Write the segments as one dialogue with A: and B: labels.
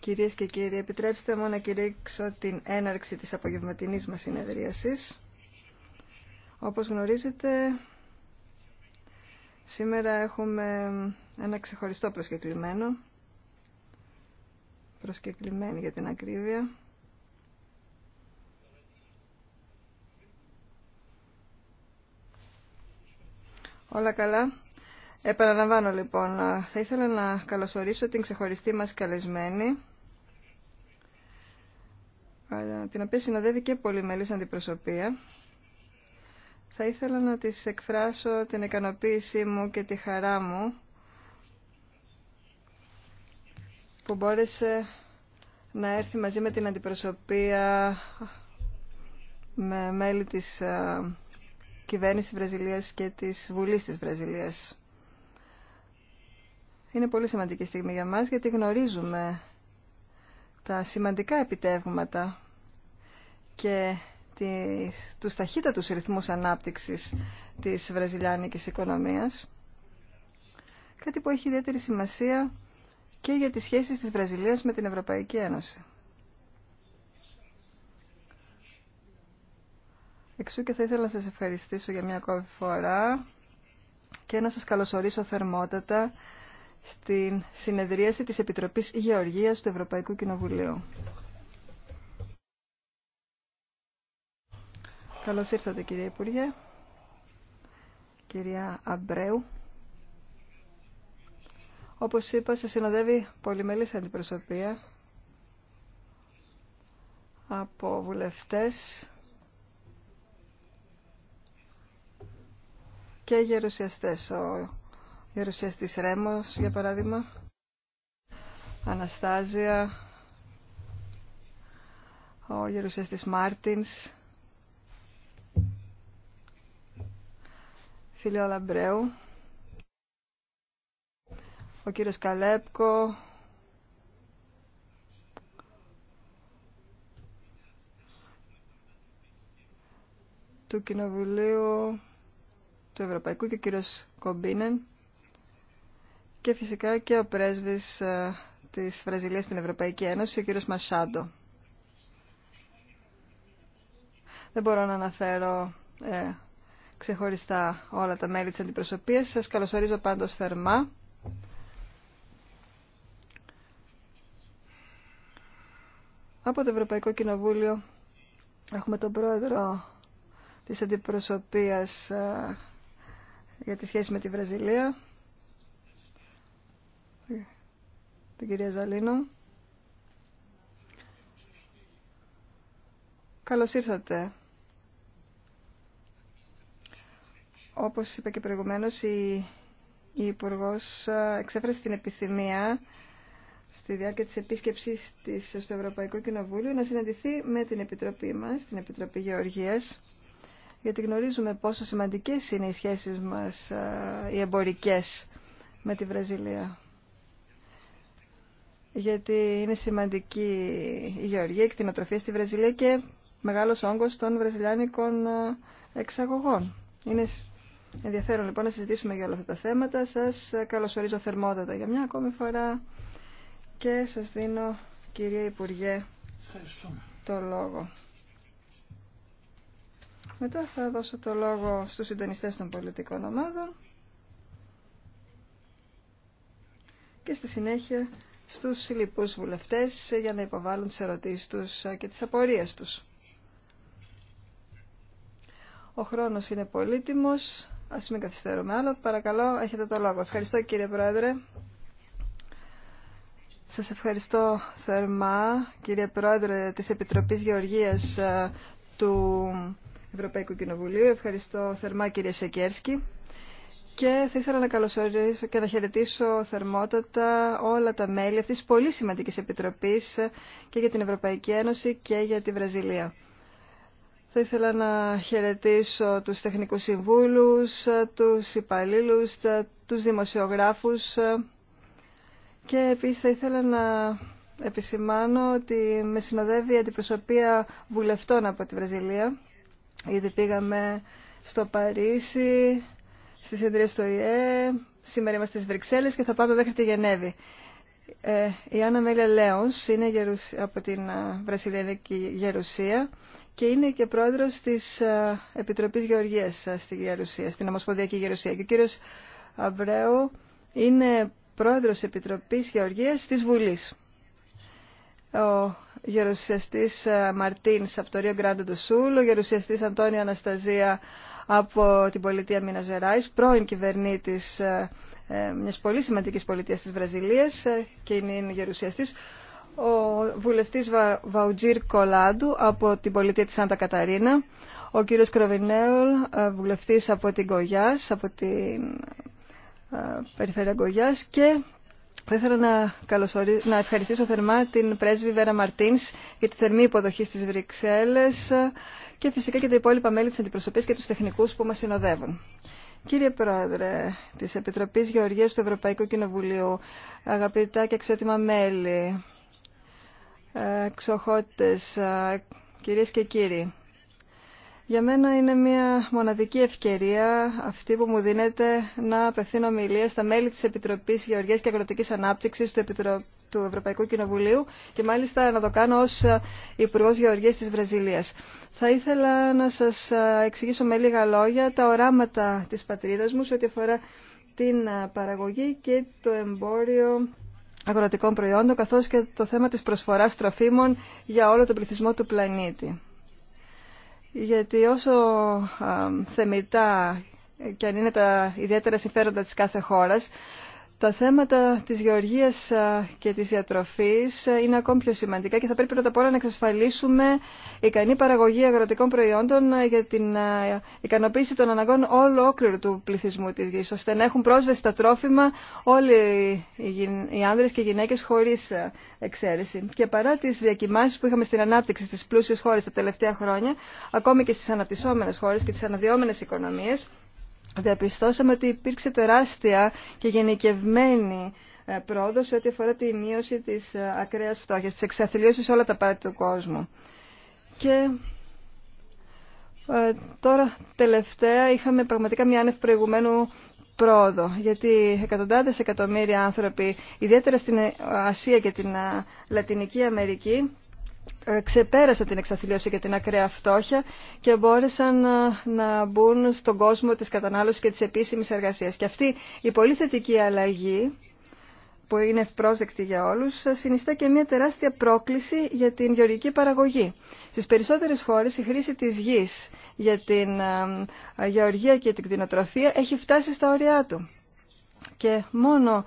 A: Κυρίες και κύριοι, επιτρέψτε μου να κηρύξω την έναρξη της απογευματινής μας συνεδρίασης. Όπως γνωρίζετε, σήμερα έχουμε ένα ξεχωριστό προσκεκλημένο, προσκεκλημένη για την ακρίβεια, Όλα καλά. Επαναλαμβάνω λοιπόν, θα ήθελα να καλωσορίσω την ξεχωριστή μας καλεσμένη, την οποία συνοδεύει και μέλης αντιπροσωπεία. Θα ήθελα να της εκφράσω την ικανοποίησή μου και τη χαρά μου που μπόρεσε να έρθει μαζί με την αντιπροσωπεία με μέλη της κυβέρνησης Βραζιλίας και της Βουλής της Βραζιλίας. Είναι πολύ σημαντική στιγμή για μας γιατί γνωρίζουμε τα σημαντικά επιτεύγματα και τους ταχύτατους ρυθμούς ανάπτυξης της βραζιλιάνικης οικονομίας. Κάτι που έχει ιδιαίτερη σημασία και για τις σχέσεις της Βραζιλίας με την Ευρωπαϊκή Ένωση. Εξού και θα ήθελα να σας ευχαριστήσω για μια ακόμη φορά και να σας καλωσορίσω θερμότατα στην συνεδρίαση της Επιτροπής Γεωργίας του Ευρωπαϊκού Κοινοβουλίου. Καλώς ήρθατε κύριε Υπουργέ, κυρία Αμπρέου. Όπως είπα, σε συνοδεύει πολυμελής αντιπροσωπεία από βουλευτές και γερουσιαστές. Ο Ιερουσίας της Ρέμος, για παράδειγμα. Αναστάζια. Ο Ιερουσίας της Μάρτινς. Φίλιο Λαμπρέου. Ο κύριος Καλέπκο. του Κοινοβουλίου του Ευρωπαϊκού και ο κύριος Κομπίνεν και φυσικά και ο πρέσβης ε, της Βραζιλίας στην Ευρωπαϊκή Ένωση, ο κύριος Μασάντο. Δεν μπορώ να αναφέρω ε, ξεχωριστά όλα τα μέλη της αντιπροσωπείας. Σας καλωσορίζω πάντως θερμά. Από το Ευρωπαϊκό Κοινοβούλιο έχουμε τον πρόεδρο της αντιπροσωπείας ε, για τη σχέση με τη Βραζιλία, την κυρία Ζαλίνο. Καλώς ήρθατε. Όπως είπα και προηγουμένως, η, η Υπουργός εξέφρασε την επιθυμία στη διάρκεια της επίσκεψής της στο Ευρωπαϊκό Κοινοβούλιο να συναντηθεί με την Επιτροπή μας, την Επιτροπή Γεωργίας, γιατί γνωρίζουμε πόσο σημαντικές είναι οι σχέσεις μας, ε, οι εμπορικές, με τη Βραζιλία γιατί είναι σημαντική η γεωργία, η κτηνοτροφία στη Βραζιλία και μεγάλος όγκος των βραζιλιάνικων ε, εξαγωγών. Είναι ενδιαφέρον λοιπόν να συζητήσουμε για όλα αυτά τα θέματα. Σας ε, καλωσορίζω θερμότατα για μια ακόμη φορά και σας δίνω κυρία Υπουργέ το λόγο. Μετά θα δώσω το λόγο στους συντονιστές των πολιτικών ομάδων και στη συνέχεια στους λοιπούς βουλευτές για να υποβάλουν τις ερωτήσεις τους και τις απορίες τους. Ο χρόνος είναι πολύτιμος. Ας μην καθυστερούμε άλλο. Παρακαλώ, έχετε το λόγο. Ευχαριστώ κύριε Πρόεδρε. Σας ευχαριστώ θερμά, κύριε Πρόεδρε της Επιτροπής Γεωργίας ε, του Ευρωπαϊκού Κοινοβουλίου. Ευχαριστώ θερμά κύριε Σεκέρσκι. Και θα ήθελα να καλωσορίσω και να χαιρετήσω θερμότατα όλα τα μέλη αυτής της πολύ σημαντικής επιτροπής και για την Ευρωπαϊκή Ένωση και για τη Βραζιλία. Θα ήθελα να χαιρετήσω τους τεχνικούς συμβούλους, τους υπαλλήλους, τους δημοσιογράφους και επίσης θα ήθελα να επισημάνω ότι με συνοδεύει η αντιπροσωπεία βουλευτών από τη Βραζιλία. Ήδη πήγαμε στο Παρίσι, στι εντρίες του ΙΕ, σήμερα είμαστε στις Βρυξέλλες και θα πάμε μέχρι τη Γενέβη. Ε, η Άννα Μέλια Λέονς είναι από την ε, Βρασιλιανική Γερουσία και είναι και πρόεδρος της ε, Επιτροπής Γεωργίας στη Γερουσία, στην Ομοσπονδιακή Γερουσία. Και ο κύριος Αβραίου είναι πρόεδρος Επιτροπής Γεωργίας της Βουλής. Ο γερουσιαστής Μαρτίν από το Ρίο Γκράντε του Σούλ, ο γερουσιαστής Αντώνιο Αναστασία από την πολιτεία Μίνα Ζεράης, πρώην κυβερνήτης ε, ε, μιας πολύ σημαντικής πολιτείας της Βραζιλίας ε, και είναι της, ο βουλευτής Βα... Βαουτζίρ Κολάντου από την πολιτεία της Σάντα Καταρίνα, ο κύριος Κροβινέολ, βουλευτής από την Κογιάς, από την περιφέρεια Κογιάς και θα ήθελα να, να ευχαριστήσω θερμά την πρέσβη Βέρα Μαρτίνς για τη θερμή υποδοχή στις Βρυξέλλες και φυσικά και τα υπόλοιπα μέλη της αντιπροσωπής και τους τεχνικούς που μας συνοδεύουν. Κύριε Πρόεδρε της Επιτροπής Γεωργίας του Ευρωπαϊκού Κοινοβουλίου, αγαπητά και αξιότιμα μέλη, ε, εξοχότητες, ε, κυρίες και κύριοι, για μένα είναι μια μοναδική ευκαιρία αυτή που μου δίνεται να απευθύνω ομιλία στα μέλη της Επιτροπής Γεωργίας και Αγροτικής Ανάπτυξης του, του Ευρωπαϊκού Κοινοβουλίου και μάλιστα να το κάνω ως Υπουργό Γεωργίας της Βραζιλίας. Θα ήθελα να σας εξηγήσω με λίγα λόγια τα οράματα της πατρίδας μου σε ό,τι αφορά την παραγωγή και το εμπόριο αγροτικών προϊόντων καθώς και το θέμα της προσφοράς τροφίμων για όλο τον πληθυσμό του πλανήτη γιατί όσο θεμητά και αν είναι τα ιδιαίτερα συμφέροντα της κάθε χώρας, τα θέματα της γεωργίας και της διατροφής είναι ακόμη πιο σημαντικά και θα πρέπει πρώτα απ' όλα να εξασφαλίσουμε ικανή παραγωγή αγροτικών προϊόντων για την ικανοποίηση των αναγκών όλου όκληρου του πληθυσμού της γης, ώστε να έχουν πρόσβαση στα τρόφιμα όλοι οι άνδρες και οι γυναίκες χωρίς εξαίρεση. Και παρά τις διακοιμάσεις που είχαμε στην ανάπτυξη στις πλούσιες χώρες τα τελευταία χρόνια, ακόμη και στις αναπτυσσόμενες χώρες και τις αναδυόμενες οικονομίες, διαπιστώσαμε ότι υπήρξε τεράστια και γενικευμένη ε, πρόοδο σε ό,τι αφορά τη μείωση της ε, ακραία φτώχεια, τη εξαθλίωση σε όλα τα πάρη του κόσμου. Και ε, τώρα τελευταία είχαμε πραγματικά μια άνευ προηγουμένου πρόοδο, γιατί εκατοντάδες εκατομμύρια άνθρωποι, ιδιαίτερα στην Ασία και την Λατινική Αμερική, ε, ξεπέρασαν την εξαθλίωση και την ακραία φτώχεια και μπόρεσαν ε, να μπουν στον κόσμο της κατανάλωσης και της επίσημης εργασίας. Και αυτή η πολύ θετική αλλαγή που είναι ευπρόσδεκτη για όλους, ε, συνιστά και μια τεράστια πρόκληση για την γεωργική παραγωγή. Στις περισσότερες χώρες η χρήση της γης για την γεωργία και την κτηνοτροφία έχει φτάσει στα ωριά του. Και μόνο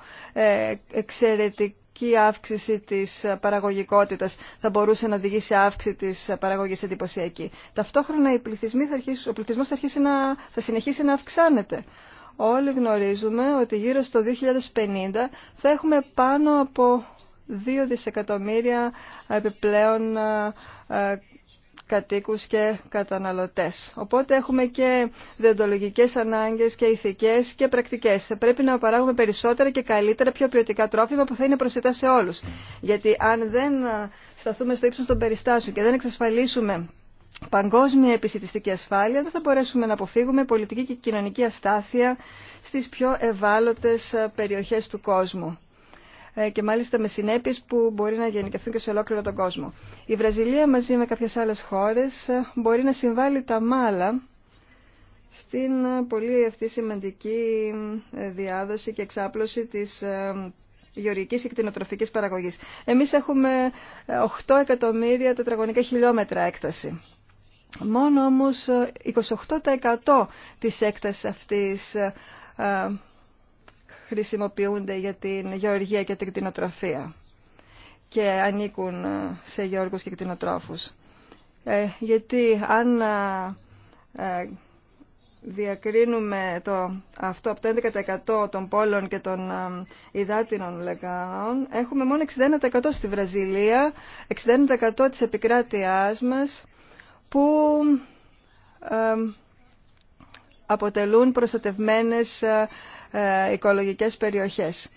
A: εξαιρετικά η αύξηση της παραγωγικότητας θα μπορούσε να οδηγήσει σε αύξηση της παραγωγής εντυπωσιακή. Ταυτόχρονα οι πληθυσμοί θα ο πληθυσμός θα, να, θα συνεχίσει να αυξάνεται. Όλοι γνωρίζουμε ότι γύρω στο 2050 θα έχουμε πάνω από 2 δισεκατομμύρια επιπλέον ε, κατοίκους και καταναλωτές. Οπότε έχουμε και διοντολογικές ανάγκες και ηθικές και πρακτικές. Θα πρέπει να παράγουμε περισσότερα και καλύτερα πιο ποιοτικά τρόφιμα που θα είναι προσιτά σε όλους. Γιατί αν δεν σταθούμε στο ύψος των περιστάσεων και δεν εξασφαλίσουμε παγκόσμια επισητιστική ασφάλεια, δεν θα μπορέσουμε να αποφύγουμε πολιτική και κοινωνική αστάθεια στις πιο ευάλωτες περιοχές του κόσμου. Ε, και μάλιστα με συνέπειες που μπορεί να γενικευθούν και σε ολόκληρο τον κόσμο. Η Βραζιλία μαζί με κάποιες άλλες χώρες ε, μπορεί να συμβάλλει τα μάλα στην ε, πολύ αυτή σημαντική διάδοση και εξάπλωση της γεωργικής και κτηνοτροφικής παραγωγής. Εμείς έχουμε 8 εκατομμύρια τετραγωνικά χιλιόμετρα έκταση. Μόνο όμως 28% της έκτασης αυτής χρησιμοποιούνται για την γεωργία και την κτηνοτροφία και ανήκουν ε, σε γεωργούς και κτηνοτρόφους. Ε, γιατί αν ε, διακρίνουμε το, αυτό από το 11% των πόλων και των ε, υδάτινων λεγάων, έχουμε μόνο 61% στη Βραζιλία, 61% της επικράτειάς μας, που αποτελούν προστατευμένες ε, οικολογικές περιοχές.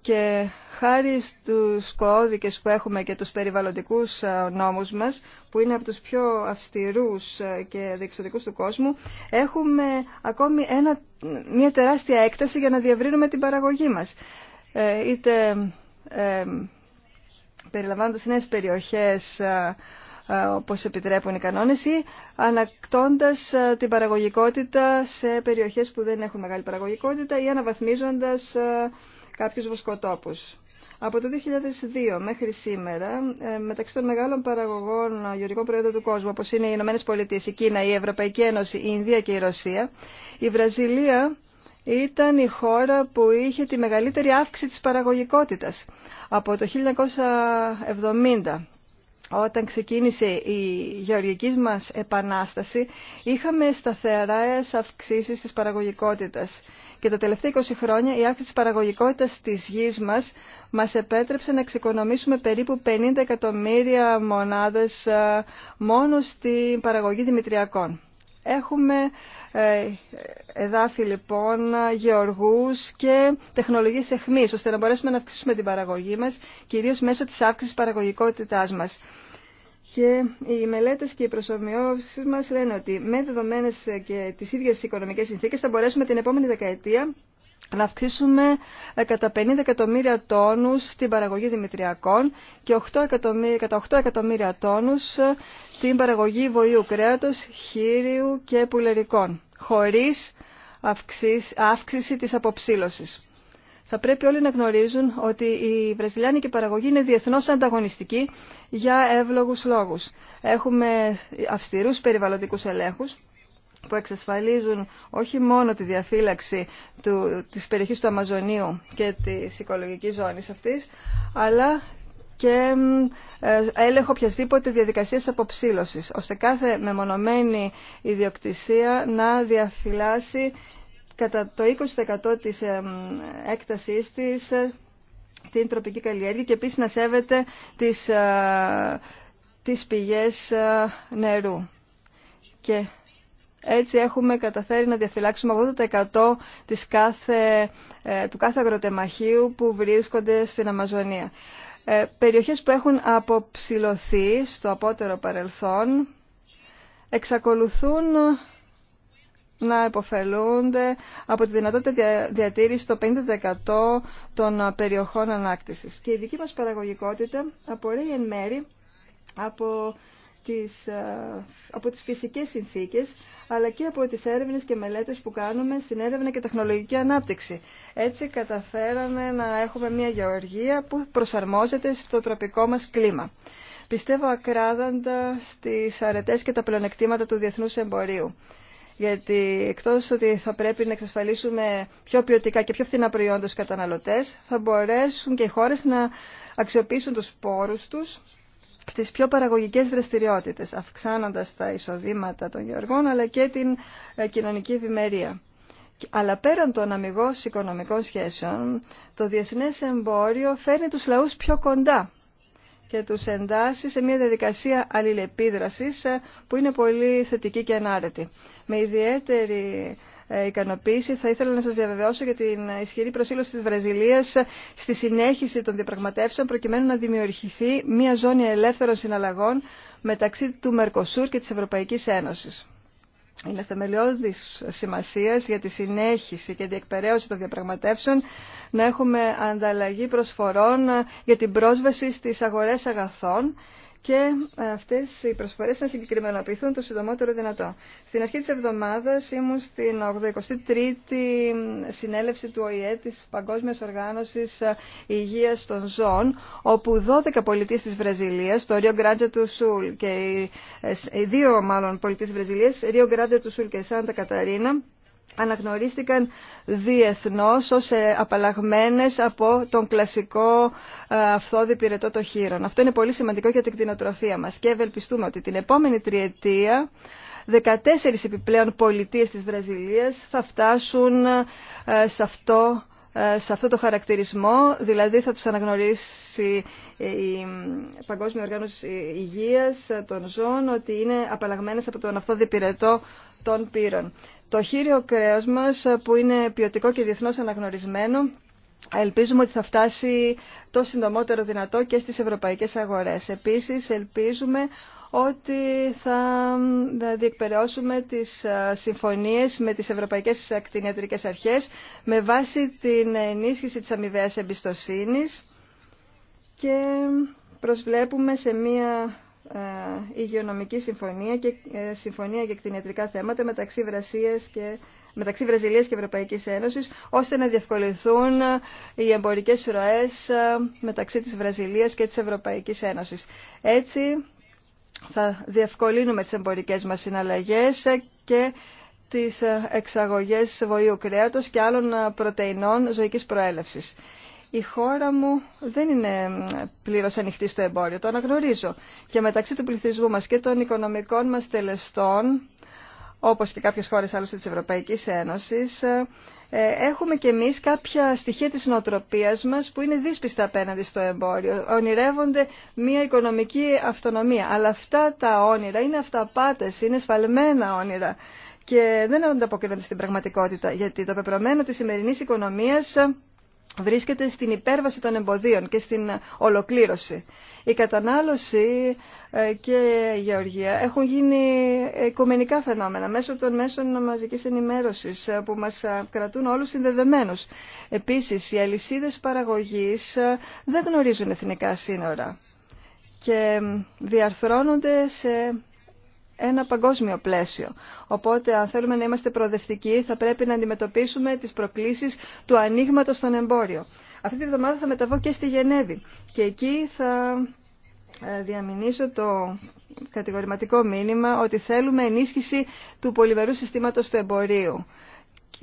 A: Και χάρη στους κώδικες που έχουμε και τους περιβαλλοντικούς ε, νόμους μας, που είναι από τους πιο αυστηρούς ε, και διεξοδικούς του κόσμου, έχουμε ακόμη ένα, μια τεράστια έκταση για να διαβρύνουμε την παραγωγή μας. είτε ε, περιλαμβάνοντας νέες περιοχές ε, όπως επιτρέπουν οι κανόνες ή ανακτώντας ε, την παραγωγικότητα σε περιοχές που δεν έχουν μεγάλη παραγωγικότητα ή αναβαθμίζοντας ε, κάποιους βοσκοτόπους. Από το 2002 μέχρι σήμερα, μεταξύ των μεγάλων παραγωγών γεωργικών προϊόντων του κόσμου, όπως είναι οι Ηνωμένε Πολιτείες, η Κίνα, η Ευρωπαϊκή Ένωση, η Ινδία και η Ρωσία, η Βραζιλία ήταν η χώρα που είχε τη μεγαλύτερη αύξηση της παραγωγικότητας. Από το 1970 όταν ξεκίνησε η γεωργική μας επανάσταση, είχαμε σταθερά αυξήσεις της παραγωγικότητας. Και τα τελευταία 20 χρόνια η αύξηση της παραγωγικότητας της γης μας μας επέτρεψε να εξοικονομήσουμε περίπου 50 εκατομμύρια μονάδες ε, μόνο στην παραγωγή δημητριακών. Έχουμε ε, εδάφη λοιπόν, γεωργούς και τεχνολογίες εχμής, ώστε να μπορέσουμε να αυξήσουμε την παραγωγή μας, κυρίως μέσω της αύξησης παραγωγικότητάς μας. Και οι μελέτε και οι προσωμιώσει μα λένε ότι με δεδομένε και τι ίδιε οικονομικέ συνθήκε θα μπορέσουμε την επόμενη δεκαετία να αυξήσουμε ε, κατά 50 εκατομμύρια τόνους την παραγωγή δημητριακών και 8 εκατομμύρια, κατά 8 εκατομμύρια τόνους ε, την παραγωγή βοηού κρέατος, χείριου και πουλερικών, χωρίς αυξήση, αύξηση της αποψήλωσης. Θα πρέπει όλοι να γνωρίζουν ότι η βραζιλιάνικη παραγωγή είναι διεθνώς ανταγωνιστική για εύλογους λόγους. Έχουμε αυστηρούς περιβαλλοντικούς ελέγχους που εξασφαλίζουν όχι μόνο τη διαφύλαξη του, της περιοχής του Αμαζονίου και της οικολογικής ζώνης αυτής, αλλά και ε, έλεγχο οποιασδήποτε διαδικασίας αποψήλωσης, ώστε κάθε μεμονωμένη ιδιοκτησία να διαφυλάσει κατά το 20% της ε, έκτασής της ε, την τροπική καλλιέργεια και επίσης να σέβεται τις, τις πηγές νερού. Και έτσι έχουμε καταφέρει να διαφυλάξουμε 80% της ε, του κάθε αγροτεμαχίου που βρίσκονται στην Αμαζονία. Ε, περιοχές που έχουν αποψηλωθεί στο απότερο παρελθόν εξακολουθούν να υποφελούνται από τη δυνατότητα διατήρηση το 50% των περιοχών ανάκτησης. Και η δική μας παραγωγικότητα απορρέει εν μέρη από τις, ε, από τις φυσικές συνθήκες, αλλά και από τις έρευνες και μελέτες που κάνουμε στην έρευνα και τεχνολογική ανάπτυξη. Έτσι καταφέραμε να έχουμε μια γεωργία που προσαρμόζεται στο τροπικό μας κλίμα. Πιστεύω ακράδαντα στις αρετές και τα πλεονεκτήματα του διεθνούς εμπορίου γιατί εκτός ότι θα πρέπει να εξασφαλίσουμε πιο ποιοτικά και πιο φθηνά προϊόντα στους καταναλωτές, θα μπορέσουν και οι χώρες να αξιοποιήσουν τους πόρους τους στις πιο παραγωγικές δραστηριότητες, αυξάνοντας τα εισοδήματα των γεωργών αλλά και την ε, κοινωνική ευημερία. Αλλά πέραν των αμυγός οικονομικών σχέσεων, το διεθνές εμπόριο φέρνει τους λαούς πιο κοντά και τους εντάσσει σε μια διαδικασία αλληλεπίδρασης ε, που είναι πολύ θετική και ανάρετη. Με ιδιαίτερη ε, ικανοποίηση. Θα ήθελα να σας διαβεβαιώσω για την ισχυρή προσήλωση της Βραζιλίας στη συνέχιση των διαπραγματεύσεων προκειμένου να δημιουργηθεί μια ζώνη ελεύθερων συναλλαγών μεταξύ του Μερκοσούρ και της Ευρωπαϊκής Ένωσης. Είναι θεμελιώδης σημασίας για τη συνέχιση και διεκπαιρέωση των διαπραγματεύσεων να έχουμε ανταλλαγή προσφορών για την πρόσβαση στις αγορές αγαθών και ε, αυτές οι προσφορές να συγκεκριμενοποιηθούν το συντομότερο δυνατό. Στην αρχή της εβδομάδας ήμουν στην 83η συνέλευση του ΟΗΕ τη Παγκόσμιας Οργάνωσης ε, Υγείας των Ζώων, όπου 12 πολιτείς της Βραζιλία, το Ρίο Γκράντζα του Σουλ και ε, οι δύο μάλλον της Βραζιλίας, Ρίο Γκράντζα του Σουλ και Σάντα Καταρίνα, αναγνωρίστηκαν διεθνώς ως ε, απαλλαγμένες από τον κλασικό ε, αυθόδη πυρετό το χείρων. Αυτό είναι πολύ σημαντικό για την κτηνοτροφία μας και ευελπιστούμε ότι την επόμενη τριετία 14 επιπλέον πολιτείες της Βραζιλίας θα φτάσουν ε, σε αυτό σε αυτό το χαρακτηρισμό, δηλαδή θα τους αναγνωρίσει η Παγκόσμια Οργάνωση Υγείας των Ζώων ότι είναι απαλλαγμένες από τον αυτό πυρετό των πύρων. Το χείριο κρέας μας ε, που είναι ποιοτικό και διεθνώς αναγνωρισμένο Ελπίζουμε ότι θα φτάσει το συντομότερο δυνατό και στις ευρωπαϊκές αγορές. Επίσης, ελπίζουμε ότι θα διεκπαιρεώσουμε τις ε, συμφωνίες με τις Ευρωπαϊκές Ακτινιατρικές Αρχές με βάση την ενίσχυση της αμοιβαίας εμπιστοσύνης και προσβλέπουμε σε μία ε, υγειονομική συμφωνία και ε, συμφωνία για κτηνιατρικά θέματα μεταξύ, και, μεταξύ Βραζιλίας και Ευρωπαϊκής Ένωσης ώστε να διευκολυνθούν οι εμπορικές ροές ε, μεταξύ της Βραζιλίας και της Ευρωπαϊκής Ένωσης. Έτσι θα διευκολύνουμε τις εμπορικές μας συναλλαγές και τις εξαγωγές βοήου κρέατος και άλλων πρωτεϊνών ζωικής προέλευσης η χώρα μου δεν είναι πλήρως ανοιχτή στο εμπόριο, το αναγνωρίζω. Και μεταξύ του πληθυσμού μας και των οικονομικών μας τελεστών, όπως και κάποιες χώρες άλλωστε της Ευρωπαϊκής Ένωσης, ε, ε, έχουμε και εμείς κάποια στοιχεία της νοοτροπίας μας που είναι δύσπιστα απέναντι στο εμπόριο. Ονειρεύονται μια οικονομική αυτονομία. Αλλά αυτά τα όνειρα είναι αυταπάτες, είναι σφαλμένα όνειρα και δεν ανταποκρίνονται στην πραγματικότητα, γιατί το πεπρωμένο της σημερινής οικονομίας βρίσκεται στην υπέρβαση των εμποδίων και στην ολοκλήρωση. Η κατανάλωση ε, και η γεωργία έχουν γίνει οικομενικά φαινόμενα μέσω των μέσων μαζικής ενημέρωσης ε, που μας ε, κρατούν όλους συνδεδεμένους. Επίσης, οι αλυσίδες παραγωγής δεν γνωρίζουν εθνικά σύνορα και διαρθρώνονται σε ένα παγκόσμιο πλαίσιο. Οπότε, αν θέλουμε να είμαστε προοδευτικοί, θα πρέπει να αντιμετωπίσουμε τι προκλήσει του ανοίγματο στον εμπόριο. Αυτή τη βδομάδα θα μεταβώ και στη Γενέβη και εκεί θα ε, διαμηνήσω το κατηγορηματικό μήνυμα ότι θέλουμε ενίσχυση του πολυμερού συστήματος του εμπορίου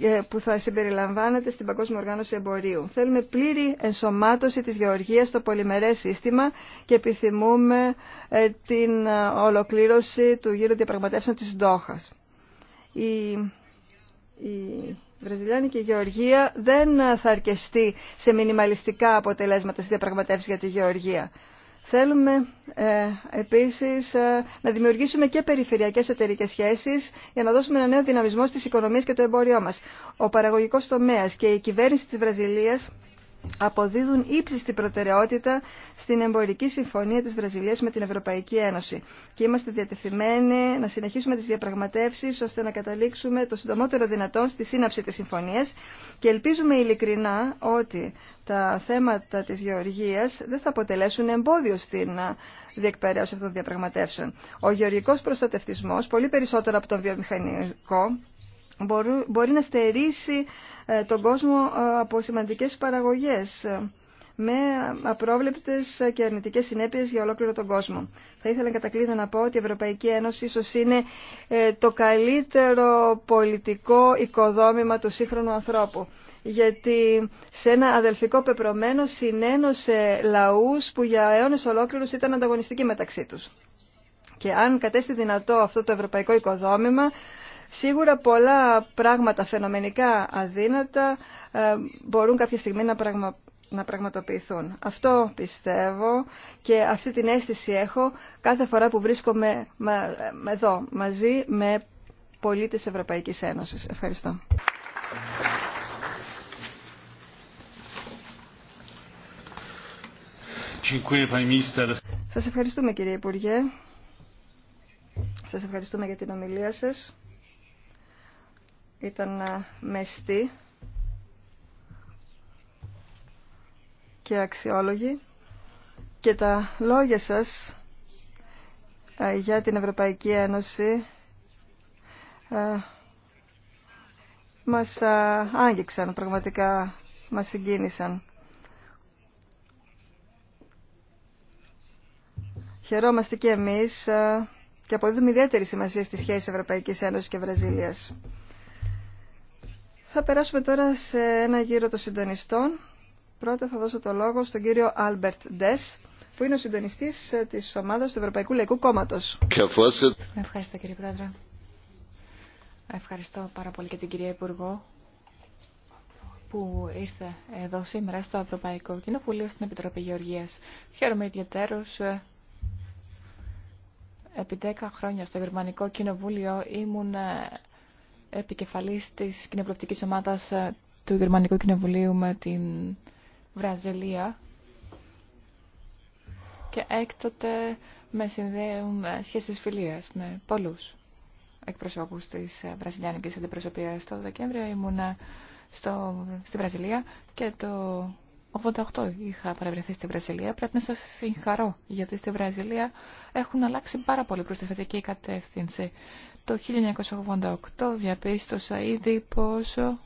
A: ε, που θα συμπεριλαμβάνεται στην Παγκόσμια Οργάνωση Εμπορίου. Θέλουμε πλήρη ενσωμάτωση της γεωργίας στο πολυμερέ σύστημα και επιθυμούμε ε, την ε, ολοκλήρωση του γύρου διαπραγματεύσεων της ΔΟΧΑΣ. Η, η Βραζιλιάνικη γεωργία δεν θα αρκεστεί σε μινιμαλιστικά αποτελέσματα στη διαπραγματεύση για τη γεωργία. Θέλουμε ε, επίσης ε, να δημιουργήσουμε και περιφερειακές εταιρικέ σχέσεις για να δώσουμε ένα νέο δυναμισμό στις οικονομίες και το εμπόριό μας. Ο παραγωγικός τομέας και η κυβέρνηση της Βραζιλίας αποδίδουν ύψιστη προτεραιότητα στην εμπορική συμφωνία της Βραζιλίας με την Ευρωπαϊκή Ένωση και είμαστε διατεθειμένοι να συνεχίσουμε τις διαπραγματεύσεις ώστε να καταλήξουμε το συντομότερο δυνατόν στη σύναψη της συμφωνίας και ελπίζουμε ειλικρινά ότι τα θέματα της γεωργίας δεν θα αποτελέσουν εμπόδιο στην διεκπαιρέωση αυτών των διαπραγματεύσεων. Ο γεωργικός προστατευτισμός, πολύ περισσότερο από τον βιομηχανικό, μπορεί να στερήσει ε, τον κόσμο ε, από σημαντικές παραγωγές ε, με απρόβλεπτες και αρνητικές συνέπειες για ολόκληρο τον κόσμο. Θα ήθελα κατακλείδω να πω ότι η Ευρωπαϊκή Ένωση ίσως είναι το καλύτερο πολιτικό οικοδόμημα του σύγχρονου ανθρώπου γιατί σε ένα αδελφικό πεπρωμένο συνένωσε λαούς που για αιώνες ολόκληρους ήταν ανταγωνιστικοί μεταξύ τους. Και αν κατέστη δυνατό αυτό το ευρωπαϊκό οικοδόμημα, Σίγουρα πολλά πράγματα φαινομενικά αδύνατα ε, μπορούν κάποια στιγμή να, πραγμα... πραγματοποιηθούν. Αυτό πιστεύω και αυτή την αίσθηση έχω κάθε φορά που βρίσκομαι εδώ μαζί με πολίτες Ευρωπαϊκής Ένωσης. Ευχαριστώ. Σας ευχαριστούμε κύριε Υπουργέ. Σας ευχαριστούμε για την ομιλία σας ήταν ε, μεστή και αξιόλογη και τα λόγια σας ε, για την Ευρωπαϊκή Ένωση ε, μας άγγιξαν πραγματικά, μας συγκίνησαν. Χαιρόμαστε και εμείς και αποδίδουμε ιδιαίτερη σημασία στη σχέση Ευρωπαϊκής Ένωσης και Βραζίλιας. Θα περάσουμε τώρα σε ένα γύρο των συντονιστών. Πρώτα θα δώσω το λόγο στον κύριο Άλμπερτ Ντες, που είναι ο συντονιστής ε, της ομάδας του Ευρωπαϊκού Λαϊκού Κόμματος. Ευχαριστώ κύριε Πρόεδρε. Ευχαριστώ πάρα πολύ και την κυρία Υπουργό
B: που ήρθε εδώ σήμερα στο Ευρωπαϊκό Κοινοβούλιο στην Επιτροπή Γεωργίας. Χαίρομαι ιδιαίτερως. Ε, επί 10 χρόνια στο Γερμανικό Κοινοβούλιο ήμουν ε, επικεφαλής της κοινοβουλευτικής ομάδας ε, του Γερμανικού Κοινοβουλίου με την Βραζιλία και έκτοτε με συνδέουν ε, σχέσεις φιλίας με πολλούς εκπροσώπους της ε, βραζιλιάνικης αντιπροσωπείας. Το Δεκέμβριο ήμουνα στο, στη Βραζιλία και το 88 είχα παραβρεθεί στη Βραζιλία. Πρέπει να σας συγχαρώ γιατί στη Βραζιλία έχουν αλλάξει πάρα πολύ προς τη θετική κατεύθυνση. Το 1988 διαπίστωσα ήδη πόσο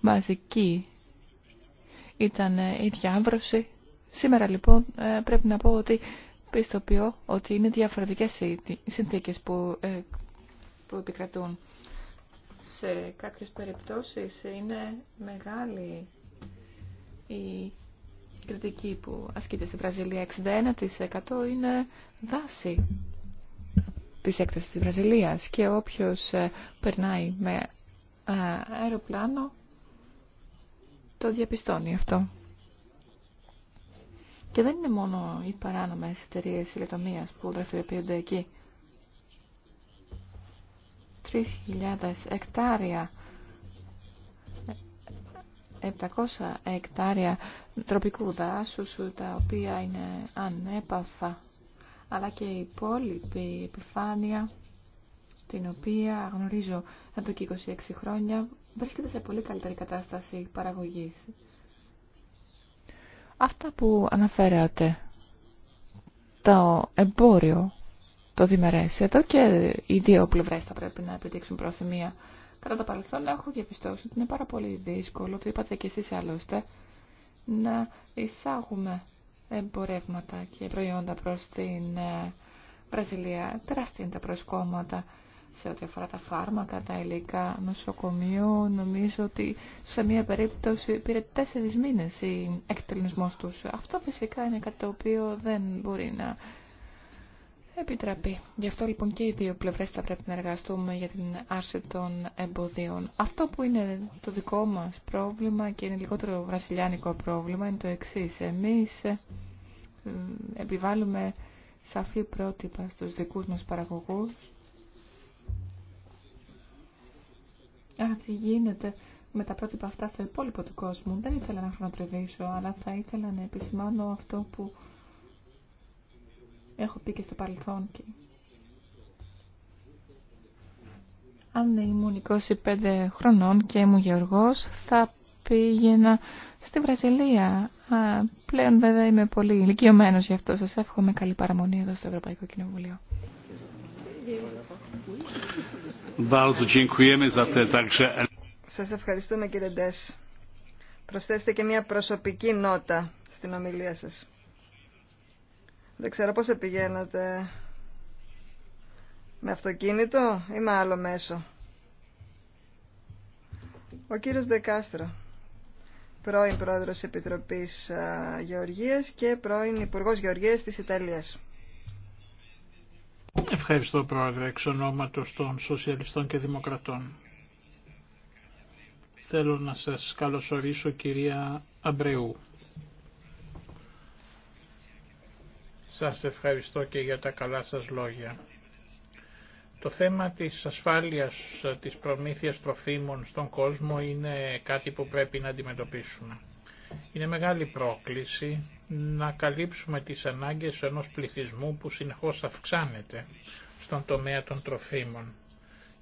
B: μαζική ήταν η διάβρωση. Σήμερα λοιπόν ε, πρέπει να πω ότι πιστοποιώ ότι είναι διαφορετικές οι συνθήκες που, ε, που επικρατούν. Σε κάποιες περιπτώσεις είναι μεγάλη η κριτική που ασκείται στη Βραζιλία. 61% είναι δάση της έκτασης της Βραζιλίας και όποιος ε, περνάει με ε, αεροπλάνο το διαπιστώνει αυτό. Και δεν είναι μόνο οι παράνομες εταιρείε ηλεκτρομίας που δραστηριοποιούνται εκεί. 3.000 εκτάρια 700 εκτάρια τροπικού δάσους τα οποία είναι ανέπαφα αλλά και η υπόλοιπη επιφάνεια την οποία γνωρίζω εδώ και 26 χρόνια βρίσκεται σε πολύ καλύτερη κατάσταση παραγωγής. Αυτά που αναφέρατε, το εμπόριο, το διμερές, εδώ και οι δύο πλευρές θα πρέπει να επιτύξουν προθυμία. Κατά το παρελθόν έχω διαπιστώσει ότι είναι πάρα πολύ δύσκολο, το είπατε και εσείς άλλωστε, να εισάγουμε εμπορεύματα και προϊόντα προς την ε, Βραζιλία. Τεράστια είναι τα προσκόμματα σε ό,τι αφορά τα φάρμακα, τα υλικά νοσοκομείου. Νομίζω ότι σε μία περίπτωση πήρε τέσσερις μήνες η εκτελεσμός τους. Αυτό φυσικά είναι κάτι το οποίο δεν μπορεί να επιτραπεί. Γι' αυτό λοιπόν και οι δύο πλευρές θα πρέπει να εργαστούμε για την άρση των εμποδίων. Αυτό που είναι το δικό μας πρόβλημα και είναι λιγότερο βρασιλιάνικο πρόβλημα είναι το εξή. Εμείς ε, επιβάλλουμε σαφή πρότυπα στους δικούς μας παραγωγούς. Αν τι γίνεται με τα πρότυπα αυτά στο υπόλοιπο του κόσμου. Δεν ήθελα να χρονοτριβήσω, αλλά θα ήθελα να επισημάνω αυτό που Έχω πει και στο παρελθόν και... Αν ήμουν 25 χρονών και ήμουν γεωργός, θα πήγαινα στη Βραζιλία. πλέον βέβαια είμαι πολύ ηλικιωμένος γι' αυτό. Σας εύχομαι καλή παραμονή εδώ στο Ευρωπαϊκό
A: Κοινοβουλίο. Σας ευχαριστούμε κύριε Ντές. Προσθέστε και μια προσωπική νότα στην ομιλία σας. Δεν ξέρω πώς επηγαίνατε, Με αυτοκίνητο ή με άλλο μέσο. Ο κύριος Δεκάστρο, πρώην πρόεδρος Επιτροπής Γεωργίας και πρώην Υπουργός Γεωργίας της Ιταλίας.
C: Ευχαριστώ πρόεδρε, εξ ονόματος των Σοσιαλιστών και Δημοκρατών. Θέλω να σας καλωσορίσω κυρία Αμπρεού. Σας ευχαριστώ και για τα καλά σας λόγια. Το θέμα της ασφάλειας της προμήθειας τροφίμων στον κόσμο είναι κάτι που πρέπει να αντιμετωπίσουμε. Είναι μεγάλη πρόκληση να καλύψουμε τις ανάγκες ενός πληθυσμού που συνεχώς αυξάνεται στον τομέα των τροφίμων.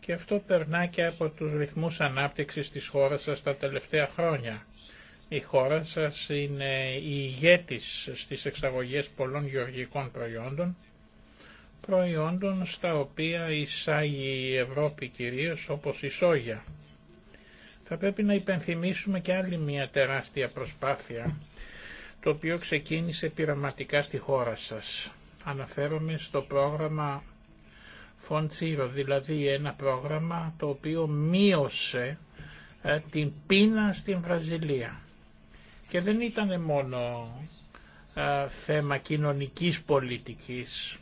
C: Και αυτό περνά και από τους ρυθμούς ανάπτυξης της χώρας σας τα τελευταία χρόνια. Η χώρα σας είναι η ηγέτης στις εξαγωγές πολλών γεωργικών προϊόντων, προϊόντων στα οποία εισάγει η Ευρώπη κυρίως όπως η σόγια. Θα πρέπει να υπενθυμίσουμε και άλλη μια τεράστια προσπάθεια, το οποίο ξεκίνησε πειραματικά στη χώρα σας. Αναφέρομαι στο πρόγραμμα Φοντσίρο, δηλαδή ένα πρόγραμμα το οποίο μείωσε ε, την πείνα στην Βραζιλία. Και δεν ήταν μόνο θέμα κοινωνικής πολιτικής,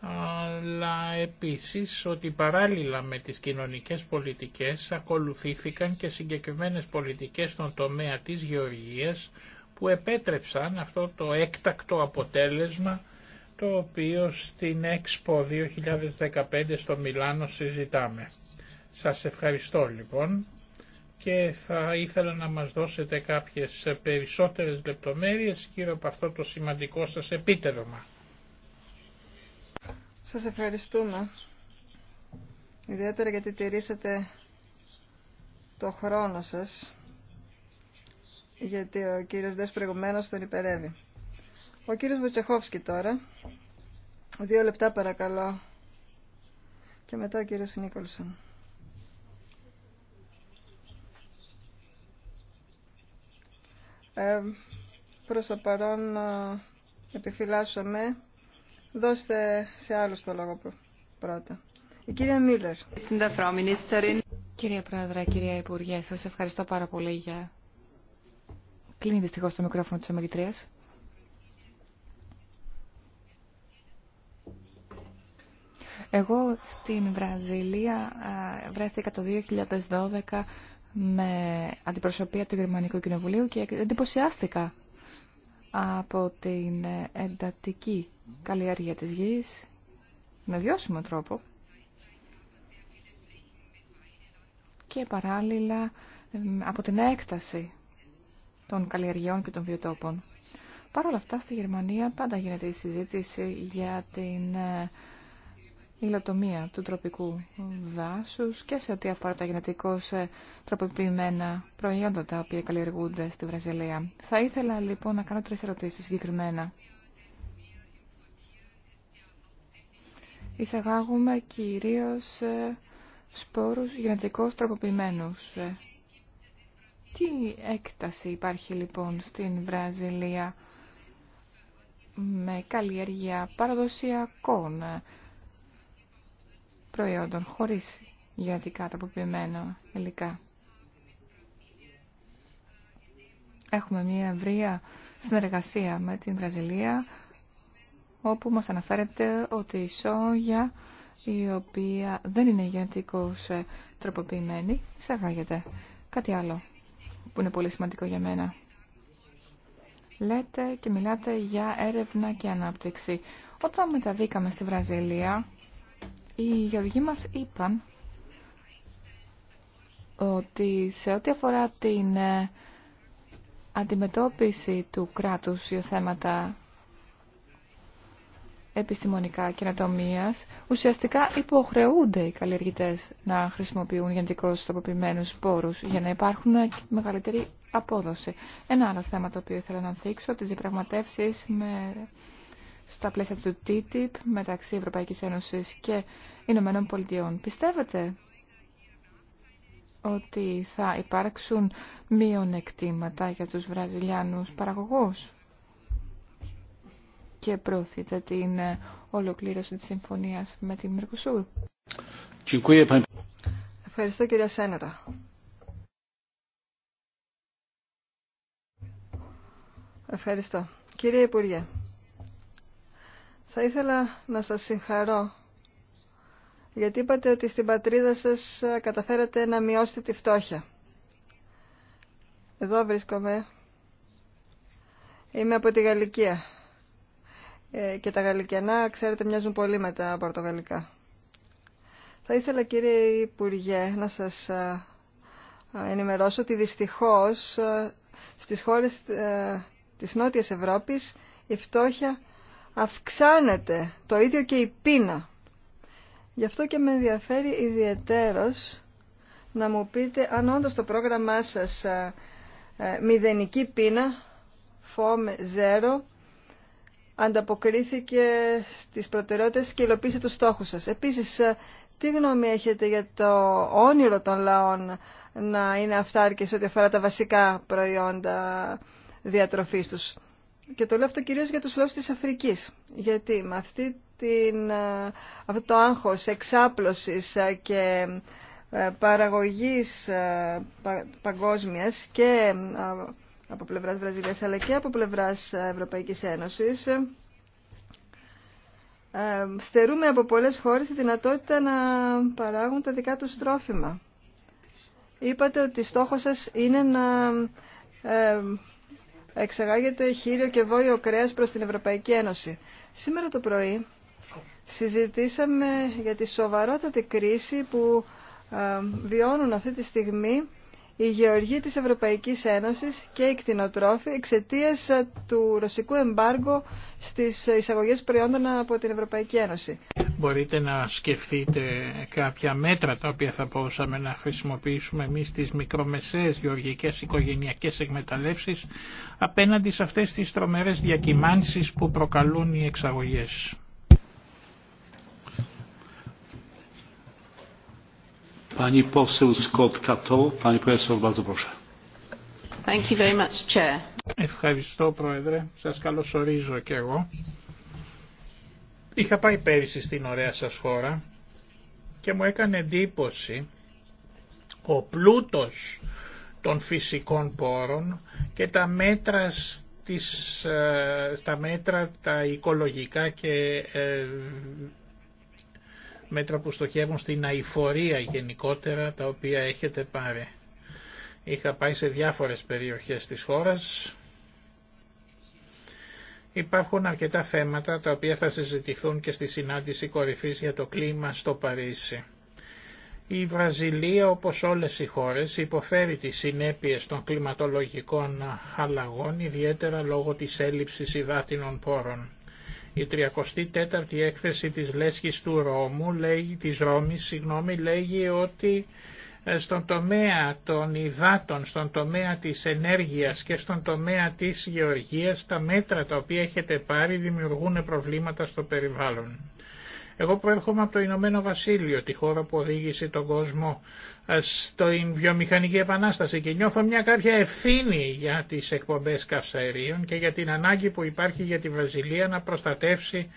C: αλλά επίσης ότι παράλληλα με τις κοινωνικές πολιτικές ακολουθήθηκαν και συγκεκριμένες πολιτικές στον τομέα της γεωργίας που επέτρεψαν αυτό το έκτακτο αποτέλεσμα το οποίο στην Expo 2015 στο Μιλάνο συζητάμε. Σας ευχαριστώ λοιπόν και θα ήθελα να μας δώσετε κάποιες περισσότερες λεπτομέρειες γύρω από αυτό το σημαντικό σας επίτευγμα.
A: Σας ευχαριστούμε. Ιδιαίτερα γιατί τηρήσατε το χρόνο σας, γιατί ο κύριος Δες προηγουμένως τον υπερεύει. Ο κύριος Μουτσεχόφσκι τώρα. Δύο λεπτά παρακαλώ. Και μετά ο κύριος Νίκολσον. Ε, προς το παρόν ε, επιφυλάσσομαι. Δώστε σε άλλους το λόγο πρώτα. Η κυρία Μίλλερ.
B: Κυρία Πρόεδρε, κυρία Υπουργέ, σας ευχαριστώ πάρα πολύ για... Κλείνει δυστυχώς το μικρόφωνο της ομιλητρίας. Εγώ στην Βραζιλία ε, βρέθηκα το 2012 με αντιπροσωπεία του Γερμανικού Κοινοβουλίου και εντυπωσιάστηκα από την εντατική καλλιέργεια της γης με βιώσιμο τρόπο και παράλληλα από την έκταση των καλλιεργειών και των βιοτόπων. Παρ' όλα αυτά, στη Γερμανία πάντα γίνεται η συζήτηση για την ε, η υλοτομία του τροπικού δάσους και σε ό,τι αφορά τα γενετικώ ε, τροποποιημένα προϊόντα τα οποία καλλιεργούνται στη Βραζιλία. Θα ήθελα λοιπόν να κάνω τρεις ερωτήσεις συγκεκριμένα. Εισαγάγουμε κυρίως ε, σπόρους γενετικώς τροποποιημένους. Ε, τι έκταση υπάρχει λοιπόν στην Βραζιλία με καλλιέργεια παραδοσιακών προϊόντων χωρίς γενετικά τροποποιημένα υλικά. Έχουμε μια βρία συνεργασία με την Βραζιλία, όπου μας αναφέρεται ότι η σόγια, η οποία δεν είναι γενετικώς ε, τροποποιημένη, εισαγάγεται. Κάτι άλλο που είναι πολύ σημαντικό για μένα. Λέτε και μιλάτε για έρευνα και ανάπτυξη. Όταν μεταβήκαμε στη Βραζιλία, οι γεωργοί μας είπαν ότι σε ό,τι αφορά την ε, αντιμετώπιση του κράτους για θέματα επιστημονικά καινοτομία, ουσιαστικά υποχρεούνται οι καλλιεργητέ να χρησιμοποιούν γενικώ τοποποιημένους σπόρους για να υπάρχουν μεγαλύτερη απόδοση. Ένα άλλο θέμα το οποίο ήθελα να θίξω, τις διαπραγματεύσει με στα πλαίσια του TTIP μεταξύ Ευρωπαϊκής Ένωσης και Ηνωμένων Πολιτειών. Πιστεύετε ότι θα υπάρξουν μειονεκτήματα για τους Βραζιλιάνους παραγωγούς και προωθείτε την ολοκλήρωση της συμφωνίας με τη Μερκουσούρ.
A: Ευχαριστώ κυρία Σένερα. Ευχαριστώ. Κύριε Υπουργέ, θα ήθελα να σας συγχαρώ, γιατί είπατε ότι στην πατρίδα σας καταφέρατε να μειώσετε τη φτώχεια. Εδώ βρίσκομαι. Είμαι από τη Γαλλικία. Ε, και τα γαλλικιανά, ξέρετε, μοιάζουν πολύ με τα πορτογαλικά. Θα ήθελα, κύριε Υπουργέ, να σας ε, ενημερώσω ότι δυστυχώς ε, στις χώρες της Νότιας Ευρώπης η φτώχεια αυξάνεται το ίδιο και η πείνα. Γι' αυτό και με ενδιαφέρει ιδιαιτέρως να μου πείτε αν όντως το πρόγραμμά σας ε, ε, μηδενική πείνα, FOM 0, ανταποκρίθηκε στις προτεραιότητες και υλοποίησε τους στόχους σας. Επίσης, ε, τι γνώμη έχετε για το όνειρο των λαών να είναι αυτάρκες ό,τι αφορά τα βασικά προϊόντα διατροφής τους. Και το λέω αυτό κυρίως για τους λαούς της Αφρικής. Γιατί με αυτή την, αυτό το άγχος εξάπλωσης και ε, παραγωγής παγκόσμιας και από πλευράς Βραζιλίας αλλά και από πλευράς Ευρωπαϊκής Ένωσης ε, ε, στερούμε από πολλές χώρες τη δυνατότητα να παράγουν τα δικά τους τρόφιμα. Είπατε ότι στόχος σας είναι να εξαγάγεται χείριο και βόλιο κρέας προς την Ευρωπαϊκή Ένωση. Σήμερα το πρωί συζητήσαμε για τη σοβαρότατη κρίση που ε, βιώνουν αυτή τη στιγμή η γεωργία της Ευρωπαϊκής Ένωσης και η κτηνοτρόφη εξαιτίας ε, του ρωσικού εμπάργου στις εισαγωγές προϊόντων από την Ευρωπαϊκή Ένωση.
C: Μπορείτε να σκεφτείτε κάποια μέτρα τα οποία θα μπορούσαμε να χρησιμοποιήσουμε εμείς τις μικρομεσαίες γεωργικές οικογενειακές εκμεταλλεύσεις απέναντι σε αυτές τις τρομερές διακυμάνσεις που προκαλούν οι εξαγωγές. Ευχαριστώ Πρόεδρε, σας καλωσορίζω και εγώ. Είχα πάει πέρυσι στην ωραία σας χώρα και μου έκανε εντύπωση ο πλούτος των φυσικών πόρων και τα μέτρα, ε, τα, μέτρα τα οικολογικά και ε, μέτρα που στοχεύουν στην αηφορία γενικότερα τα οποία έχετε πάρει. Είχα πάει σε διάφορες περιοχές της χώρας. Υπάρχουν αρκετά θέματα τα οποία θα συζητηθούν και στη συνάντηση κορυφής για το κλίμα στο Παρίσι. Η Βραζιλία όπως όλες οι χώρες υποφέρει τις συνέπειες των κλιματολογικών αλλαγών ιδιαίτερα λόγω της έλλειψης υδάτινων πόρων. Η 34η έκθεση της Λέσχης του Ρώμου, λέγει, της Ρώμης, συγγνώμη, λέγει ότι ε, στον τομέα των υδάτων, στον τομέα της ενέργειας και στον τομέα της γεωργίας τα μέτρα τα οποία έχετε πάρει δημιουργούν προβλήματα στο περιβάλλον. Εγώ προέρχομαι από το Ηνωμένο Βασίλειο, τη χώρα που οδήγησε τον κόσμο ε, στην βιομηχανική επανάσταση και νιώθω μια κάποια ευθύνη για τις εκπομπές καυσαερίων και για την ανάγκη που υπάρχει για τη Βραζιλία να προστατεύσει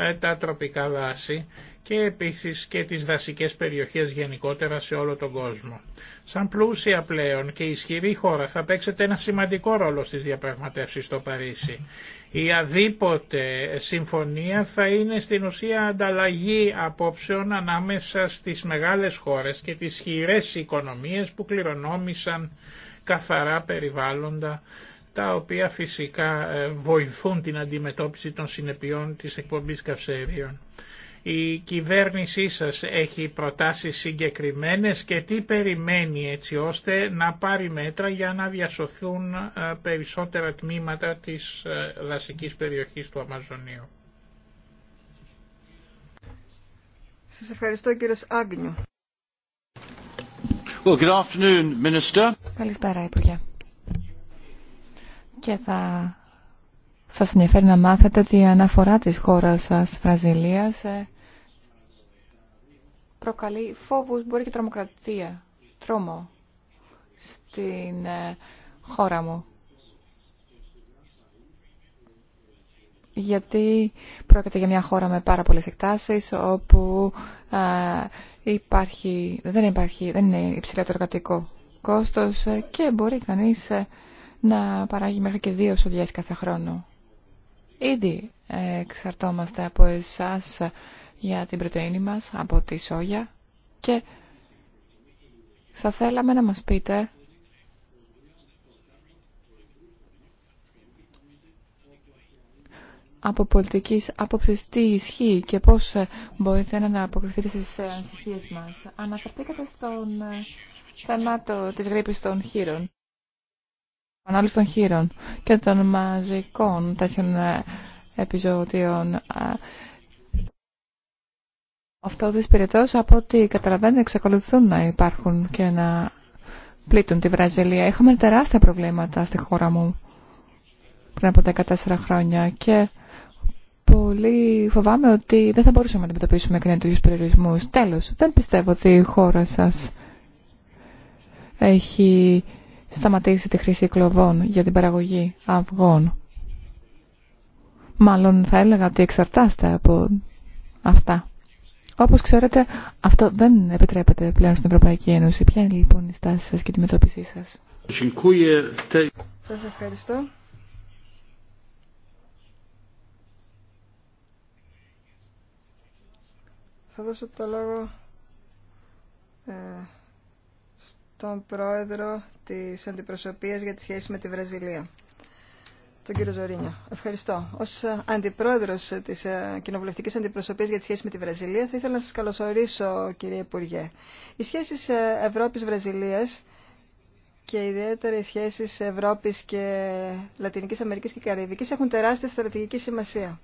C: ε, τα τροπικά δάση και επίσης και τις δασικές περιοχές γενικότερα σε όλο τον κόσμο. Σαν πλούσια πλέον και ισχυρή χώρα θα παίξετε ένα σημαντικό ρόλο στις διαπραγματεύσεις στο Παρίσι. Η αδίποτε συμφωνία θα είναι στην ουσία ανταλλαγή απόψεων ανάμεσα στις μεγάλες χώρες και τις χειρές οικονομίες που κληρονόμησαν καθαρά περιβάλλοντα τα οποία φυσικά ε, βοηθούν την αντιμετώπιση των συνεπειών της εκπομπής καυσαίριων. Η κυβέρνησή σας έχει προτάσεις συγκεκριμένες και τι περιμένει έτσι ώστε να πάρει μέτρα για να διασωθούν ε, περισσότερα τμήματα της ε, δασικής περιοχής του Αμαζονίου.
A: Σας ευχαριστώ κύριε Άγνιου.
B: Well, good afternoon, Minister. Καλησπέρα Υπουργέ και θα σας ενδιαφέρει να μάθετε ότι η αναφορά της χώρας σας, Βραζιλίας, ε, προκαλεί φόβους, μπορεί και τρομοκρατία, τρόμο στην ε, χώρα μου. γιατί πρόκειται για μια χώρα με πάρα πολλές εκτάσεις όπου ε, υπάρχει, δεν, υπάρχει, δεν είναι υψηλότερο το εργατικό κόστος και μπορεί κανείς να παράγει μέχρι και δύο σοδιές κάθε χρόνο. Ήδη εξαρτώμαστε από εσάς για την πρωτεΐνη μας, από τη σόγια και θα θέλαμε να μας πείτε από πολιτικής άποψης τι ισχύει και πώς μπορείτε να αποκριθείτε στις ανησυχίες μας. Αναφερθήκατε στον θέμα της γρήπης των χείρων ανάλυση των χείρων και των μαζικών τέτοιων ε, επιζωτιών. Ε. Αυτό δυσπηρετός από ό,τι καταλαβαίνετε εξακολουθούν να υπάρχουν και να πλήττουν τη Βραζιλία. Έχουμε τεράστια προβλήματα στη χώρα μου πριν από 14 χρόνια και πολύ φοβάμαι ότι δεν θα μπορούσαμε να αντιμετωπίσουμε κανένα του περιορισμού. Τέλος, δεν πιστεύω ότι η χώρα σας έχει σταματήσει τη χρήση κλωβών για την παραγωγή αυγών. Μάλλον θα έλεγα ότι εξαρτάστε από αυτά. Όπως ξέρετε, αυτό δεν επιτρέπεται πλέον στην Ευρωπαϊκή Ένωση. Ποια είναι λοιπόν η στάση σας και τη μετώπιση σας.
A: Σας ευχαριστώ. Θα δώσω το λόγο ε, τον πρόεδρο της Αντιπροσωπείας για τις σχέσεις με τη Βραζιλία, τον κύριο Ζωρίνιο. Ευχαριστώ. Ως Αντιπρόεδρος της ε, Κοινοβουλευτικής Αντιπροσωπείας για τις σχέσεις με τη Βραζιλία θα ήθελα να σας καλωσορίσω κύριε Υπουργέ. Οι σχέσεις ε, Ευρώπης-Βραζιλίας και ιδιαίτερα οι σχέσεις Ευρώπης και Λατινικής Αμερικής και Καραϊβικής έχουν τεράστια στρατηγική σημασία.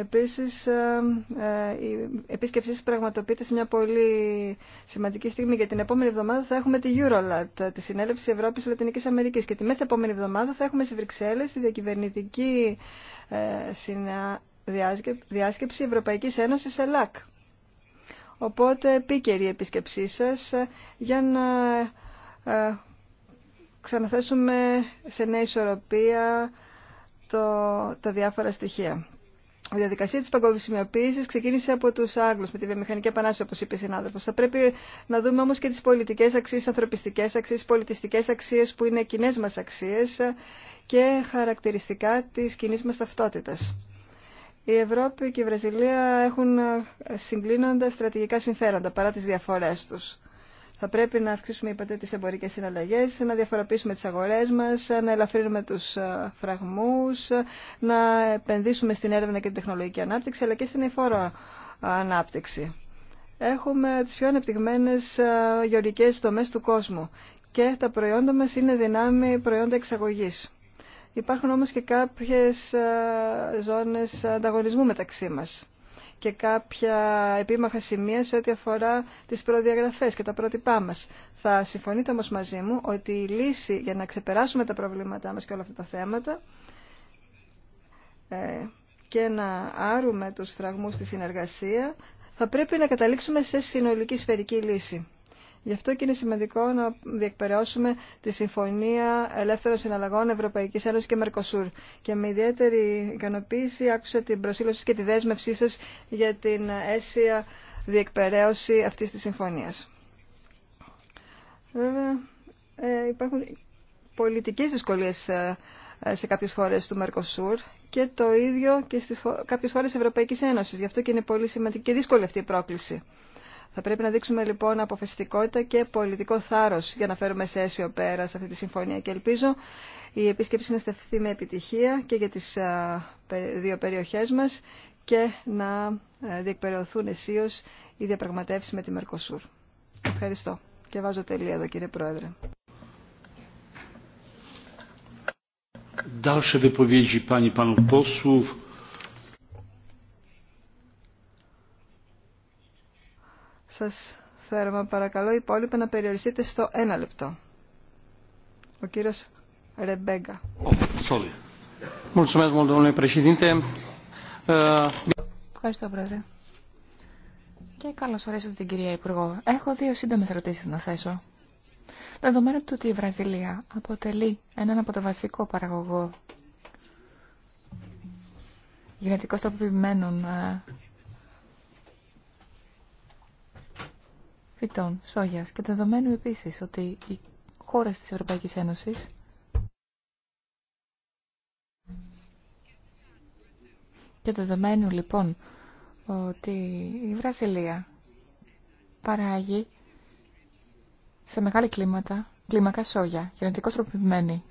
A: Επίσης, ε, ε, η επίσκεψή σας πραγματοποιείται σε μια πολύ σημαντική στιγμή για την επόμενη εβδομάδα θα έχουμε τη Eurolat, τη Συνέλευση Ευρώπης Λατινικής Αμερικής και τη μέθε επόμενη εβδομάδα θα έχουμε στη Βρυξέλλες τη διακυβερνητική ε, διάσκεψη Ευρωπαϊκής Ένωσης ΕΛΑΚ. Οπότε επίκαιρη η επίσκεψή σας για να ξαναθέσουμε σε νέα ισορροπία το, τα διάφορα στοιχεία η διαδικασία της παγκοσμιοποίηση ξεκίνησε από τους Άγγλους με τη βιομηχανική επανάσταση όπως είπε η συνάδελφος. Θα πρέπει να δούμε όμως και τις πολιτικές αξίες, ανθρωπιστικές αξίες, πολιτιστικές αξίες που είναι κοινέ μας αξίες και χαρακτηριστικά της κοινή μα ταυτότητας. Η Ευρώπη και η Βραζιλία έχουν συγκλίνοντα στρατηγικά συμφέροντα παρά τις διαφορές τους. Θα πρέπει να αυξήσουμε, είπατε, τις εμπορικές συναλλαγές, να διαφοροποιήσουμε τις αγορές μας, να ελαφρύνουμε τους ε, φραγμούς, να επενδύσουμε στην έρευνα και την τεχνολογική ανάπτυξη, αλλά και στην εφόρο ε, ανάπτυξη. Έχουμε τις πιο ανεπτυγμένες ε, γεωργικές δομές του κόσμου και τα προϊόντα μας είναι δυνάμει προϊόντα εξαγωγής. Υπάρχουν όμως και κάποιες ζώνες ανταγωνισμού μεταξύ μας και κάποια επίμαχα σημεία σε ό,τι αφορά τις προδιαγραφές και τα πρότυπά μας. Θα συμφωνείτε όμως μαζί μου ότι η λύση για να ξεπεράσουμε τα προβλήματά μας και όλα αυτά τα θέματα ε, και να άρουμε τους φραγμούς στη συνεργασία θα πρέπει να καταλήξουμε σε συνολική σφαιρική λύση. Γι' αυτό και είναι σημαντικό να διεκπαιρεώσουμε τη Συμφωνία Ελεύθερων Συναλλαγών Ευρωπαϊκή Ένωση και Μερκοσούρ. Και με ιδιαίτερη ικανοποίηση άκουσα την προσήλωση και τη δέσμευσή σα για την αίσια διεκπαιρέωση αυτή τη συμφωνία. Βέβαια, ε, υπάρχουν πολιτικές δυσκολίε ε, ε, σε κάποιες χώρες του Μερκοσούρ και το ίδιο και στις κάποιες χώρες Ευρωπαϊκής Ένωσης. Γι' αυτό και είναι πολύ σημαντική και δύσκολη αυτή η πρόκληση. Θα πρέπει να δείξουμε λοιπόν αποφασιστικότητα και πολιτικό θάρρο για να φέρουμε σε αίσιο πέρα σε αυτή τη συμφωνία και ελπίζω η επίσκεψη να στεφθεί με επιτυχία και για τι δύο περιοχέ μα και να διεκπαιρεωθούν αισίω οι διαπραγματεύσει με τη Μερκοσούρ. Ευχαριστώ και βάζω τελεία εδώ κύριε Πρόεδρε.
C: Dalsze wypowiedzi pani
A: Σας θέρμα παρακαλώ υπόλοιπα να περιοριστείτε στο ένα λεπτό. Ο κύριος Ρεμπέγκα.
C: Oh, ε,
B: Ευχαριστώ, Πρόεδρε. Και καλώς ορίσατε την κυρία Υπουργό. Έχω δύο σύντομες ερωτήσεις να θέσω. Δεδομένου του ότι η Βραζιλία αποτελεί έναν από το βασικό παραγωγό γενετικώς τροποποιημένων ε, φυτών, σόγιας και δεδομένου επίσης ότι οι χώρες της Ευρωπαϊκής Ένωσης και δεδομένου λοιπόν ότι η Βραζιλία παράγει σε μεγάλη κλίματα, κλίμακα σόγια, γενετικώς τροποποιημένη.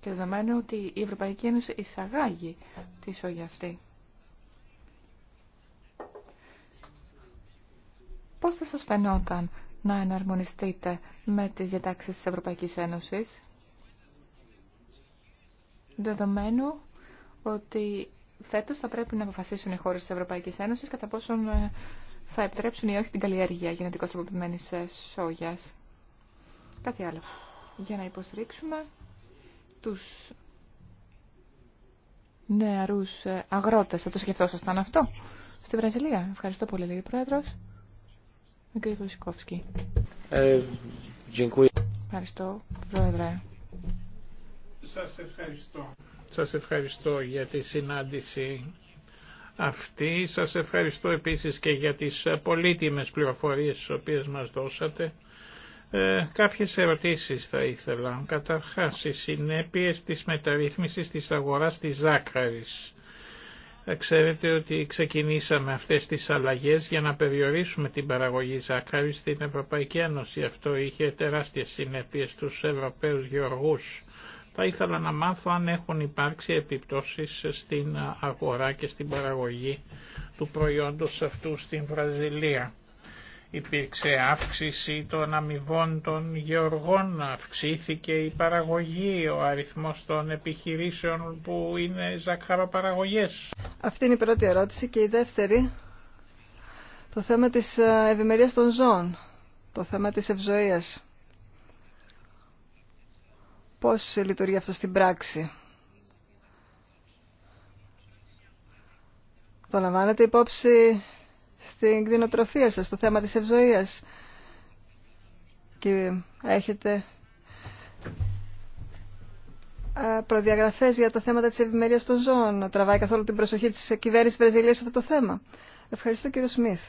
B: Και δεδομένου ότι η Ευρωπαϊκή Ένωση εισαγάγει τη σόγια αυτή. πώς θα σας φαινόταν να εναρμονιστείτε με τις διατάξεις της Ευρωπαϊκής Ένωσης, δεδομένου ότι φέτος θα πρέπει να αποφασίσουν οι χώρες της Ευρωπαϊκής Ένωσης κατά πόσον ε, θα επιτρέψουν ή όχι την καλλιέργεια γενετικώς τροποποιημένης ε, σόγιας. Κάτι άλλο. Για να υποστηρίξουμε τους νεαρούς ε, αγρότες. Θα το σκεφτόσασταν αυτό. Στη Βραζιλία. Ευχαριστώ πολύ, λέει ο Πρόεδρος. Σα
C: ε, Ευχαριστώ, Πρόεδρε. Σας ευχαριστώ. Σας ευχαριστώ για τη συνάντηση αυτή. Σας ευχαριστώ επίσης και για τις πολύτιμες πληροφορίες τις οποίες μας δώσατε. Ε, κάποιες ερωτήσεις θα ήθελα. Καταρχάς, οι συνέπειες της μεταρρύθμισης της αγοράς της Ζάκαρης. Ξέρετε ότι ξεκινήσαμε αυτές τις αλλαγές για να περιορίσουμε την παραγωγή ζάχαρη στην Ευρωπαϊκή Ένωση. Αυτό είχε τεράστιες συνέπειες στους Ευρωπαίους γεωργούς. Θα ήθελα να μάθω αν έχουν υπάρξει επιπτώσεις στην αγορά και στην παραγωγή του προϊόντος αυτού στην Βραζιλία. Υπήρξε αύξηση των αμοιβών των γεωργών, αυξήθηκε η παραγωγή, ο αριθμός των επιχειρήσεων που είναι ζαχαροπαραγωγές.
A: Αυτή είναι η πρώτη ερώτηση και η δεύτερη, το θέμα της ε, ευημερίας των ζώων, το θέμα της ευζωίας. Πώς λειτουργεί αυτό στην πράξη. Το λαμβάνετε υπόψη στην κτηνοτροφία σας, στο θέμα της ευζοίας. Και έχετε προδιαγραφές για τα θέματα της ευημερίας των ζώων. Τραβάει καθόλου την προσοχή της κυβέρνησης Βραζιλίας σε αυτό το θέμα. Ευχαριστώ κύριο Σμιθ.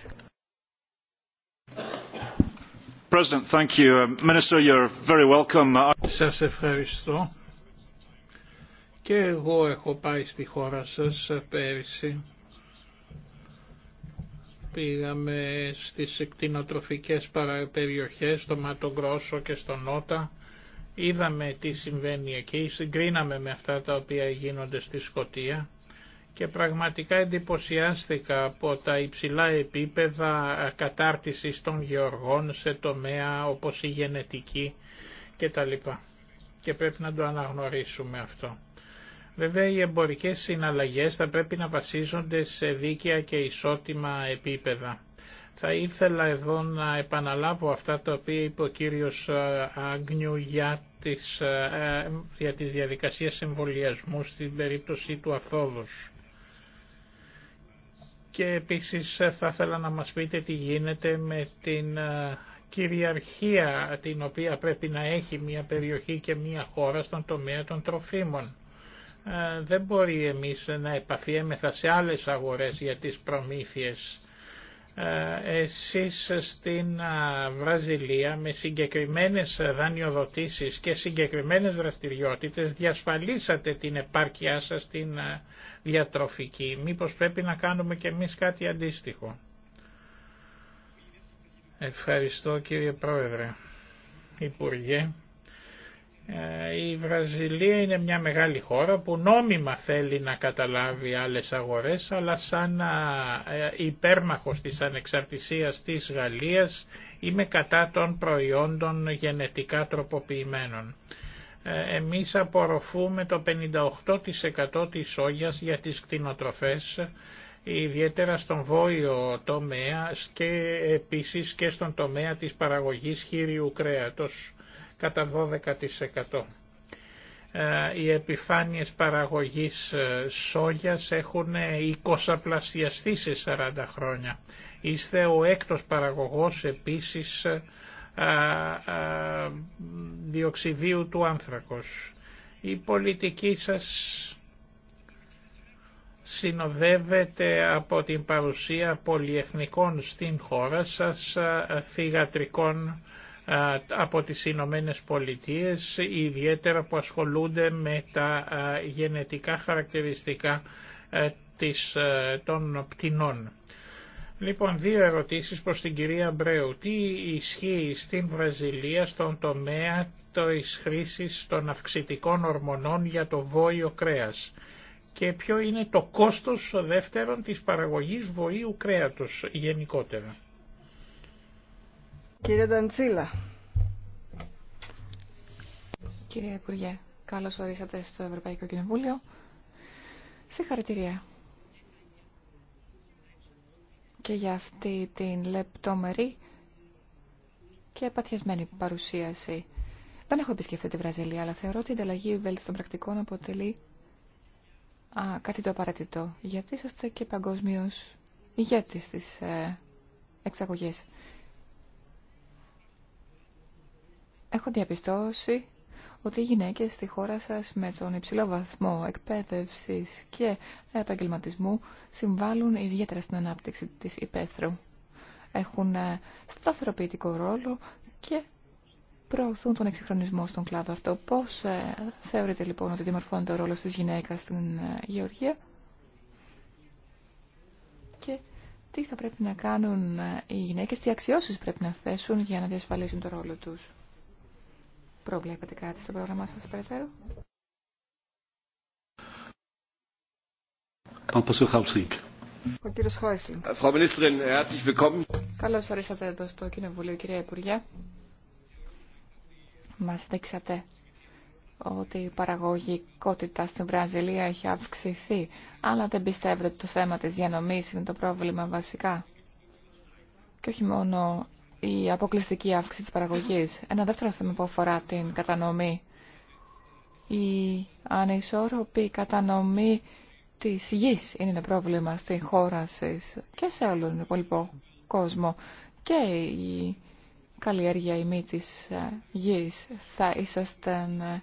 C: Uh, uh, σας ευχαριστώ. Και εγώ έχω πάει στη χώρα σας ε, πέρυσι πήγαμε στις εκτινοτροφικές περιοχές, στο Ματογκρόσο και στο Νότα, είδαμε τι συμβαίνει εκεί, συγκρίναμε με αυτά τα οποία γίνονται στη Σκοτία και πραγματικά εντυπωσιάστηκα από τα υψηλά επίπεδα κατάρτισης των γεωργών σε τομέα όπως η γενετική κτλ. Και πρέπει να το αναγνωρίσουμε αυτό. Βέβαια οι εμπορικές συναλλαγές θα πρέπει να βασίζονται σε δίκαια και ισότιμα επίπεδα. Θα ήθελα εδώ να επαναλάβω αυτά τα οποία είπε ο κύριος ε, Άγνιου για τις, ε, ε, για διαδικασίες εμβολιασμού στην περίπτωση του Αθόδους. Και επίσης θα ήθελα να μας πείτε τι γίνεται με την κυριαρχία την οποία πρέπει να έχει μια περιοχή και μια χώρα στον τομέα των τροφίμων ε, δεν μπορεί εμείς να επαφιέμεθα σε άλλες αγορές για τις προμήθειες. Ε, εσείς στην ε, Βραζιλία με συγκεκριμένες δανειοδοτήσεις και συγκεκριμένες δραστηριότητες διασφαλίσατε την επάρκειά σας στην διατροφική. Μήπως πρέπει να κάνουμε και εμείς κάτι αντίστοιχο. Ευχαριστώ κύριε Πρόεδρε. Υπουργέ. Ε, η Βραζιλία είναι μια μεγάλη χώρα που νόμιμα θέλει να καταλάβει άλλες αγορές αλλά σαν ε, υπέρμαχος της ανεξαρτησίας της Γαλλίας είμαι κατά των προϊόντων γενετικά τροποποιημένων. Ε, εμείς απορροφούμε το 58% της σόγιας για τις κτηνοτροφές ιδιαίτερα στον βόρειο τομέα και επίσης και στον τομέα της παραγωγής χείριου κρέατος κατά 12%. Ε, οι επιφάνειες παραγωγής ε, σόγιας έχουν 20 ε, πλασιαστεί σε 40 χρόνια. Είστε ο έκτος παραγωγός επίσης διοξιδίου του άνθρακος. Η πολιτική σας συνοδεύεται από την παρουσία πολιεθνικών στην χώρα σας θυγατρικών από τις Ηνωμένε Πολιτείες, ιδιαίτερα που ασχολούνται με τα γενετικά χαρακτηριστικά της, των πτηνών. Λοιπόν, δύο ερωτήσεις προς την κυρία Μπρέου. Τι ισχύει στην Βραζιλία στον τομέα της χρήσης των αυξητικών ορμονών για το βόηο κρέας και ποιο είναι το κόστος δεύτερον της παραγωγής βοήου κρέατος γενικότερα.
A: Κύριε Νταντσίλα. Κύριε Υπουργέ,
B: καλώς ορίσατε στο Ευρωπαϊκό Κοινοβούλιο. Συγχαρητήρια και για αυτή την λεπτόμερη και παθιασμένη παρουσίαση. Δεν έχω επισκεφτεί τη Βραζιλία, αλλά θεωρώ ότι η ανταλλαγή των πρακτικών αποτελεί α, κάτι το απαραίτητο, γιατί είσαστε και παγκόσμιο ηγέτη τη ε, εξαγωγή. έχω διαπιστώσει ότι οι γυναίκες στη χώρα σας με τον υψηλό βαθμό εκπαίδευσης και επαγγελματισμού συμβάλλουν ιδιαίτερα στην ανάπτυξη της υπαίθρου. Έχουν ε, σταθεροποιητικό ρόλο και προωθούν τον εξυγχρονισμό στον κλάδο αυτό. Πώς ε, θεωρείτε λοιπόν ότι διαμορφώνεται ο ρόλος της γυναίκας στην ε, γεωργία και τι θα πρέπει να κάνουν οι γυναίκες, τι αξιώσεις πρέπει να θέσουν για να διασφαλίσουν τον ρόλο τους. Προβλέπετε κάτι στο πρόγραμμα σας περαιτέρω. Ο κύριος ε, Καλώς ορίσατε εδώ στο Κοινοβουλίο, κυρία Υπουργέ. Μας δείξατε ότι η παραγωγικότητα στην Βραζιλία έχει αυξηθεί, αλλά δεν πιστεύετε ότι το θέμα της διανομής είναι το πρόβλημα βασικά. Και όχι μόνο η αποκλειστική αύξηση της παραγωγής. Ένα δεύτερο θέμα που αφορά την κατανομή. Η ανισόρροπη κατανομή της γης είναι ένα πρόβλημα στη χώρα σας και σε όλον τον υπόλοιπο κόσμο. Και η καλλιέργεια ημί της ε, γης θα ήσασταν ε,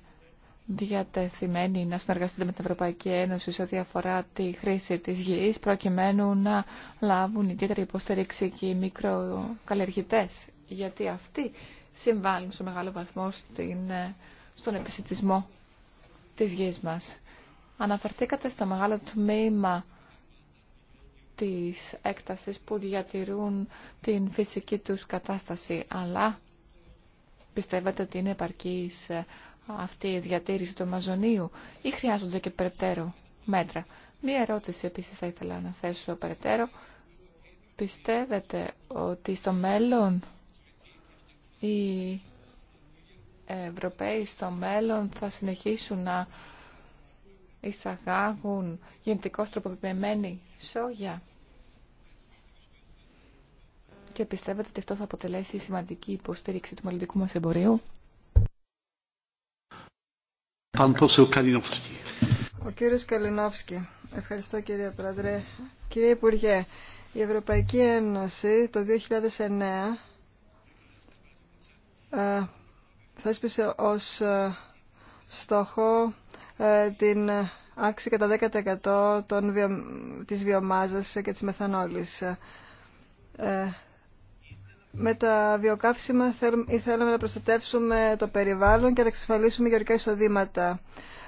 B: διατεθειμένοι να συνεργαστείτε με την Ευρωπαϊκή Ένωση σε ό,τι αφορά τη χρήση της γης προκειμένου να λάβουν ιδιαίτερη υποστήριξη και οι μικροκαλλιεργητές γιατί αυτοί συμβάλλουν σε μεγάλο βαθμό στον επισητισμό της γης μας. Αναφερθήκατε στο μεγάλο τμήμα της έκτασης που διατηρούν την φυσική τους κατάσταση αλλά πιστεύετε ότι είναι επαρκής αυτή η διατήρηση του Αμαζονίου ή χρειάζονται και περαιτέρω μέτρα. Μία ερώτηση επίσης θα ήθελα να θέσω περαιτέρω. Πιστεύετε ότι στο μέλλον οι Ευρωπαίοι στο μέλλον θα συνεχίσουν να εισαγάγουν γενετικώς τροποποιημένη σόγια και πιστεύετε ότι αυτό θα αποτελέσει σημαντική υποστήριξη του μελλοντικού μας εμπορίου.
C: Ο
A: κύριος Καλινόφσκι. Ευχαριστώ κύριε Πρόεδρε. Κύριε Υπουργέ, η Ευρωπαϊκή Ένωση το 2009 ε, θέσπισε ως ε, στόχο ε, την αύξηση κατά 10% των βιο... της βιομάζας και της μεθανόλης με τα βιοκαύσιμα θέλουμε να προστατεύσουμε το περιβάλλον και να εξασφαλίσουμε γεωρικά εισοδήματα.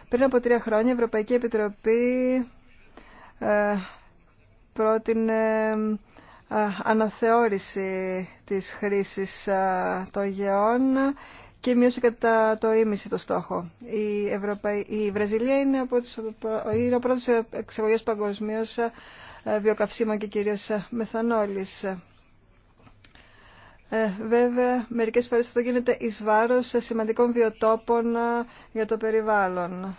A: Πριν από τρία χρόνια η Ευρωπαϊκή Επιτροπή ε, πρότεινε ε, αναθεώρηση της χρήσης ε, των γεών και μείωσε κατά το ίμιση το στόχο. Η, η Βραζιλία είναι, από τις... είναι ο πρώτος εξαγωγός παγκοσμίως βιοκαύσιμα και κυρίως μεθανόλης. Ε, βέβαια, μερικές φορές αυτό γίνεται εις βάρος σημαντικών βιοτόπων ε, για το περιβάλλον.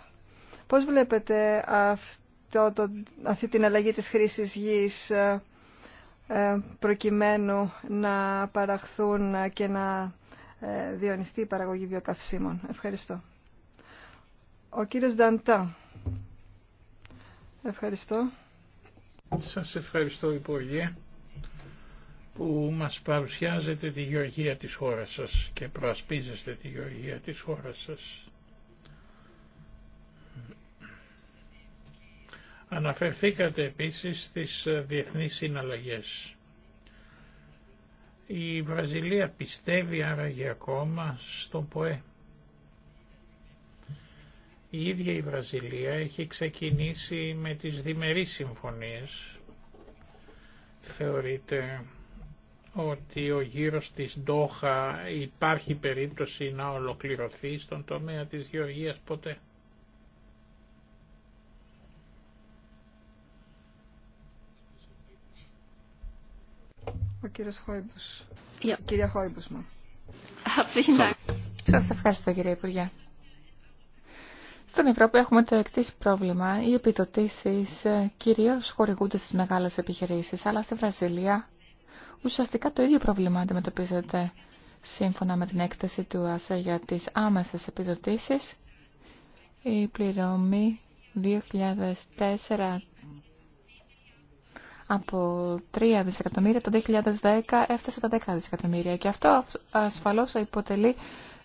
A: Πώς βλέπετε αυτό, αυτή την αλλαγή της χρήσης γης ε, προκειμένου να παραχθούν και να διονυστεί η παραγωγή βιοκαυσίμων. Ευχαριστώ. Ο κύριος Νταντά. Ευχαριστώ.
C: Σας ευχαριστώ Υπουργέ που μας παρουσιάζετε τη γεωργία της χώρας σας και προασπίζεστε τη γεωργία της χώρας σας. Αναφερθήκατε επίσης στις διεθνείς συναλλαγές. Η Βραζιλία πιστεύει άραγε ακόμα στον ΠΟΕ. Η ίδια η Βραζιλία έχει ξεκινήσει με τις διμερείς συμφωνίες. Θεωρείται ότι ο γύρος της Ντόχα υπάρχει περίπτωση να ολοκληρωθεί στον τομέα της γεωργίας ποτέ.
A: Ο κύριος Yeah. κυρία μου.
B: Σας ευχαριστώ κύριε Υπουργέ. Στην Ευρώπη έχουμε το εκτή πρόβλημα. Οι επιδοτήσει ε, κυρίως χορηγούνται στι μεγάλε επιχειρήσει αλλά στη Βραζιλία ουσιαστικά το ίδιο πρόβλημα αντιμετωπίζεται σύμφωνα με την έκθεση του ΑΣΕ για τις άμεσες επιδοτήσεις. Η πληρωμή 2004 από 3 δισεκατομμύρια το 2010 έφτασε τα 10 δισεκατομμύρια και αυτό ασφαλώς υποτελεί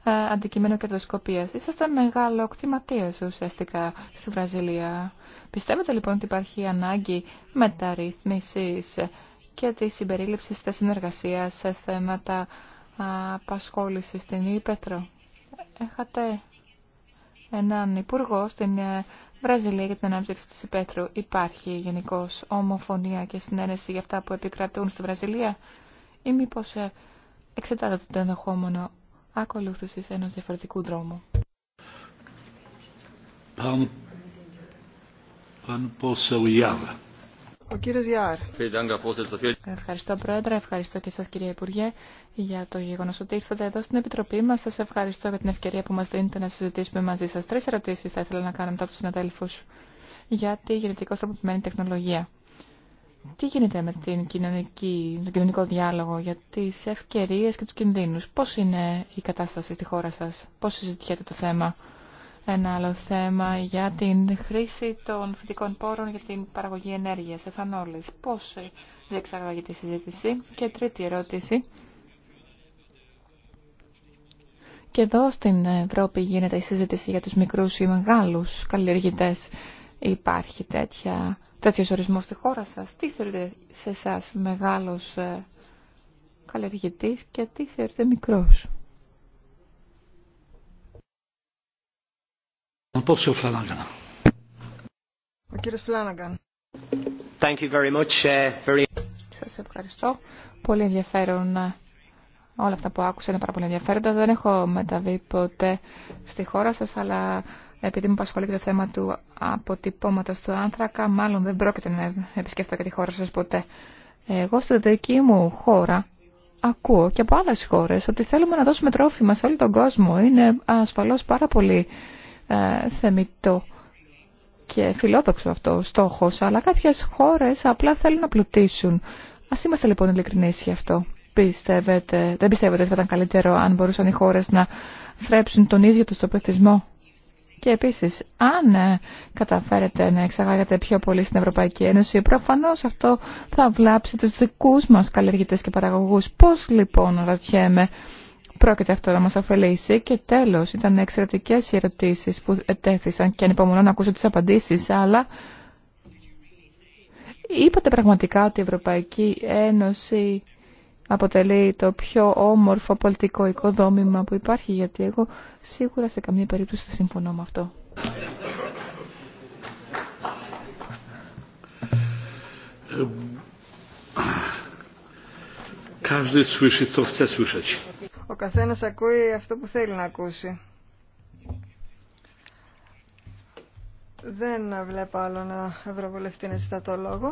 B: ε, αντικείμενο κερδοσκοπίας. Είσαστε μεγάλο κτηματίας ουσιαστικά στη Βραζιλία. Πιστεύετε λοιπόν ότι υπάρχει ανάγκη μεταρρυθμίσης και τη συμπερίληψη τη συνεργασία σε θέματα απασχόληση στην Ήπεθρο. Έχατε έναν υπουργό στην ε, Βραζιλία για την ανάπτυξη της Υπέτρου. Υπάρχει γενικώ ομοφωνία και συνένεση για αυτά που επικρατούν στη Βραζιλία ή μήπω ε, εξετάζεται το ενδεχόμενο ακολούθηση ενό διαφορετικού δρόμου.
C: Pan, pan
B: Ευχαριστώ Πρόεδρε, ευχαριστώ και σας κύριε Υπουργέ για το γεγονός ότι ήρθατε εδώ στην Επιτροπή μας. Σας ευχαριστώ για την ευκαιρία που μας δίνετε να συζητήσουμε μαζί σας. Τρεις ερωτήσεις θα ήθελα να κάνω μετά τους συναδέλφους για τη γενετικώς τροποποιημένη τεχνολογία. Τι γίνεται με την κοινωνική, τον κοινωνικό διάλογο για τις ευκαιρίες και τους κινδύνους. Πώς είναι η κατάσταση στη χώρα σας, πώς συζητιέται το θέμα ένα άλλο θέμα για την χρήση των φυτικών πόρων για την παραγωγή ενέργειας, εθανόλης. Πώς διεξαγάγει τη συζήτηση. Και τρίτη ερώτηση. Και εδώ στην Ευρώπη γίνεται η συζήτηση για τους μικρούς ή μεγάλους καλλιεργητές. Υπάρχει τέτοια, τέτοιος ορισμός στη χώρα σας. Τι θεωρείτε σε εσάς μεγάλος ε, καλλιεργητής και τι θεωρείτε
A: μικρός. Ο κύριος
B: Σας ευχαριστώ. Πολύ ενδιαφέρον ε, όλα αυτά που άκουσα είναι πάρα πολύ ενδιαφέροντα. Δεν έχω μεταβεί ποτέ στη χώρα σας, αλλά επειδή μου απασχολεί και το θέμα του αποτυπώματος του άνθρακα, μάλλον δεν πρόκειται να επισκεφτώ και τη χώρα σας ποτέ. Εγώ στη δική μου χώρα ακούω και από άλλες χώρες ότι θέλουμε να δώσουμε τρόφιμα σε όλο τον κόσμο. Είναι ασφαλώς πάρα πολύ ε, θεμητό και φιλόδοξο αυτό στόχος, αλλά κάποιες χώρες απλά θέλουν να πλουτίσουν. Ας είμαστε λοιπόν ειλικρινείς γι' αυτό. Πιστεύετε, δεν πιστεύετε ότι θα ήταν καλύτερο αν μπορούσαν οι χώρες να θρέψουν τον ίδιο τους το πληθυσμό. Και επίσης, αν ε, καταφέρετε να εξαγάγετε πιο πολύ στην Ευρωπαϊκή Ένωση, προφανώς αυτό θα βλάψει τους δικούς μας καλλιεργητές και παραγωγούς. Πώς λοιπόν, ρωτιέμαι, πρόκειται αυτό να μας ωφελήσει. Και τέλος, ήταν εξαιρετικές οι ερωτήσεις που ετέθησαν και ανυπομονώ να ακούσω τις απαντήσεις, αλλά είπατε πραγματικά ότι η Ευρωπαϊκή Ένωση αποτελεί το πιο όμορφο πολιτικό οικοδόμημα που υπάρχει, γιατί εγώ σίγουρα σε καμία περίπτωση δεν συμφωνώ με αυτό.
C: Każdy słyszy, co chce słyszeć
A: ο καθένας ακούει αυτό που θέλει να ακούσει. Δεν βλέπω άλλο να ευρωβουλευτή να ζητά το λόγο.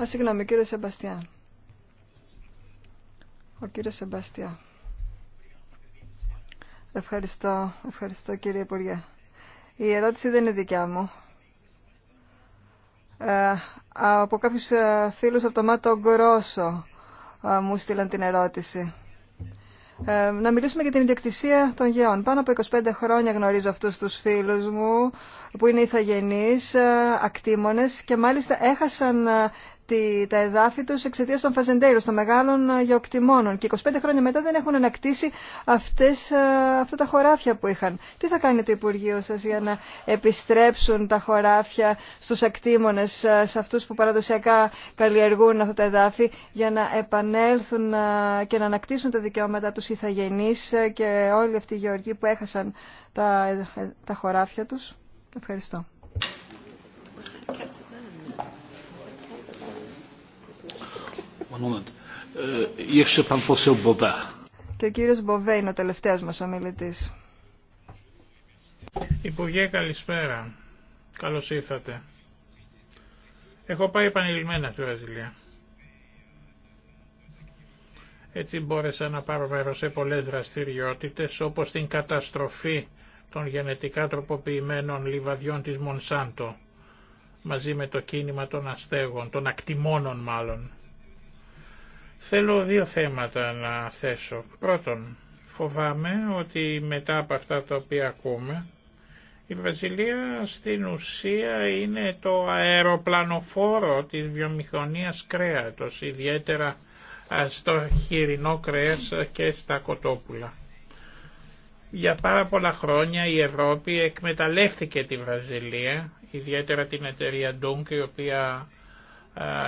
A: Α, συγγνώμη, κύριο Σεμπαστιά. Ο κύριος Σεμπαστιά. Ευχαριστώ, ευχαριστώ κύριε Υπουργέ. Η ερώτηση δεν είναι δικιά μου. Ε, από κάποιους ε, φίλους από το Μάτο Γκρόσο ε, μου στείλαν την ερώτηση. Ε, να μιλήσουμε για την ιδιοκτησία των γεών. Πάνω από 25 χρόνια γνωρίζω αυτούς τους φίλους μου που είναι ηθαγενείς, ε, ακτήμονες και μάλιστα έχασαν ε, τη, τα εδάφη τους εξαιτίας των φαζεντέρων, των μεγάλων ε, γεωκτημόνων. Και 25 χρόνια μετά δεν έχουν ανακτήσει αυτές, ε, αυτά τα χωράφια που είχαν. Τι θα κάνει το Υπουργείο σας για να επιστρέψουν τα χωράφια στους ακτήμονες, ε, σε αυτούς που παραδοσιακά καλλιεργούν αυτά τα εδάφη, για να επανέλθουν και να ανακτήσουν τα δικαιώματα τους ηθαγενείς και όλοι αυτοί οι γεωργοί που έχασαν τα, τα χωράφια τους. Ευχαριστώ. Ε, Και ο κύριος Μποβέ είναι ο τελευταίο μας ομιλητής.
C: Υπουργέ καλησπέρα. Καλώς ήρθατε. Έχω πάει επανειλημμένα στη Βραζιλία. Έτσι μπόρεσα να πάρω μέρος σε πολλές δραστηριότητες όπως την καταστροφή των γενετικά τροποποιημένων λιβαδιών της Μονσάντο μαζί με το κίνημα των αστέγων, των ακτιμώνων μάλλον. Θέλω δύο θέματα να θέσω. Πρώτον, φοβάμαι ότι μετά από αυτά τα οποία ακούμε, η Βραζιλία στην ουσία είναι το αεροπλανοφόρο της βιομηχανίας κρέατος, ιδιαίτερα στο χοιρινό κρέας και στα κοτόπουλα. Για πάρα πολλά χρόνια η Ευρώπη εκμεταλλεύτηκε τη Βραζιλία, ιδιαίτερα την εταιρεία Ντούγκ, η οποία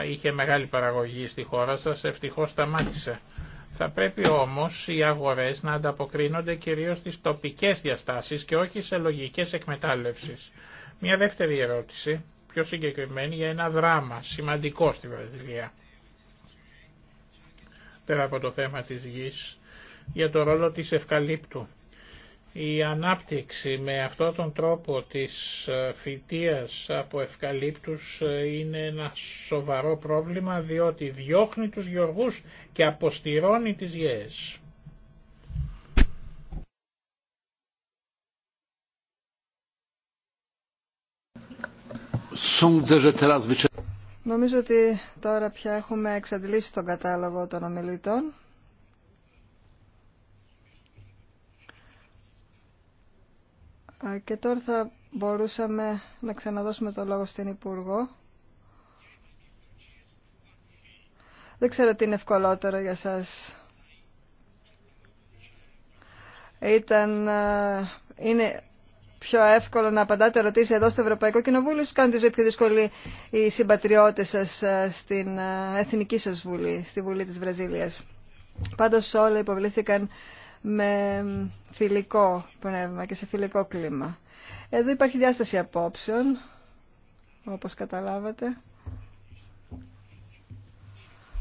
C: είχε μεγάλη παραγωγή στη χώρα σας, ευτυχώς σταμάτησε. Θα πρέπει όμως οι αγορές να ανταποκρίνονται κυρίως στις τοπικές διαστάσεις και όχι σε λογικές εκμετάλλευσεις. Μια δεύτερη ερώτηση, πιο συγκεκριμένη για ένα δράμα σημαντικό στη Βραζιλία. Πέρα από το θέμα της γης, για το ρόλο της ευκαλύπτου. Η ανάπτυξη με αυτόν τον τρόπο της ε, φυτείας από ευκαλύπτους ε, είναι ένα σοβαρό πρόβλημα διότι διώχνει τους γεωργούς και αποστηρώνει τις γέες.
A: Νομίζω ότι τώρα πια έχουμε εξαντλήσει τον κατάλογο των ομιλητών. Και τώρα θα μπορούσαμε να ξαναδώσουμε το λόγο στην Υπουργό. Δεν ξέρω τι είναι ευκολότερο για σας. Ήταν, είναι πιο εύκολο να απαντάτε ερωτήσεις εδώ στο Ευρωπαϊκό Κοινοβούλιο ή κάνουν τη ζωή πιο δύσκολη οι συμπατριώτες σας στην εθνική σας βουλή, στη Βουλή της Βραζίλιας. Πάντως όλα υποβλήθηκαν με φιλικό πνεύμα και σε φιλικό κλίμα. Εδώ υπάρχει διάσταση απόψεων, όπως καταλάβατε.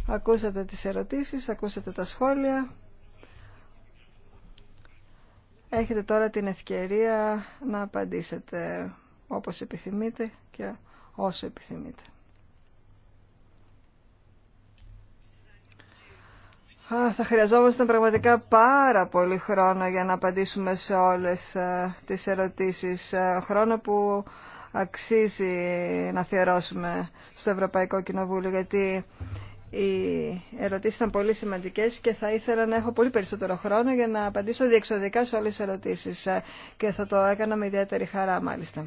A: Ακούσατε τις ερωτήσεις, ακούσατε τα σχόλια. Έχετε τώρα την ευκαιρία να απαντήσετε όπως επιθυμείτε και όσο επιθυμείτε. θα χρειαζόμαστε πραγματικά πάρα πολύ χρόνο για να απαντήσουμε σε όλες ε, τις ερωτήσεις. Ε, χρόνο που αξίζει να αφιερώσουμε στο Ευρωπαϊκό Κοινοβούλιο, γιατί οι ερωτήσεις ήταν πολύ σημαντικές και θα ήθελα να έχω πολύ περισσότερο χρόνο για να απαντήσω διεξοδικά σε όλες τις ερωτήσεις ε, και θα το έκανα με ιδιαίτερη χαρά μάλιστα.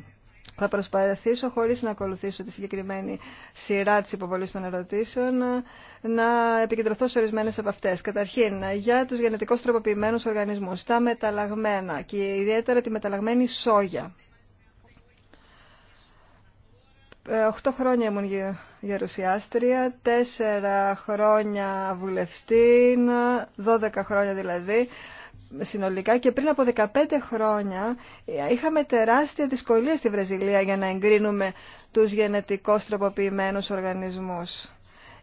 A: Θα προσπαθήσω, χωρίς να ακολουθήσω τη συγκεκριμένη σειρά της υποβολής των ερωτήσεων, να επικεντρωθώ σε ορισμένες από αυτές. Καταρχήν, για τους γενετικώς τροποποιημένους οργανισμούς, τα μεταλλαγμένα και ιδιαίτερα τη μεταλλαγμένη σόγια. Ε, Οχτώ χρόνια ήμουν γερουσιάστρια, τέσσερα χρόνια βουλευτή, δώδεκα χρόνια δηλαδή συνολικά και πριν από 15 χρόνια είχαμε τεράστια δυσκολία στη Βραζιλία για να εγκρίνουμε τους γενετικώς τροποποιημένους οργανισμούς.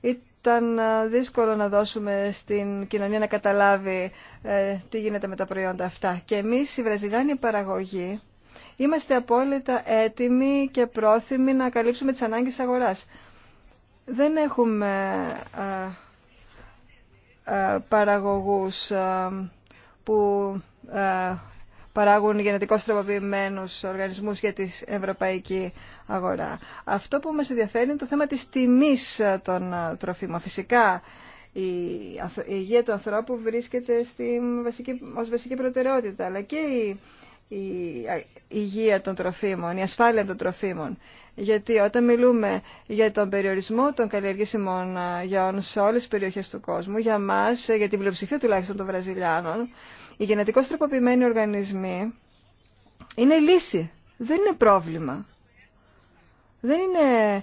A: Ήταν ε, δύσκολο να δώσουμε στην κοινωνία να καταλάβει ε, τι γίνεται με τα προϊόντα αυτά. Και εμείς οι Βραζιλιάνοι παραγωγοί είμαστε απόλυτα έτοιμοι και πρόθυμοι να καλύψουμε τις ανάγκες αγοράς. Δεν έχουμε ε, παραγωγούς που ε, παράγουν γενετικό τροποποιημένους οργανισμούς για την ευρωπαϊκή αγορά. Αυτό που μας ενδιαφέρει είναι το θέμα της τιμής των ε, τροφίμων. Φυσικά η υγεία του ανθρώπου βρίσκεται στη βασική, ως βασική προτεραιότητα, αλλά και η υγεία των τροφίμων, η ασφάλεια των τροφίμων. Γιατί όταν μιλούμε για τον περιορισμό των καλλιεργήσιμων ε, γεών σε όλες τις περιοχές του κόσμου, για μας, ε, για την πλειοψηφία τουλάχιστον των Βραζιλιάνων, οι γενετικώς τροποποιημένοι οργανισμοί είναι λύση, δεν είναι πρόβλημα. Δεν είναι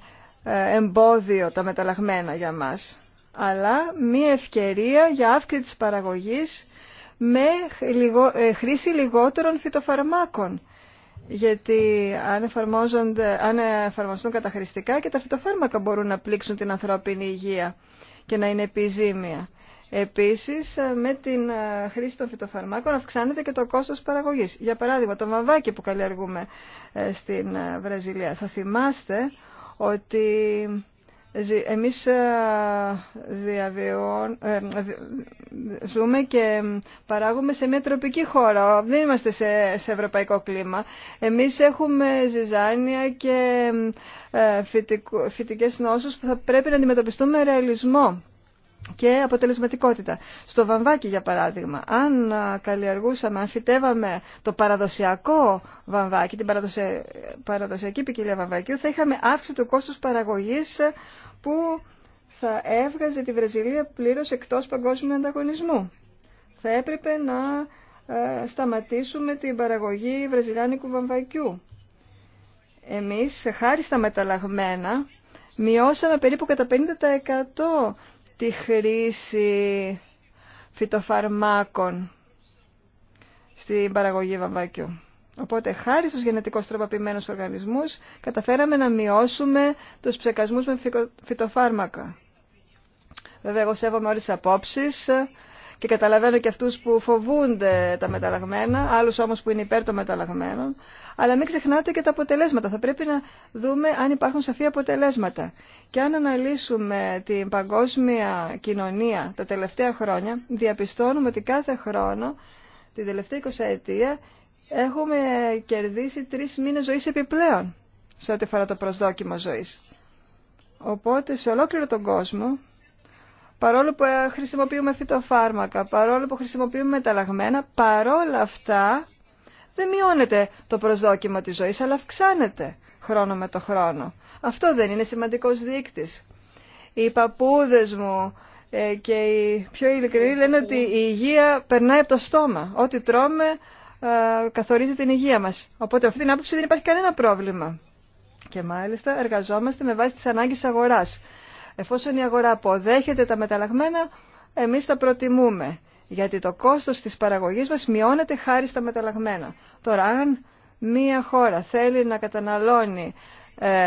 A: ε, εμπόδιο τα μεταλλαγμένα για μας, αλλά μία ευκαιρία για αύξηση της παραγωγής με χρήση λιγότερων φυτοφαρμάκων γιατί αν, εφαρμοστούν καταχρηστικά και τα φυτοφάρμακα μπορούν να πλήξουν την ανθρώπινη υγεία και να είναι επιζήμια. Επίσης, με την ε, χρήση των φυτοφαρμάκων αυξάνεται και το κόστος παραγωγής. Για παράδειγμα, το μαβάκι που καλλιεργούμε ε, στην ε, Βραζιλία. Θα θυμάστε ότι εμείς ε, διαβιών, ε, ζούμε και παράγουμε σε μια τροπική χώρα. Δεν είμαστε σε, ευρωπαϊκό κλίμα. Εμείς έχουμε ζυζάνια και ε, φυτικές νόσους που θα πρέπει να αντιμετωπιστούμε ρεαλισμό και αποτελεσματικότητα. Στο βαμβάκι, για παράδειγμα, αν καλλιεργούσαμε, αν φυτέβαμε το παραδοσιακό βαμβάκι, την παραδοσιακή ποικιλία βαμβακιού, θα είχαμε αύξηση του κόστους παραγωγής ε, που θα έβγαζε τη Βραζιλία πλήρως εκτός παγκόσμιου ανταγωνισμού. Θα έπρεπε να ε, σταματήσουμε την παραγωγή βραζιλιάνικου βαμβακιού. Εμείς, χάρη στα μεταλλαγμένα, μειώσαμε περίπου κατά 50% τη χρήση φυτοφαρμάκων στην παραγωγή βαμβάκιου. Οπότε χάρη στους γενετικώς τροποποιημένους οργανισμούς καταφέραμε να μειώσουμε τους ψεκασμούς με φυτοφάρμακα. Βέβαια, εγώ σέβομαι όλες τις απόψεις και καταλαβαίνω και αυτούς που φοβούνται τα μεταλλαγμένα, άλλους όμως που είναι υπέρ των μεταλλαγμένων, αλλά μην ξεχνάτε και τα αποτελέσματα. Θα πρέπει να δούμε αν υπάρχουν σαφή αποτελέσματα. Και αν αναλύσουμε την παγκόσμια κοινωνία τα τελευταία χρόνια, διαπιστώνουμε ότι κάθε χρόνο, την τελευταία 20 ετία, έχουμε κερδίσει τρεις μήνες ζωής επιπλέον σε ό,τι αφορά το προσδόκιμο ζωής. Οπότε σε ολόκληρο τον κόσμο παρόλο που ε, χρησιμοποιούμε φυτοφάρμακα, παρόλο που χρησιμοποιούμε μεταλλαγμένα, παρόλα αυτά δεν μειώνεται το προσδόκιμα της ζωής, αλλά αυξάνεται χρόνο με το χρόνο. Αυτό δεν είναι σημαντικός δείκτης. Οι παππούδες μου ε, και οι πιο ειλικρινοί λένε ότι η υγεία περνάει από το στόμα. Ό,τι τρώμε ε, καθορίζει την υγεία μας. Οπότε αυτή την άποψη δεν υπάρχει κανένα πρόβλημα. Και μάλιστα εργαζόμαστε με βάση τις ανάγκες αγοράς. Εφόσον η αγορά αποδέχεται τα μεταλλαγμένα, εμείς τα προτιμούμε. Γιατί το κόστος της παραγωγής μας μειώνεται χάρη στα μεταλλαγμένα. Τώρα, αν μία χώρα θέλει να καταναλώνει ε,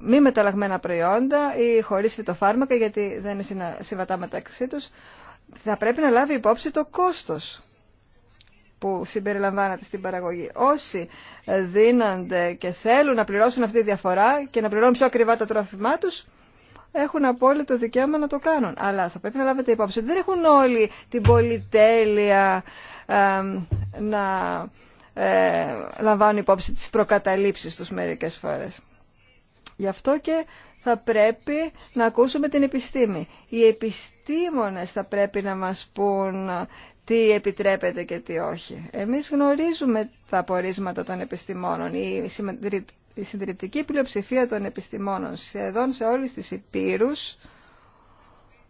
A: μη μεταλλαγμένα προϊόντα ή χωρίς φυτοφάρμακα, γιατί δεν είναι συμβατά μεταξύ τους, θα πρέπει να λάβει υπόψη το κόστος που συμπεριλαμβάνεται στην παραγωγή. Όσοι ε, δίνονται και θέλουν να πληρώσουν αυτή τη διαφορά και να πληρώνουν πιο ακριβά τα τρόφιμά τους, έχουν απόλυτο δικαίωμα να το κάνουν. Αλλά θα πρέπει να λάβετε υπόψη ότι δεν έχουν όλοι την πολυτέλεια να ε, λαμβάνουν υπόψη τις προκαταλήψεις τους μερικές φορές. Γι' αυτό και θα πρέπει να ακούσουμε την επιστήμη. Οι επιστήμονες θα πρέπει να μας πούν τι επιτρέπεται και τι όχι. Εμείς γνωρίζουμε τα απορίσματα των επιστημόνων. Οι η συντριπτική πλειοψηφία των επιστημόνων σχεδόν σε όλες τις υπήρους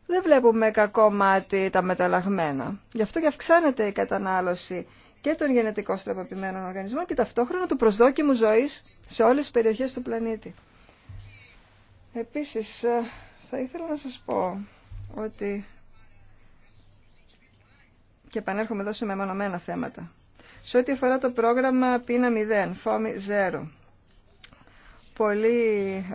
A: δεν βλέπουμε κακό μάτι τα μεταλλαγμένα. Γι' αυτό και αυξάνεται η κατανάλωση και των γενετικώς τροποποιημένων οργανισμών και ταυτόχρονα του προσδόκιμου ζωής σε όλες τις περιοχές του πλανήτη. Επίσης, ε, θα ήθελα να σας πω ότι και επανέρχομαι εδώ σε μεμονωμένα θέματα. Σε ό,τι αφορά το πρόγραμμα πίνα 0, φόμη 0, πολλοί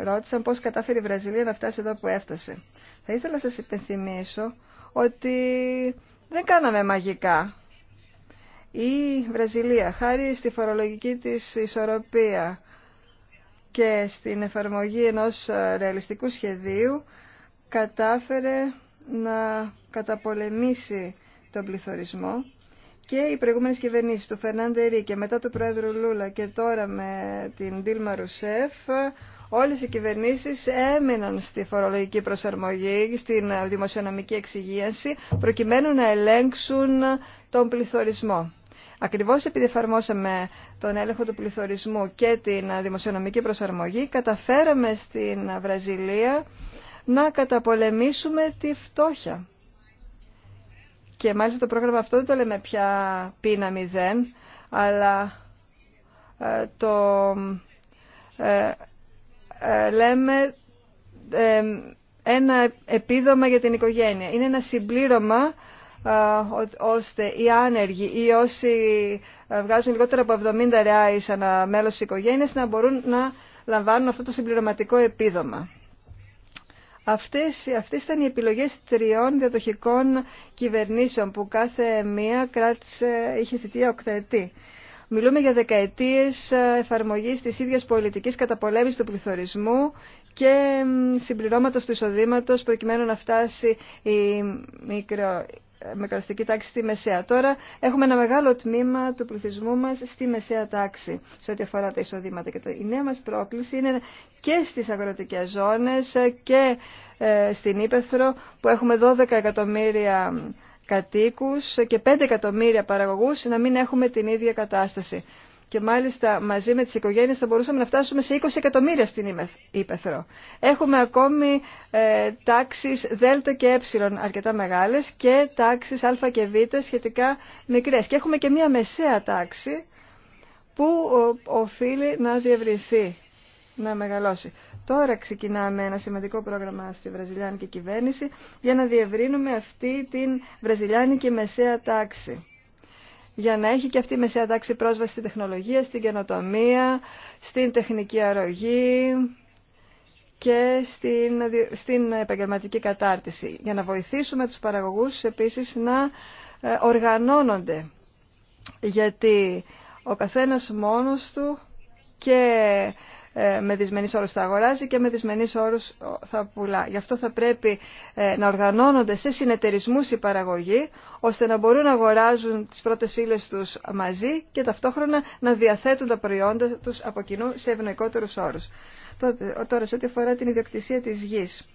A: ρώτησαν πώς κατάφερε η Βραζιλία να φτάσει εδώ που έφτασε. Θα ήθελα να σας υπενθυμίσω ότι δεν κάναμε μαγικά. Η Βραζιλία, χάρη στη φορολογική της ισορροπία και στην εφαρμογή ενός ρεαλιστικού σχεδίου, κατάφερε να καταπολεμήσει τον πληθωρισμό και οι προηγούμενε κυβερνήσεις του Φερνάντε και μετά του Πρόεδρου Λούλα και τώρα με την Ντίλμα Ρουσέφ όλες οι κυβερνήσεις έμειναν στη φορολογική προσαρμογή, στην δημοσιονομική εξυγίαση, προκειμένου να ελέγξουν τον πληθωρισμό. Ακριβώς επειδή εφαρμόσαμε τον έλεγχο του πληθωρισμού και την δημοσιονομική προσαρμογή καταφέραμε στην Βραζιλία να καταπολεμήσουμε τη φτώχεια και μάλιστα το πρόγραμμα αυτό δεν το λέμε πια πίνα μηδέν, αλλά ε, το ε, ε, λέμε ένα επίδομα για την οικογένεια. Είναι ένα συμπλήρωμα ώστε οι άνεργοι ή όσοι βγάζουν λιγότερο από 70 ρεάις σαν μέλος της οικογένειας να μπορούν να λαμβάνουν αυτό το συμπληρωματικό επίδομα. Αυτές, αυτές ήταν οι επιλογές τριών διαδοχικών κυβερνήσεων που κάθε μία κράτησε, είχε θητεία οκταετή. Μιλούμε για δεκαετίες ε, εφαρμογής της ίδιας πολιτικής καταπολέμησης του πληθωρισμού και συμπληρώματος του εισοδήματος προκειμένου να φτάσει η μικρο μεγαλωστική τάξη στη μεσαία. Τώρα έχουμε ένα μεγάλο τμήμα του πληθυσμού μας στη μεσαία τάξη σε ό,τι αφορά τα εισοδήματα. Και το, η νέα μας πρόκληση είναι και στις αγροτικές ζώνες και ε, στην Ήπεθρο που έχουμε 12 εκατομμύρια κατοίκους και 5 εκατομμύρια παραγωγούς να μην έχουμε την ίδια κατάσταση και μάλιστα μαζί με τις οικογένειες θα μπορούσαμε να φτάσουμε σε 20 εκατομμύρια στην Ήπεθρο. Έχουμε ακόμη ε, τάξεις Δ και Ε αρκετά μεγάλες και τάξεις Α και Β σχετικά μικρές. Και έχουμε και μια μεσαία τάξη που οφείλει να διευρυνθεί, να μεγαλώσει. Τώρα ξεκινάμε ένα σημαντικό πρόγραμμα στη Βραζιλιάνικη κυβέρνηση για να διευρύνουμε αυτή την Βραζιλιάνικη μεσαία τάξη για να έχει και αυτή η μεσαία τάξη πρόσβαση στην τεχνολογία, στην καινοτομία, στην τεχνική αρρωγή και στην, στην επαγγελματική κατάρτιση. Για να βοηθήσουμε τους παραγωγούς επίσης να ε, οργανώνονται. Γιατί ο καθένας μόνος του και ε, με δυσμενείς όρους θα αγοράζει και με δυσμενείς όρους θα πουλά. Γι' αυτό θα πρέπει ε, να οργανώνονται σε συνεταιρισμούς η παραγωγή, ώστε να μπορούν να αγοράζουν τις πρώτες ύλες τους μαζί και ταυτόχρονα να διαθέτουν τα προϊόντα τους από κοινού σε ευνοϊκότερους όρους. Τώρα, σε ό,τι αφορά την ιδιοκτησία της γης.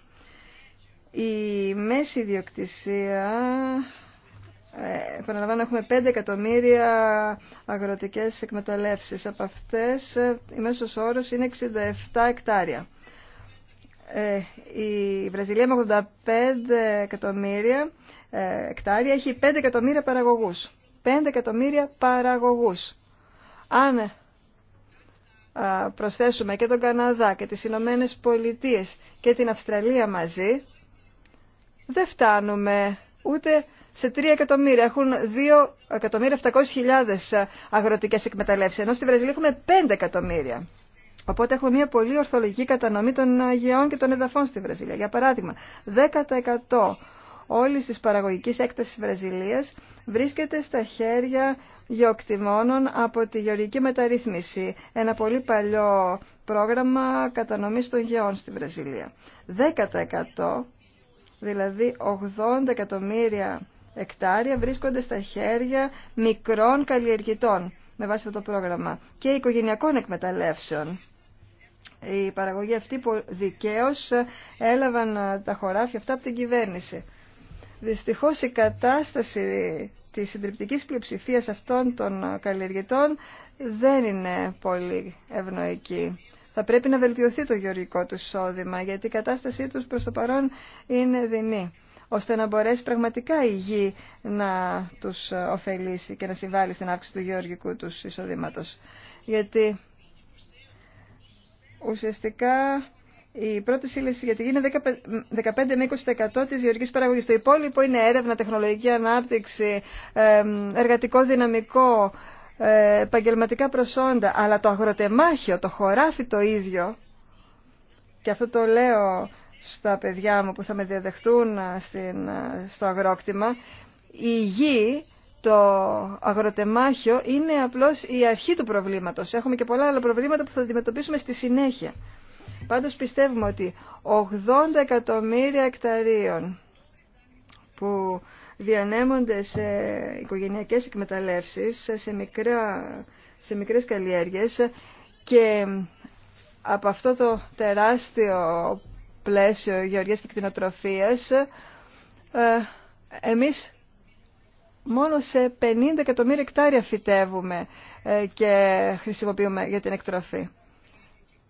A: Η μέση ιδιοκτησία ε, επαναλαμβάνω, έχουμε 5 εκατομμύρια αγροτικές εκμεταλλεύσεις. Από αυτές ε, η μέσος όρος είναι 67 εκτάρια. Ε, η Βραζιλία με 85 εκατομμύρια εκτάρια έχει 5 εκατομμύρια παραγωγούς. 5 εκατομμύρια παραγωγούς. Αν προσθέσουμε και τον Καναδά και τις Ηνωμένε Πολιτείες και την Αυστραλία μαζί, δεν φτάνουμε ούτε σε 3 εκατομμύρια. Έχουν 2.700.000 ε, αγροτικές εκμεταλλεύσεις, ενώ στη Βραζιλία έχουμε 5 εκατομμύρια. Οπότε έχουμε μια πολύ ορθολογική κατανομή των ε, γεών και των εδαφών στη Βραζιλία. Για παράδειγμα, 10% όλης της παραγωγικής έκτασης της Βραζιλίας βρίσκεται στα χέρια γεωκτημόνων από τη γεωργική μεταρρύθμιση, ένα πολύ παλιό πρόγραμμα κατανομής των γεών στη Βραζιλία. 10% δηλαδή 80 εκατομμύρια εκτάρια βρίσκονται στα χέρια μικρών καλλιεργητών με βάση αυτό το πρόγραμμα και οικογενειακών εκμεταλλεύσεων. Η παραγωγή αυτή δικαίως έλαβαν ε, τα χωράφια αυτά από την κυβέρνηση. Δυστυχώς η κατάσταση της συντριπτικής πλειοψηφία αυτών των καλλιεργητών δεν είναι πολύ ευνοϊκή. Θα πρέπει να βελτιωθεί το γεωργικό του εισόδημα γιατί η κατάστασή τους προς το παρόν είναι δεινή ώστε να μπορέσει πραγματικά η γη να τους ε, ωφελήσει και να συμβάλλει στην αύξηση του γεωργικού του εισοδήματος. Γιατί ουσιαστικά η πρώτη σύλληση για τη γη είναι 15 με 20% τη γεωργικής παραγωγής. Το υπόλοιπο είναι έρευνα, τεχνολογική ανάπτυξη, εργατικό δυναμικό, ε, επαγγελματικά προσόντα. Αλλά το αγροτεμάχιο, το χωράφι το ίδιο, και αυτό το λέω στα παιδιά μου που θα με διαδεχτούν στο αγρόκτημα, η γη, το αγροτεμάχιο είναι απλώς η αρχή του προβλήματος. Έχουμε και πολλά άλλα προβλήματα που θα αντιμετωπίσουμε στη συνέχεια. Πάντως πιστεύουμε ότι 80 εκατομμύρια εκταρίων που διανέμονται σε οικογενειακές εκμεταλλεύσεις, σε, μικρά, σε μικρές καλλιέργειες και από αυτό το τεράστιο πλαίσιο γεωργίας και κτηνοτροφίας, ε, εμείς μόνο σε 50 εκατομμύρια εκτάρια φυτεύουμε ε, και χρησιμοποιούμε για την εκτροφή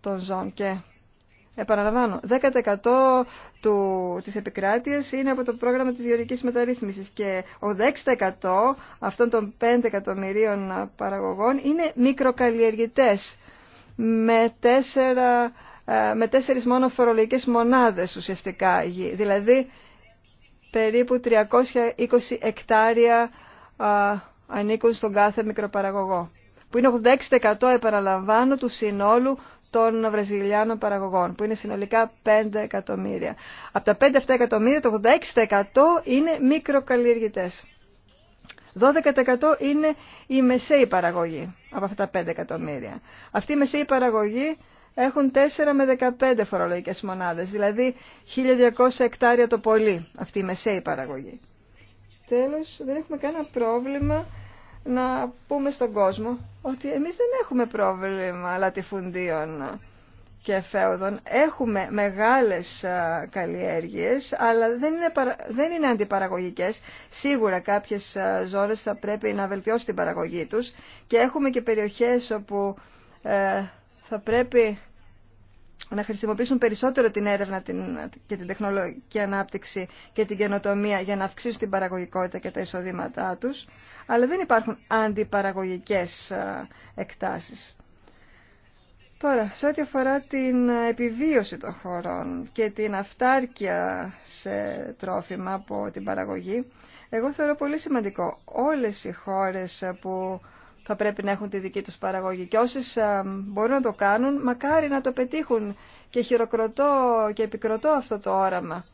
A: των ζώων. Και επαναλαμβάνω, 10% του, της επικράτειας είναι από το πρόγραμμα της γεωργικής μεταρρύθμισης και 6% αυτών των 5 εκατομμυρίων παραγωγών είναι μικροκαλλιεργητές με τέσσερα ε, με τέσσερις μόνο φορολογικές μονάδες ουσιαστικά γη, δηλαδή περίπου 320 εκτάρια ε, ανήκουν στον κάθε μικροπαραγωγό, που είναι 86% επαναλαμβάνω του συνόλου των βραζιλιάνων παραγωγών, που είναι συνολικά 5 εκατομμύρια. Από τα 5 αυτά εκατομμύρια, το 86% είναι μικροκαλλιεργητές. 12% είναι η μεσαίη παραγωγή από αυτά τα 5 εκατομμύρια. Αυτή η μεσαίη παραγωγή έχουν 4 με 15 φορολογικές μονάδες, δηλαδή 1200 εκτάρια το πολύ, αυτή η μεσαία παραγωγή. Τέλος, δεν έχουμε κανένα πρόβλημα να πούμε στον κόσμο ότι εμείς δεν έχουμε πρόβλημα λατιφουντίων και φέουδων. Έχουμε μεγάλες καλλιέργειες, αλλά δεν είναι, δεν είναι αντιπαραγωγικές. Σίγουρα κάποιες ζώνες θα πρέπει να βελτιώσουν την παραγωγή τους και έχουμε και περιοχές όπου ε, θα πρέπει να χρησιμοποιήσουν περισσότερο την έρευνα και την τεχνολογική ανάπτυξη και την καινοτομία για να αυξήσουν την παραγωγικότητα και τα εισοδήματά τους, αλλά δεν υπάρχουν αντιπαραγωγικές εκτάσεις. Τώρα, σε ό,τι αφορά την επιβίωση των χωρών και την αυτάρκεια σε τρόφιμα από την παραγωγή, εγώ θεωρώ πολύ σημαντικό όλες οι χώρες που θα πρέπει να έχουν τη δική τους παραγωγή. Και όσοι ε, μπορούν να το κάνουν, μακάρι να το πετύχουν και χειροκροτώ και επικροτώ αυτό το όραμα.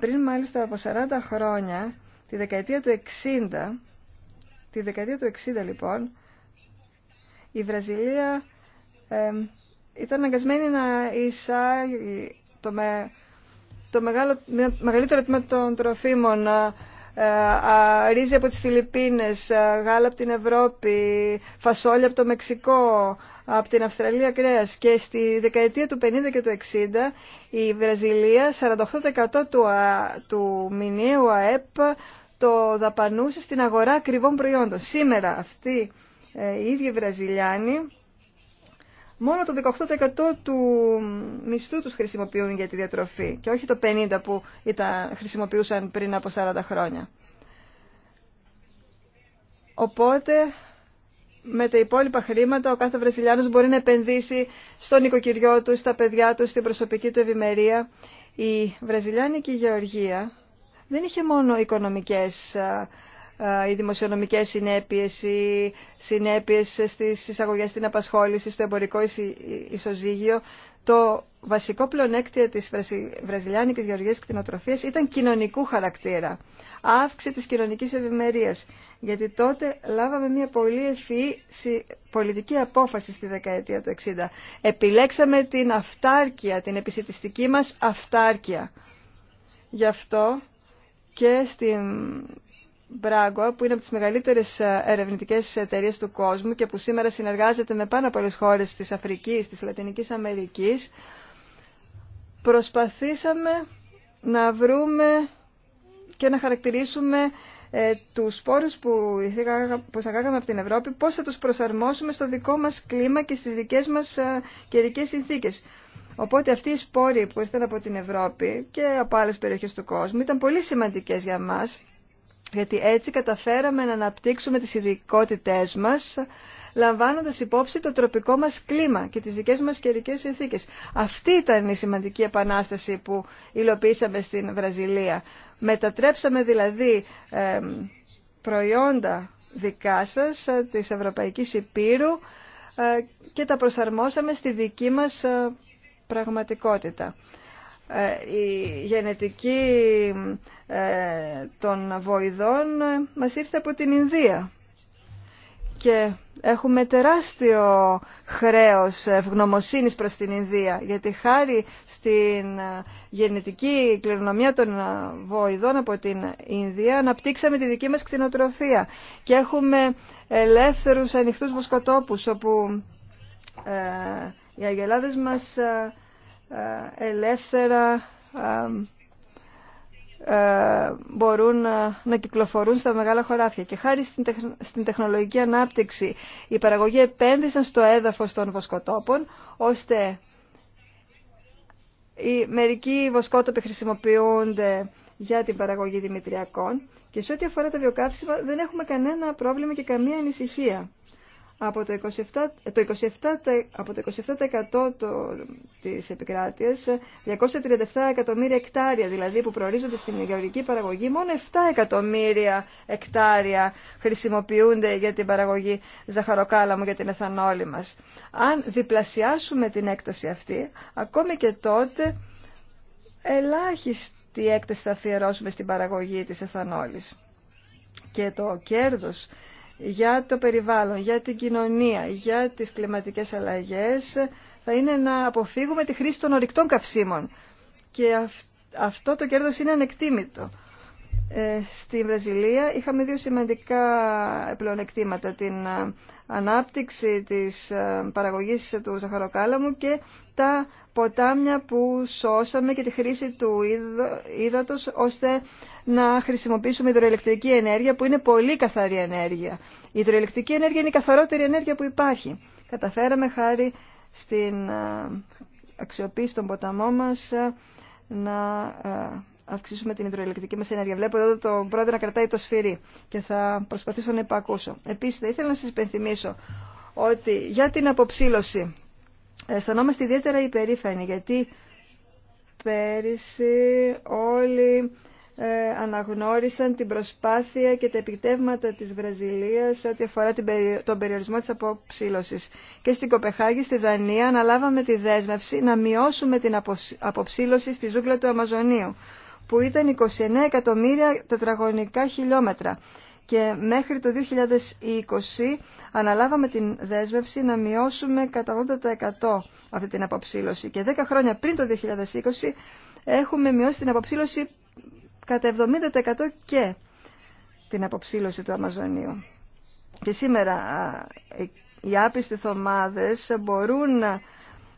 A: Πριν μάλιστα από 40 χρόνια, τη δεκαετία του 60, τη δεκαετία του 60 λοιπόν, η Βραζιλία ε, ήταν αναγκασμένη να εισάγει το, με, μεγαλύτερο τμήμα των τροφίμων ε, ε, ρύζι από τις Φιλιππίνες, ε, γάλα από την Ευρώπη, φασόλια από το Μεξικό, από την Αυστραλία κρέας και στη δεκαετία του 50 και του 60 η Βραζιλία 48% του, του μηνιαίου ΑΕΠ το δαπανούσε στην αγορά ακριβών προϊόντων. Σήμερα αυτοί ε, οι ίδιοι Βραζιλιάνοι μόνο το 18% του μισθού τους χρησιμοποιούν για τη διατροφή και όχι το 50% που ήταν, χρησιμοποιούσαν πριν από 40 χρόνια. Οπότε με τα υπόλοιπα χρήματα ο κάθε Βραζιλιάνος μπορεί να επενδύσει στον οικοκυριό του, στα παιδιά του, στην προσωπική του ευημερία. Η Βραζιλιάνικη Γεωργία δεν είχε μόνο οικονομικές ε, ε, οι δημοσιονομικές συνέπειες, οι συνέπειες στις εισαγωγές στην απασχόληση, στο εμπορικό ισοζύγιο. Το βασικό πλεονέκτημα της βραζιλιάνικης γεωργίας κτηνοτροφίας ήταν κοινωνικού χαρακτήρα. Αύξηση της κοινωνικής ευημερία. Γιατί τότε λάβαμε μια πολύ ευφυή πολιτική απόφαση στη δεκαετία του 60. Επιλέξαμε την αυτάρκεια, την επισητιστική μας αυτάρκεια. Γι' αυτό και στην Μπράγκο, που είναι από τις μεγαλύτερες ε, ερευνητικές εταιρείε του κόσμου και που σήμερα συνεργάζεται με πάνω πολλές χώρες της Αφρικής, της Λατινικής Αμερικής, προσπαθήσαμε να βρούμε και να χαρακτηρίσουμε ε, τους σπόρους που εισαγάγαμε από την Ευρώπη, πώς θα τους προσαρμόσουμε στο δικό μας κλίμα και στις δικές μας καιρικέ ε, καιρικές συνθήκες. Οπότε αυτοί οι σπόροι που ήρθαν από την Ευρώπη και από άλλες περιοχές του κόσμου ήταν πολύ σημαντικές για μας γιατί έτσι καταφέραμε να αναπτύξουμε τις ειδικότητέ μας λαμβάνοντας υπόψη το τροπικό μας κλίμα και τις δικές μας καιρικέ συνθήκες. Αυτή ήταν η σημαντική επανάσταση που υλοποιήσαμε στην Βραζιλία. Μετατρέψαμε δηλαδή προϊόντα δικά σας ε, της Ευρωπαϊκής Υπήρου ε, και τα προσαρμόσαμε στη δική μας ε, πραγματικότητα. Ε, η γενετική ε, των βοηδών ε, μας ήρθε από την Ινδία και έχουμε τεράστιο χρέος ευγνωμοσύνης προς την Ινδία γιατί χάρη στην γενετική κληρονομιά των βοηδών από την Ινδία αναπτύξαμε τη δική μας κτηνοτροφία και έχουμε ελεύθερους ανοιχτούς βοσκοτόπους όπου οι αγελάδες μας ε, ελεύθερα ε, ε, μπορούν να κυκλοφορούν στα μεγάλα χωράφια. Και χάρη στην τεχνολογική ανάπτυξη οι παραγωγοί επένδυσαν στο έδαφος των βοσκοτόπων ώστε οι μερικοί βοσκότοποι χρησιμοποιούνται για την παραγωγή δημητριακών και σε ό,τι αφορά τα βιοκαύσιμα δεν έχουμε κανένα πρόβλημα και καμία ανησυχία από το 27%, το 27, από το 27% το, της επικράτειας, 237 εκατομμύρια εκτάρια, δηλαδή που προορίζονται στην γεωργική παραγωγή, μόνο 7 εκατομμύρια εκτάρια χρησιμοποιούνται για την παραγωγή ζαχαροκάλαμου για την εθανόλη μας. Αν διπλασιάσουμε την έκταση αυτή, ακόμη και τότε ελάχιστη έκταση θα αφιερώσουμε στην παραγωγή της εθανόλης. Και το κέρδος για το περιβάλλον, για την κοινωνία, για τις κλιματικές αλλαγές θα είναι να αποφύγουμε τη χρήση των ορυκτών καυσίμων. Και αυτό το κέρδος είναι ανεκτήμητο. Ε, στη Βραζιλία είχαμε δύο σημαντικά πλεονεκτήματα. Την ε, ανάπτυξη της ε, παραγωγής του ζαχαροκάλαμου και τα ποτάμια που σώσαμε και τη χρήση του ύδατος ώστε να χρησιμοποιήσουμε υδροελεκτρική ενέργεια που είναι πολύ καθαρή ενέργεια. Η υδροελεκτρική ενέργεια είναι η καθαρότερη ενέργεια που υπάρχει. Καταφέραμε χάρη στην αξιοποίηση των ποταμών μας να αυξήσουμε την υδροελεκτρική μας ενέργεια. Βλέπω εδώ τον πρόεδρο να κρατάει το σφυρί και θα προσπαθήσω να υπακούσω. Επίσης θα ήθελα να σας υπενθυμίσω ότι για την αποψήλωση αισθανόμαστε ιδιαίτερα υπερήφανοι γιατί πέρυσι όλοι ε, αναγνώρισαν την προσπάθεια και τα επιτεύγματα της Βραζιλίας ό,τι αφορά τον περιορισμό της αποψήλωσης. Και στην Κοπεχάγη, στη Δανία, αναλάβαμε τη δέσμευση να μειώσουμε την αποψήλωση στη ζούγκλα του Αμαζονίου που ήταν 29 εκατομμύρια τετραγωνικά χιλιόμετρα και μέχρι το 2020 αναλάβαμε την δέσμευση να μειώσουμε κατά 80% αυτή την αποψήλωση και 10 χρόνια πριν το 2020 έχουμε μειώσει την αποψήλωση κατά 70% και την αποψήλωση του Αμαζονίου. Και σήμερα οι άπιστοι θωμάδες μπορούν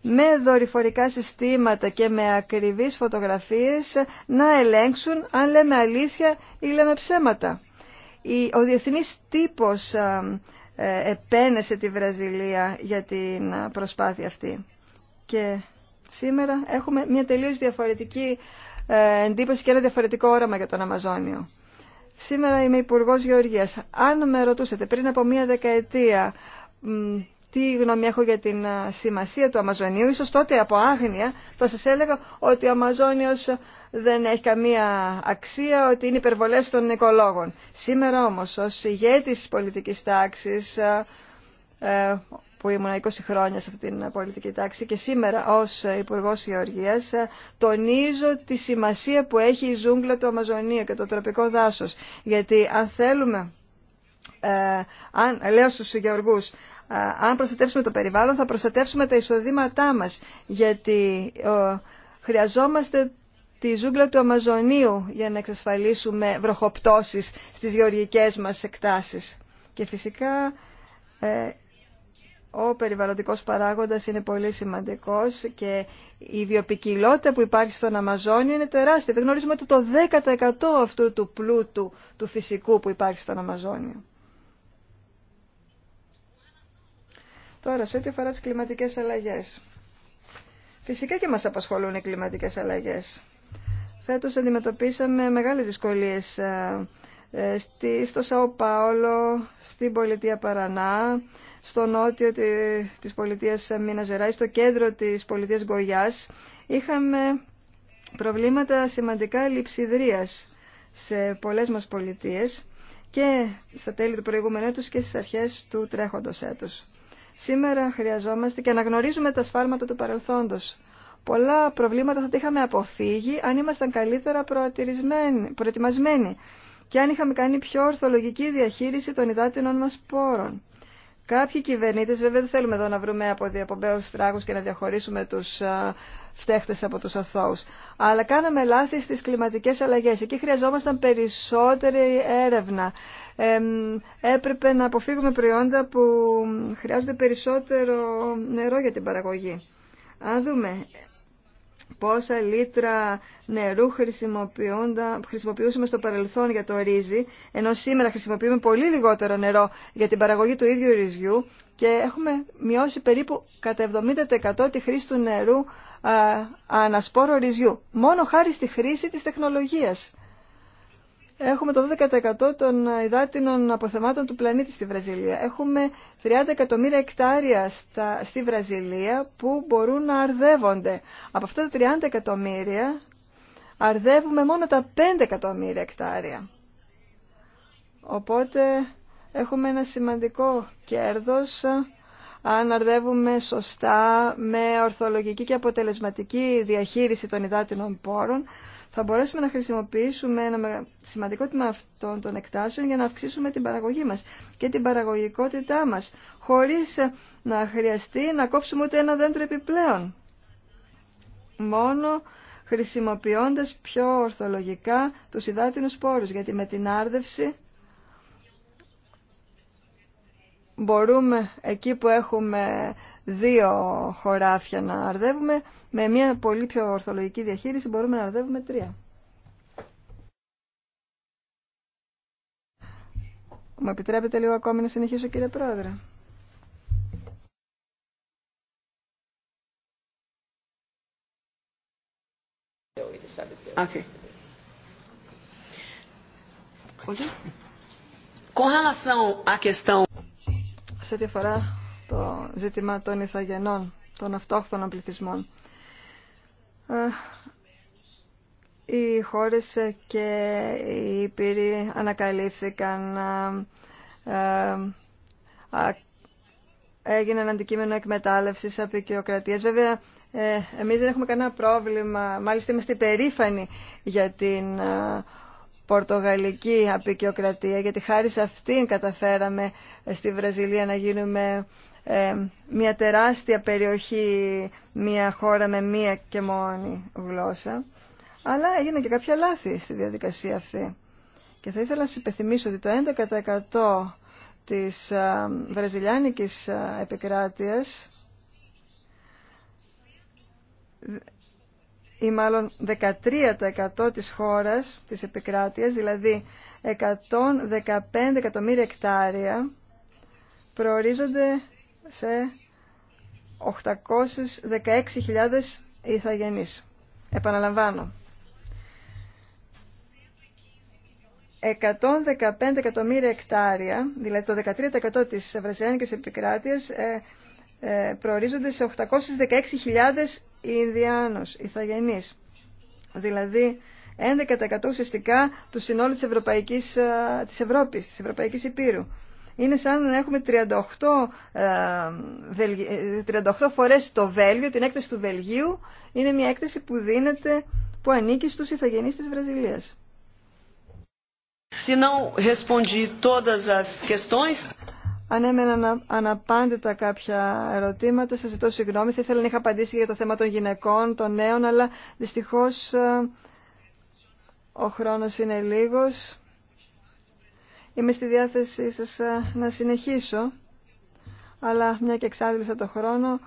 A: με δορυφορικά συστήματα και με ακριβείς φωτογραφίες να ελέγξουν αν λέμε αλήθεια ή λέμε ψέματα ο διεθνής τύπος ε, ε, επένεσε τη Βραζιλία για την ε, προσπάθεια αυτή. Και σήμερα έχουμε μια τελείως διαφορετική εντύπωση και ένα διαφορετικό όραμα για τον Αμαζόνιο. Σήμερα είμαι Υπουργό Γεωργίας. Αν με ρωτούσατε πριν από μια δεκαετία τι γνώμη έχω για την ε, σημασία του Αμαζονίου. Ίσως τότε από άγνοια θα σας έλεγα ότι ο Αμαζόνιος δεν έχει καμία αξία, ότι είναι υπερβολές των οικολόγων. Σήμερα όμως ως ηγέτης της πολιτικής τάξης, ε, ε, που ήμουν 20 χρόνια σε αυτήν την πολιτική τάξη και σήμερα ως υπουργό Γεωργίας τονίζω τη σημασία που έχει η ζούγκλα του Αμαζονίου και το τροπικό δάσος. Γιατί αν θέλουμε ε, αν, λέω στους γεωργούς, ε, αν προστατεύσουμε το περιβάλλον θα προστατεύσουμε τα εισοδήματά μας, γιατί χρειαζόμαστε τη ζούγκλα του Αμαζονίου για να εξασφαλίσουμε βροχοπτώσεις στις γεωργικές μας εκτάσεις. Και φυσικά ε, ο περιβαλλοντικός παράγοντας είναι πολύ σημαντικός και η βιοπικιλότητα που υπάρχει στον Αμαζόνιο είναι τεράστια. Δεν γνωρίζουμε το 10% αυτού του πλούτου του φυσικού που υπάρχει στον Αμαζόνιο. Τώρα, σε ό,τι αφορά τι κλιματικές αλλαγές. Φυσικά και μα απασχολούν οι κλιματικές αλλαγές. Φέτος αντιμετωπίσαμε μεγάλες δυσκολίες ε, ε, στο Σαο Πάολο, στην πολιτεία Παρανά, στο νότιο της πολιτείας Μιναζεράη, στο κέντρο της πολιτείας Γκογιάς. Είχαμε προβλήματα σημαντικά λειψιδρίας σε πολλές μας πολιτείες και στα τέλη του προηγούμενου έτους και στις αρχές του τρέχοντος έτους. Σήμερα χρειαζόμαστε και αναγνωρίζουμε τα σφάλματα του παρελθόντος. Πολλά προβλήματα θα τα είχαμε αποφύγει αν ήμασταν καλύτερα προετοιμασμένοι και αν είχαμε κάνει πιο ορθολογική διαχείριση των υδάτινων μας πόρων. Κάποιοι κυβερνήτε, βέβαια δεν θέλουμε εδώ να βρούμε από διαπομπέου τράγου και να διαχωρίσουμε του φταίχτε από του αθώου. Αλλά κάναμε λάθη στι κλιματικέ αλλαγέ. Εκεί χρειαζόμασταν περισσότερη έρευνα. Ε, έπρεπε να αποφύγουμε προϊόντα που χρειάζονται περισσότερο νερό για την παραγωγή. Αν δούμε, πόσα λίτρα νερού χρησιμοποιούσαμε στο παρελθόν για το ρύζι, ενώ σήμερα χρησιμοποιούμε πολύ λιγότερο νερό για την παραγωγή του ίδιου ρυζιού και έχουμε μειώσει περίπου κατά 70% τη χρήση του νερού ανασπόρο ρυζιού, μόνο χάρη στη χρήση της τεχνολογίας. Έχουμε το 12% των υδάτινων αποθεμάτων του πλανήτη στη Βραζιλία. Έχουμε 30 εκατομμύρια εκτάρια στη Βραζιλία που μπορούν να αρδεύονται. Από αυτά τα 30 εκατομμύρια αρδεύουμε μόνο τα 5 εκατομμύρια εκτάρια. Οπότε έχουμε ένα σημαντικό κέρδος αν αρδεύουμε σωστά με ορθολογική και αποτελεσματική διαχείριση των υδάτινων πόρων θα μπορέσουμε να χρησιμοποιήσουμε ένα σημαντικό τμήμα αυτών των εκτάσεων για να αυξήσουμε την παραγωγή μας και την παραγωγικότητά μας, χωρίς να χρειαστεί να κόψουμε ούτε ένα δέντρο επιπλέον. Μόνο χρησιμοποιώντας πιο ορθολογικά τους υδάτινους πόρους, γιατί με την άρδευση μπορούμε εκεί που έχουμε δύο χωράφια να αρδεύουμε, με μια πολύ πιο ορθολογική διαχείριση μπορούμε να αρδεύουμε τρία. Μου επιτρέπετε λίγο ακόμη να συνεχίσω κύριε Πρόεδρε. Okay. questão σε ό,τι αφορά το ζήτημα των ηθαγενών, των αυτόχθων πληθυσμών. Ε, οι χώρες και οι Υπήροι ανακαλύφθηκαν, ε, ε, έγιναν αντικείμενο εκμετάλλευσης, οικειοκρατίες. Βέβαια, εμείς δεν έχουμε κανένα πρόβλημα, μάλιστα είμαστε υπερήφανοι για την πορτογαλική απεικιοκρατία, γιατί χάρη σε αυτήν καταφέραμε στη Βραζιλία να γίνουμε ε, μια τεράστια περιοχή, μια χώρα με μία και μόνη γλώσσα. Αλλά έγινε και κάποια λάθη στη διαδικασία αυτή. Και θα ήθελα να σας υπενθυμίσω ότι το 11% της ε, βραζιλιάνικης ε, επικράτειας ή μάλλον 13% της χώρας, της επικράτειας, δηλαδή 115 εκατομμύρια εκτάρια, προορίζονται σε 816.000 ηθαγενείς. Επαναλαμβάνω. 115 εκατομμύρια εκτάρια, δηλαδή το 13% της Βραζιλιάνικης επικράτειας, ε, ε, προορίζονται σε 816.000 Ινδιάνους, Ιθαγενείς. Δηλαδή 11% ουσιαστικά του συνόλου της, Ευρωπαϊκής, ε, της Ευρώπης, της Ευρωπαϊκής Υπήρου. Είναι σαν να έχουμε 38, 38 ε, φορές το Βέλγιο, την έκθεση του Βελγίου. Είναι μια έκθεση που δίνεται, που ανήκει στους Ιθαγενείς της Βραζιλίας. Αν έμεναν αναπάντητα κάποια ερωτήματα, σας ζητώ συγγνώμη. Θα ήθελα να είχα απαντήσει για το θέμα των γυναικών, των νέων, αλλά δυστυχώς ο χρόνος είναι λίγος. Είμαι στη διάθεσή σας να συνεχίσω, αλλά μια και εξάντλησα το χρόνο,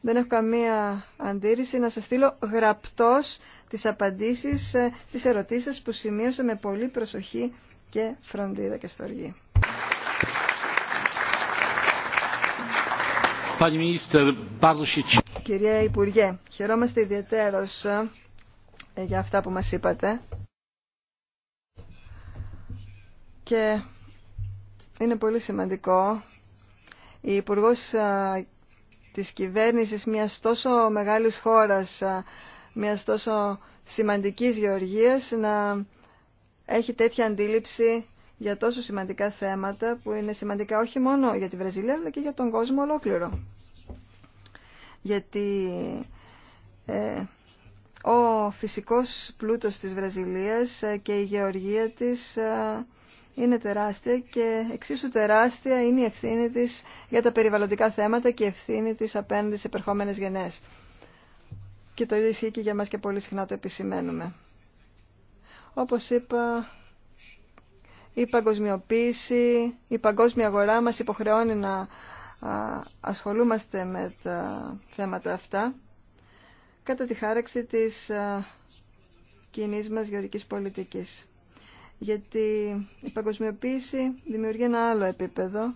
A: δεν έχω καμία αντίρρηση να σας στείλω γραπτός τις απαντήσεις ε, στις ερωτήσεις που σημείωσα με πολύ προσοχή και φροντίδα και στοργή. Κυρία Υπουργέ, χαιρόμαστε ιδιαίτερως ε, για αυτά που μας είπατε και είναι πολύ σημαντικό η υπουργό ε, της κυβέρνησης μιας τόσο μεγάλης χώρας, ε, μιας τόσο σημαντικής γεωργίας να έχει τέτοια αντίληψη για τόσο σημαντικά θέματα που είναι σημαντικά όχι μόνο για τη Βραζιλία αλλά και για τον κόσμο ολόκληρο. Γιατί ε, ο φυσικός πλούτος της Βραζιλίας ε, και η γεωργία της ε, είναι τεράστια και εξίσου τεράστια είναι η ευθύνη της για τα περιβαλλοντικά θέματα και η ευθύνη της απέναντι σε επερχόμενες γενές. Και το ίδιο ισχύει και για μας και πολύ συχνά το επισημαίνουμε. Όπως είπα, η παγκοσμιοποίηση, η παγκόσμια αγορά μας υποχρεώνει να ασχολούμαστε με τα θέματα αυτά κατά τη χάραξη της κοινή μας γεωρικής πολιτικής. Γιατί η παγκοσμιοποίηση δημιουργεί ένα άλλο επίπεδο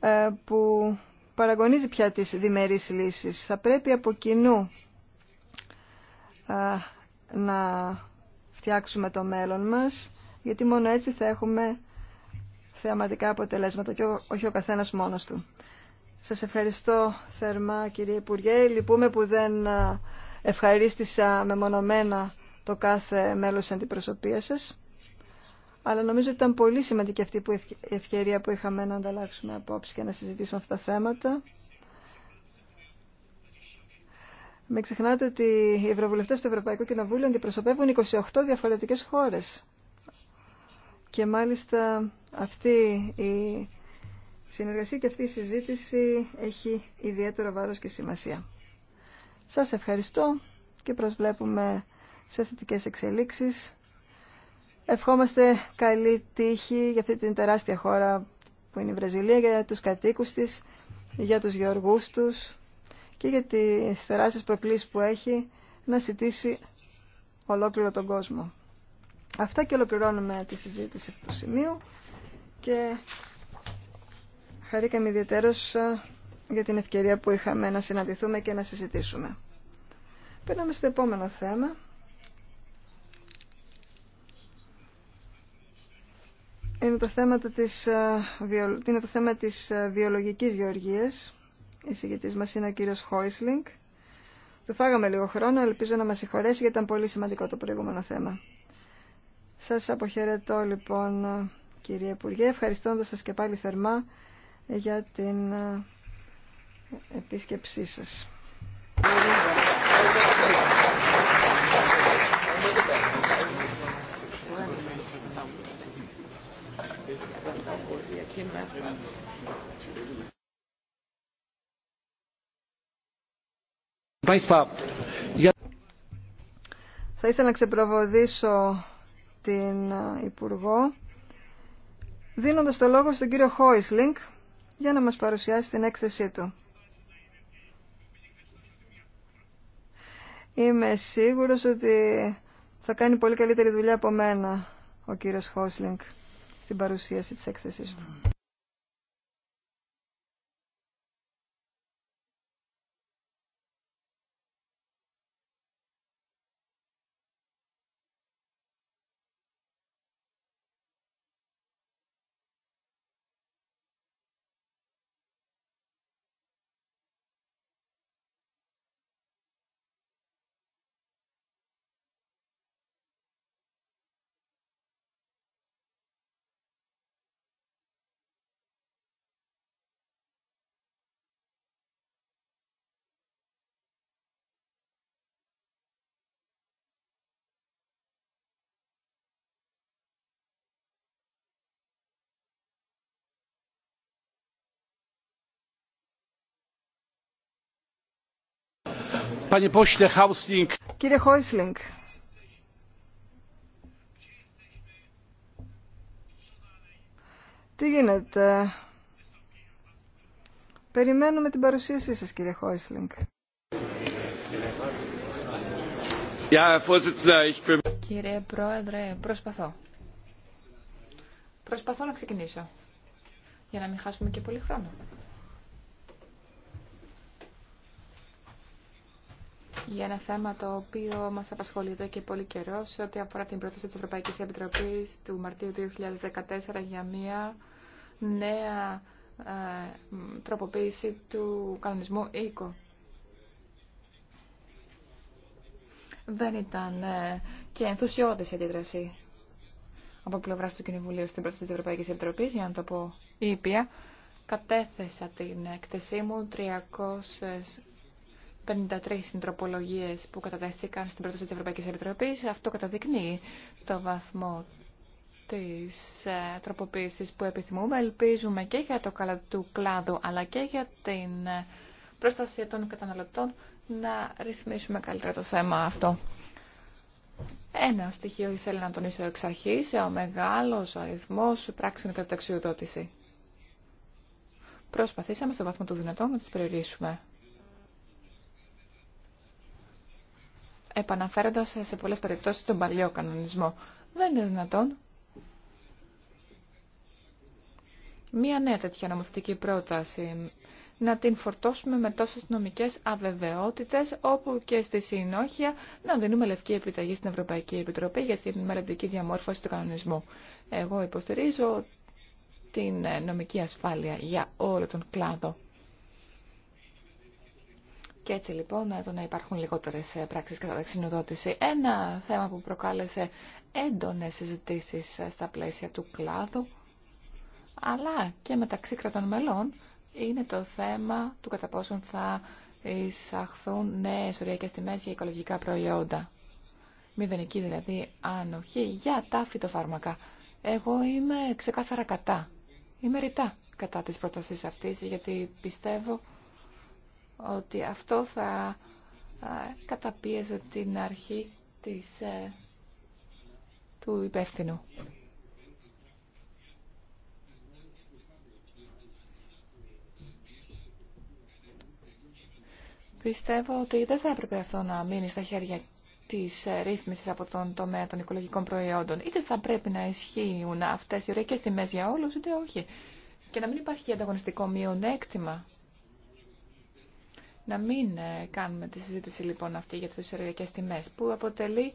A: ε, που παραγωνίζει πια τις διμερείς λύσεις. Θα πρέπει από κοινού να φτιάξουμε το μέλλον μας γιατί μόνο έτσι θα έχουμε θεαματικά αποτελέσματα και όχι ο καθένας μόνος του. Σας ευχαριστώ θερμά κύριε Υπουργέ. Λυπούμε που δεν ευχαρίστησα μεμονωμένα το κάθε μέλος της αντιπροσωπείας σας. Αλλά νομίζω ότι ήταν πολύ σημαντική αυτή η ευκαιρία που είχαμε να ανταλλάξουμε απόψη και να συζητήσουμε αυτά τα θέματα. Μην ξεχνάτε ότι οι ευρωβουλευτές του Ευρωπαϊκού Κοινοβούλου αντιπροσωπεύουν 28 διαφορετικές χώρες. Και μάλιστα αυτή η συνεργασία και αυτή η συζήτηση έχει ιδιαίτερο βάρος και σημασία. Σας ευχαριστώ και προσβλέπουμε σε θετικές εξελίξεις. Ευχόμαστε καλή τύχη για αυτή την τεράστια χώρα που είναι η Βραζιλία, για τους κατοίκους της, για τους γεωργούς τους και για τις τεράστιες προκλήσεις που έχει να σητήσει ολόκληρο τον κόσμο. Αυτά και ολοκληρώνουμε τη συζήτηση αυτού του σημείου και χαρήκαμε ιδιαίτερως ε, για την ευκαιρία που είχαμε να συναντηθούμε και να συζητήσουμε. Περνάμε στο επόμενο θέμα. Είναι το θέμα της, ε, είναι το θέμα της ε, βιολογικής γεωργίας. Η συγκεκριτής μας είναι ο κύριος Χόισλινγκ. Του φάγαμε λίγο χρόνο, ελπίζω να μας συγχωρέσει γιατί ήταν πολύ σημαντικό το προηγούμενο θέμα. Σας αποχαιρετώ λοιπόν κύριε Υπουργέ, ευχαριστώντας σας και πάλι θερμά για την ε, επίσκεψή σας. Θα ήθελα να ξεπροβοδίσω την ε, Υπουργό, δίνοντας το λόγο στον κύριο Χόισλινγκ για να μας παρουσιάσει την έκθεσή του. Είμαι σίγουρος ότι θα κάνει πολύ καλύτερη δουλειά από μένα ο κύριος Χόισλινγκ στην παρουσίαση της έκθεσής του. Κύριε Χόισλινγκ, τι γίνεται. Περιμένουμε την παρουσίασή σας, κύριε Χόισλινγκ. Κύριε
B: Πρόεδρε, προσπαθώ. Προσπαθώ να ξεκινήσω, για να μην χάσουμε και πολύ χρόνο. για ένα θέμα το οποίο μας απασχολεί εδώ και πολύ καιρό σε ό,τι αφορά την πρόταση της Ευρωπαϊκής Επιτροπής του Μαρτίου 2014 για μια νέα ε, τροποποίηση του κανονισμού ΙΚΟ. Δεν ήταν ε, και ενθουσιώδης η αντίδραση από πλευρά του Κοινοβουλίου στην πρόταση της Ευρωπαϊκής Επιτροπής, για να το πω ήπια. Κατέθεσα την έκθεσή μου 300 53 συντροπολογίε που κατατέθηκαν στην πρόταση τη Ευρωπαϊκή Επιτροπή. Αυτό καταδεικνύει το βαθμό τη ε, τροποποίηση που επιθυμούμε. Ελπίζουμε και για το καλά του κλάδου αλλά και για την ε, προστασία των καταναλωτών να ρυθμίσουμε καλύτερα το θέμα αυτό. Ένα στοιχείο ήθελα να τονίσω εξ αρχή, ο μεγάλο αριθμό πράξεων κατά ταξιοδότηση. Προσπαθήσαμε στο βαθμό του δυνατόν να τι περιορίσουμε. επαναφέροντας σε πολλές περιπτώσεις τον παλιό κανονισμό. Δεν είναι δυνατόν. Μία νέα τέτοια νομοθετική πρόταση να την φορτώσουμε με τόσες νομικές αβεβαιότητες, όπου και στη συνόχεια να δίνουμε λευκή επιταγή στην Ευρωπαϊκή Επιτροπή για την μελλοντική διαμόρφωση του κανονισμού. Εγώ υποστηρίζω την νομική ασφάλεια για όλο τον κλάδο. Και έτσι λοιπόν ε, να υπάρχουν λιγότερες ε, πράξεις κατά ταξινοδότηση. Ένα θέμα που προκάλεσε έντονες συζητήσεις ε, στα πλαίσια του κλάδου, αλλά και μεταξύ κρατών μελών, είναι το θέμα του κατά πόσον θα εισαχθούν νέες οριακές τιμές για οικολογικά προϊόντα. Μηδενική δηλαδή ανοχή για τα φυτοφάρμακα. Εγώ είμαι ξεκάθαρα κατά. Είμαι ρητά κατά της πρότασή αυτής γιατί πιστεύω ότι αυτό θα καταπίεζε την αρχή της, ε, του υπεύθυνου. Πιστεύω ότι δεν θα έπρεπε αυτό να μείνει στα χέρια της ε, ρύθμισης από τον τομέα των οικολογικών προϊόντων. Είτε θα πρέπει να ισχύουν αυτές οι ωραίες τιμές για όλους, είτε όχι. Και να μην υπάρχει ανταγωνιστικό μειονέκτημα να μην ε, κάνουμε τη συζήτηση λοιπόν αυτή για τις οριακές τιμές που αποτελεί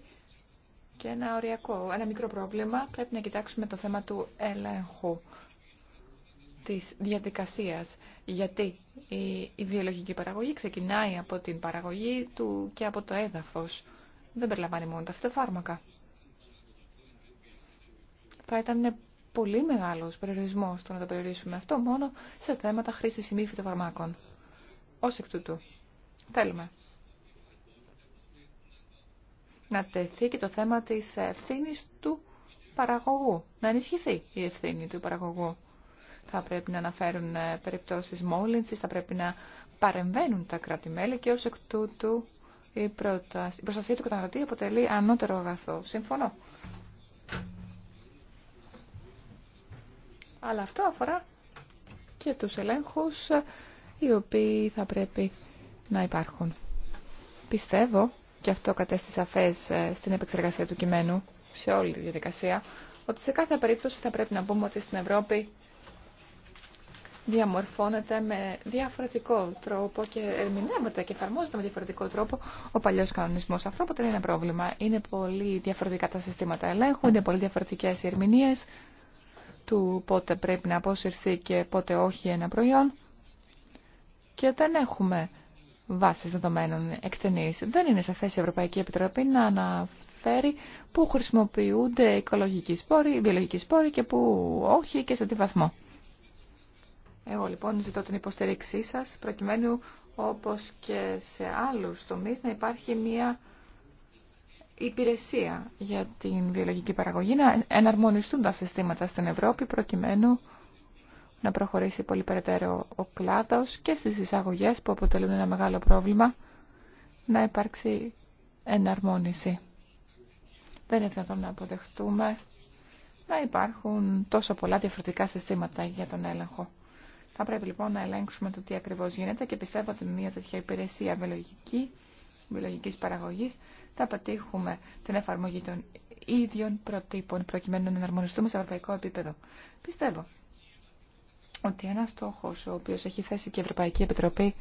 B: και ένα οριακό, ένα μικρό πρόβλημα. Πρέπει να κοιτάξουμε το θέμα του έλεγχου της διαδικασίας. Γιατί η, βιολογική παραγωγή ξεκινάει από την παραγωγή του και από το έδαφος. Δεν περιλαμβάνει μόνο τα φυτοφάρμακα. Θα ήταν πολύ μεγάλος περιορισμός το να το περιορίσουμε αυτό μόνο σε θέματα χρήσης μη φυτοφαρμάκων. Ως εκ τούτου, θέλουμε να τεθεί και το θέμα της ευθύνη του παραγωγού, να ενισχυθεί η ευθύνη του παραγωγού. Θα πρέπει να αναφέρουν ε, περιπτώσεις μόλυνσης, θα πρέπει να παρεμβαίνουν τα κράτη-μέλη και ως εκ τούτου η, προστασία του καταναλωτή αποτελεί ανώτερο αγαθό. Συμφωνώ. Αλλά αυτό αφορά και τους ελέγχους οι οποίοι θα πρέπει να υπάρχουν. Πιστεύω, και αυτό κατέστη σαφέ ε, στην επεξεργασία του κειμένου, σε όλη τη διαδικασία, ότι σε κάθε περίπτωση θα πρέπει να πούμε ότι στην Ευρώπη διαμορφώνεται με διαφορετικό τρόπο και ερμηνεύεται και εφαρμόζεται με διαφορετικό τρόπο ο παλιό κανονισμό. Αυτό δεν είναι πρόβλημα. Είναι πολύ διαφορετικά τα συστήματα ελέγχου, είναι πολύ διαφορετικέ οι ερμηνείε του πότε πρέπει να αποσυρθεί και πότε όχι ένα προϊόν και δεν έχουμε βάσεις δεδομένων εκτενής. Δεν είναι σε θέση η Ευρωπαϊκή Επιτροπή να αναφέρει πού χρησιμοποιούνται οικολογικοί σπόροι, βιολογικοί σπόροι και πού όχι και σε τι βαθμό. Εγώ λοιπόν ζητώ την υποστήριξή σας προκειμένου όπως και σε άλλους τομείς να υπάρχει μια υπηρεσία για την βιολογική παραγωγή, να εναρμονιστούν τα συστήματα στην Ευρώπη προκειμένου να προχωρήσει πολύ περαιτέρω ο κλάδος και στις εισαγωγές που αποτελούν ένα μεγάλο πρόβλημα να υπάρξει εναρμόνιση. Δεν είναι δυνατόν να αποδεχτούμε να υπάρχουν τόσο πολλά διαφορετικά συστήματα για τον έλεγχο. Θα πρέπει λοιπόν να ελέγξουμε το τι ακριβώς γίνεται και πιστεύω ότι με μια τέτοια υπηρεσία βιολογική, βιολογικής παραγωγής θα πετύχουμε την εφαρμογή των ίδιων προτύπων προκειμένου να εναρμονιστούμε σε ευρωπαϊκό επίπεδο. Πιστεύω ότι ένα στόχο ο οποίο έχει θέσει και η Ευρωπαϊκή Επιτροπή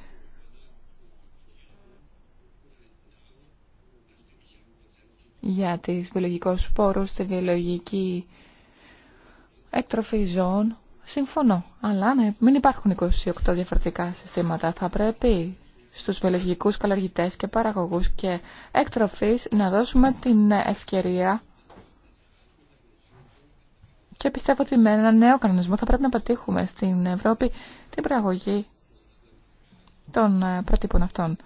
B: για τις βιολογικούς σπόρους, τη βιολογική εκτροφή ζώων, συμφωνώ. Αλλά ναι, μην υπάρχουν 28 διαφορετικά συστήματα. Θα πρέπει στους βιολογικούς καλλιεργητές και παραγωγούς και εκτροφής να δώσουμε την ευκαιρία και πιστεύω ότι με ένα νέο κανονισμό θα πρέπει να πετύχουμε στην Ευρώπη την πραγωγή των ε, προτύπων αυτών.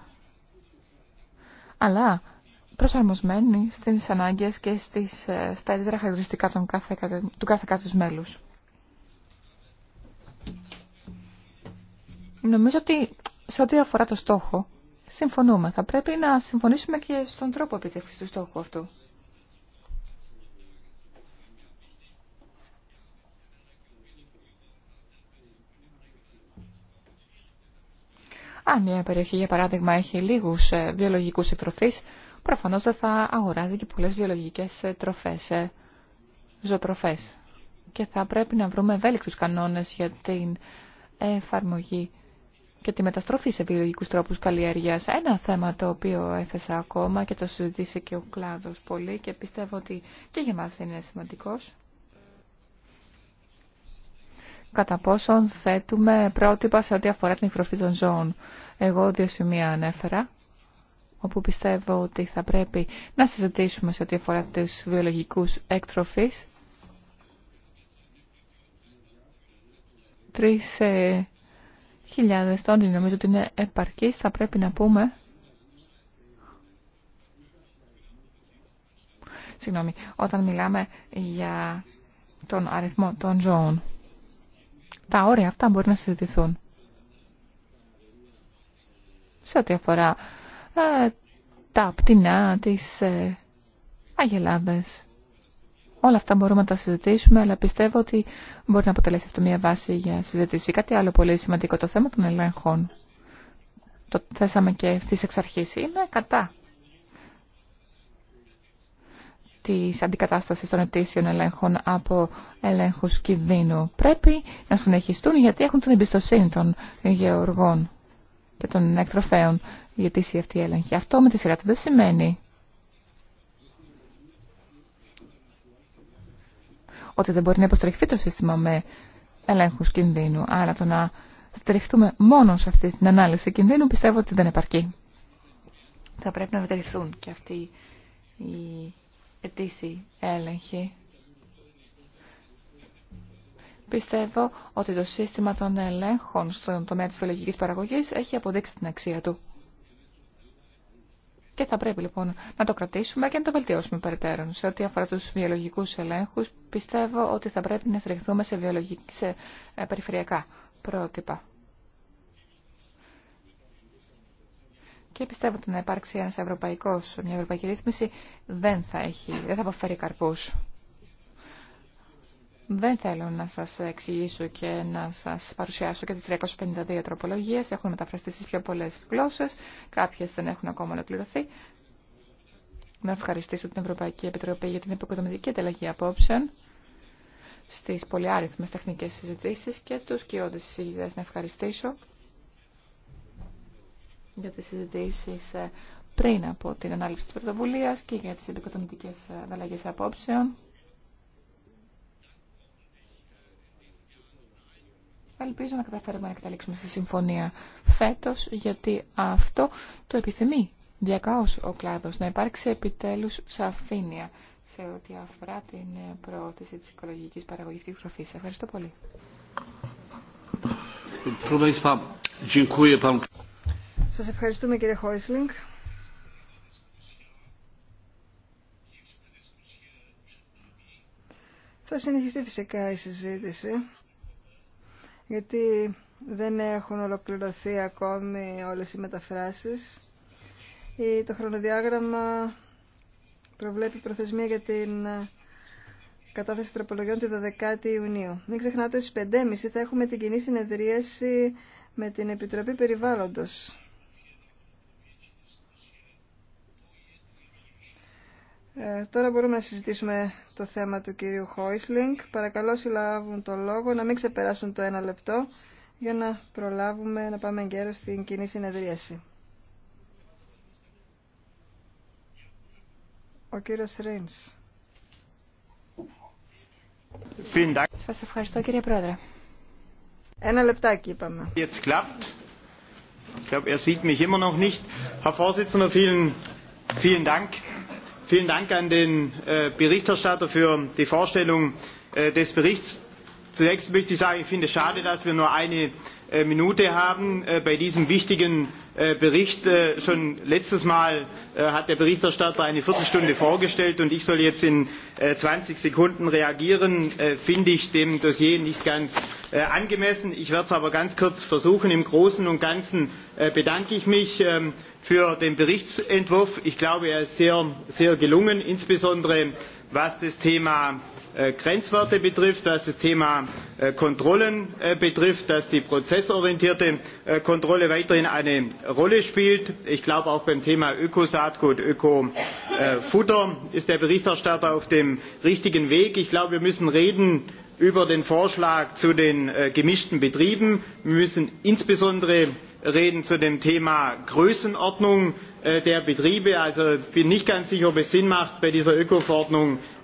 B: Αλλά προσαρμοσμένοι στις ανάγκες και στις, ε, στα ιδιαίτερα χαρακτηριστικά των κάθε, του κάθε κράτους μέλους. Νομίζω ότι σε ό,τι αφορά το στόχο, συμφωνούμε. Θα πρέπει να συμφωνήσουμε και στον τρόπο επιτεύξης του στόχου αυτού. Αν μια περιοχή, για παράδειγμα, έχει λίγου ε, βιολογικούς εκτροφεί, προφανώς δεν θα αγοράζει και πολλές βιολογικές ε, τροφές, ε, ζωοτροφές. Και θα πρέπει να βρούμε ευέλικτου κανόνες για την εφαρμογή και τη μεταστροφή σε βιολογικούς τρόπους καλλιέργεια. Ένα θέμα το οποίο έθεσα ακόμα και το συζητήσε και ο κλάδο πολύ και πιστεύω ότι και για μα είναι σημαντικό κατά πόσον θέτουμε πρότυπα σε ό,τι αφορά την εκτροφή των ζώων. Εγώ δύο σημεία ανέφερα, όπου πιστεύω ότι θα πρέπει να συζητήσουμε σε ό,τι αφορά τους βιολογικούς εκτροφείς. Τρεις ε, χιλιάδες τόνοι νομίζω ότι είναι επαρκής, θα πρέπει να πούμε. Συγγνώμη, όταν μιλάμε για τον αριθμό των ζώων. Τα όρια αυτά μπορεί να συζητηθούν. Σε ό,τι αφορά ε, τα πτηνά, τις ε, αγελάδες. Όλα αυτά μπορούμε να τα συζητήσουμε, αλλά πιστεύω ότι μπορεί να αποτελέσει αυτό μια βάση για συζήτηση. Κάτι άλλο πολύ σημαντικό, το θέμα των ελέγχων. Το θέσαμε και αυτής εξ αρχής, Είμαι κατά της αντικατάστασης των αιτήσεων ελέγχων από ελέγχους κινδύνου. Πρέπει να συνεχιστούν γιατί έχουν την εμπιστοσύνη των γεωργών και των εκτροφέων για τη αυτή έλεγχη. Αυτό με τη σειρά του δεν σημαίνει ότι δεν μπορεί να υποστρεχθεί το σύστημα με ελέγχους κινδύνου. Άρα το να στηριχτούμε μόνο σε αυτή την ανάλυση κινδύνου πιστεύω ότι δεν επαρκεί. Θα πρέπει να μεταρρυθούν και αυτοί οι ετήσιοι έλεγχη. Πιστεύω ότι το σύστημα των ελέγχων στον τομέα της βιολογικής παραγωγής έχει αποδείξει την αξία του. Και θα πρέπει λοιπόν να το κρατήσουμε και να το βελτιώσουμε περαιτέρω. Σε ό,τι αφορά τους βιολογικούς ελέγχους, πιστεύω ότι θα πρέπει να θρηχθούμε σε, βιολογική, σε ε, περιφερειακά πρότυπα. και πιστεύω ότι να υπάρξει ένας ευρωπαϊκός, μια ευρωπαϊκή ρύθμιση δεν θα, έχει, δεν θα αποφέρει καρπούς. Δεν θέλω να σας εξηγήσω και να σας παρουσιάσω και τις 352 τροπολογίες. Έχουν μεταφραστεί στις πιο πολλές γλώσσες. Κάποιες δεν έχουν ακόμα ολοκληρωθεί. Να ευχαριστήσω την Ευρωπαϊκή Επιτροπή για την επικοδομητική ανταλλαγή απόψεων στις πολυάριθμες τεχνικές συζητήσεις και τους κοιόδες συζητητές να ευχαριστήσω για τις συζητήσεις ε, πριν από την ανάλυση της πρωτοβουλίας και για τις επικοδομητικές ε, ανταλλαγές απόψεων. Ελπίζω να καταφέρουμε να καταλήξουμε στη συμφωνία φέτος, γιατί αυτό το επιθυμεί διακάως ο κλάδος, να υπάρξει επιτέλους σαφήνεια σε ό,τι αφορά την ε, προώθηση της οικολογικής παραγωγής και εκτροφής. Ευχαριστώ πολύ.
A: Σας ευχαριστούμε κύριε Χόισλινγκ. Θα συνεχιστεί φυσικά η συζήτηση, γιατί δεν έχουν ολοκληρωθεί ακόμη όλες οι μεταφράσεις. Το χρονοδιάγραμμα προβλέπει προθεσμία για την ε, κατάθεση τροπολογιών τη 12η Ιουνίου. Μην ξεχνάτε ότι στις 5.30 θα έχουμε την κοινή συνεδρίαση με την Επιτροπή Περιβάλλοντος. Ε, τώρα μπορούμε να συζητήσουμε το θέμα του κυρίου Χόισλινγκ. Παρακαλώ συλλάβουν το λόγο να μην ξεπεράσουν το ένα λεπτό για να προλάβουμε να πάμε εγκαίρως στην κοινή συνεδρίαση. Ο κύριος Ρίνς. Σας ευχαριστώ κύριε Πρόεδρε. Ένα λεπτάκι είπαμε.
D: Jetzt klappt. Ich glaube, er sieht mich immer noch nicht. Herr Vorsitzender, vielen, vielen Dank vielen dank an den berichterstatter für die vorstellung des berichts. zunächst möchte ich sagen ich finde es schade dass wir nur eine Minute haben bei diesem wichtigen Bericht. Schon letztes Mal hat der Berichterstatter eine Viertelstunde vorgestellt und ich soll jetzt in 20 Sekunden reagieren, finde ich dem Dossier nicht ganz angemessen. Ich werde es aber ganz kurz versuchen. Im Großen und Ganzen bedanke ich mich für den Berichtsentwurf. Ich glaube, er ist sehr gelungen, insbesondere was das Thema grenzwerte betrifft was das thema kontrollen betrifft dass die prozessorientierte kontrolle weiterhin eine rolle spielt. ich glaube auch beim thema ökosaatgut ökofutter ist der berichterstatter auf dem richtigen weg. ich glaube wir müssen reden über den vorschlag zu den gemischten betrieben. wir müssen insbesondere reden zu dem thema größenordnung der betriebe. also ich bin nicht ganz sicher ob es sinn macht bei dieser öko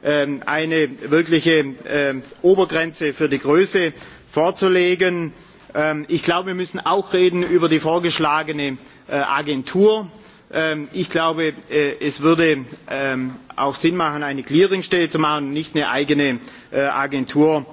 D: eine wirkliche obergrenze für die größe vorzulegen. ich glaube wir müssen auch über die vorgeschlagene agentur. ich glaube es würde auch sinn machen eine clearingstelle zu machen und nicht eine eigene agentur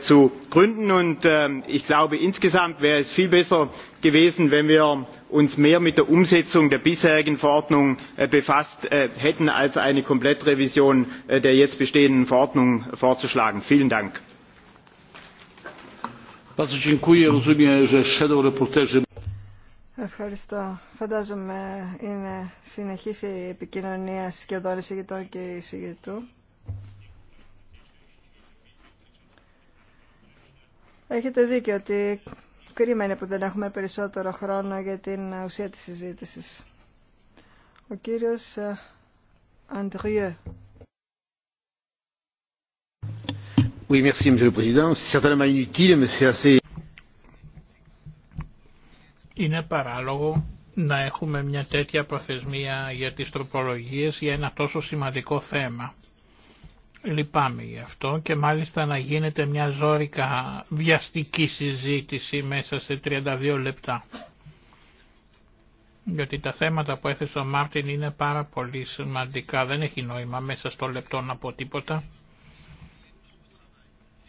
D: zu gründen. Und ich glaube, insgesamt wäre es viel besser gewesen, wenn wir uns mehr mit der Umsetzung der bisherigen Verordnung befasst hätten, als eine Komplettrevision der jetzt bestehenden Verordnung vorzuschlagen. Vielen Dank.
A: Έχετε δίκιο ότι κρίμα είναι που δεν έχουμε περισσότερο χρόνο για την ουσία της συζήτησης. Ο κύριος Αντριέ. Ε,
D: oui, merci, Monsieur le
C: είναι παράλογο να έχουμε μια τέτοια προθεσμία για τις τροπολογίες για ένα τόσο σημαντικό θέμα. Λυπάμαι γι' αυτό και μάλιστα να γίνεται μια ζώρικα βιαστική συζήτηση μέσα σε 32 λεπτά. Γιατί τα θέματα που έθεσε ο Μάρτιν είναι πάρα πολύ σημαντικά, δεν έχει νόημα μέσα στο λεπτό να πω τίποτα.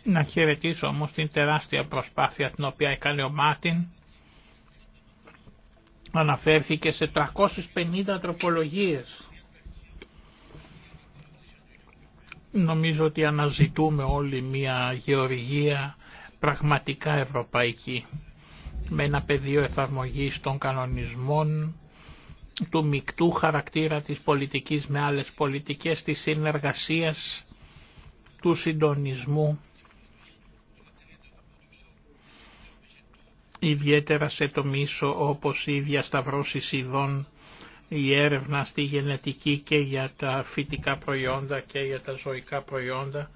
C: Να χαιρετήσω όμως την τεράστια προσπάθεια την οποία έκανε ο Μάρτιν. Αναφέρθηκε σε 350 τροπολογίες Νομίζω ότι αναζητούμε όλοι μια γεωργία πραγματικά ευρωπαϊκή με ένα πεδίο εφαρμογής των κανονισμών του μικτού χαρακτήρα της πολιτικής με άλλες πολιτικές, της συνεργασίας, του συντονισμού, ιδιαίτερα σε το ΜΙΣΟ όπως η διασταυρώση ειδών η έρευνα στη γενετική και για τα φυτικά προϊόντα και για τα ζωικά προϊόντα.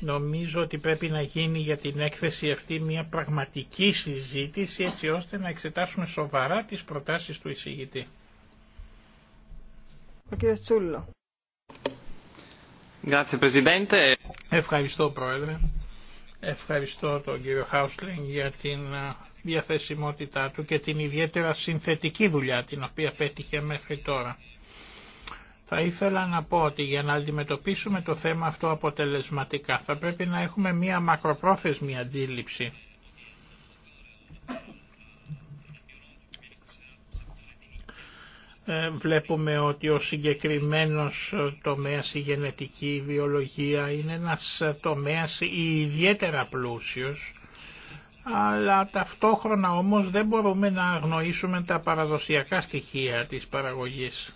C: Νομίζω ότι πρέπει να γίνει για την έκθεση αυτή μια πραγματική συζήτηση έτσι ώστε να εξετάσουμε σοβαρά τις προτάσεις του εισηγητή.
D: Ο
C: Ευχαριστώ Πρόεδρε. Ευχαριστώ τον κύριο Χάουσλινγκ για την διαθεσιμότητά του και την ιδιαίτερα συνθετική δουλειά την οποία πέτυχε μέχρι τώρα. Θα ήθελα να πω ότι για να αντιμετωπίσουμε το θέμα αυτό αποτελεσματικά θα πρέπει να έχουμε μία μακροπρόθεσμη αντίληψη. Ε, βλέπουμε ότι ο συγκεκριμένος τομέας η γενετική βιολογία είναι ένας τομέας ιδιαίτερα πλούσιος αλλά ταυτόχρονα όμως δεν μπορούμε να αγνοήσουμε τα παραδοσιακά στοιχεία της παραγωγής.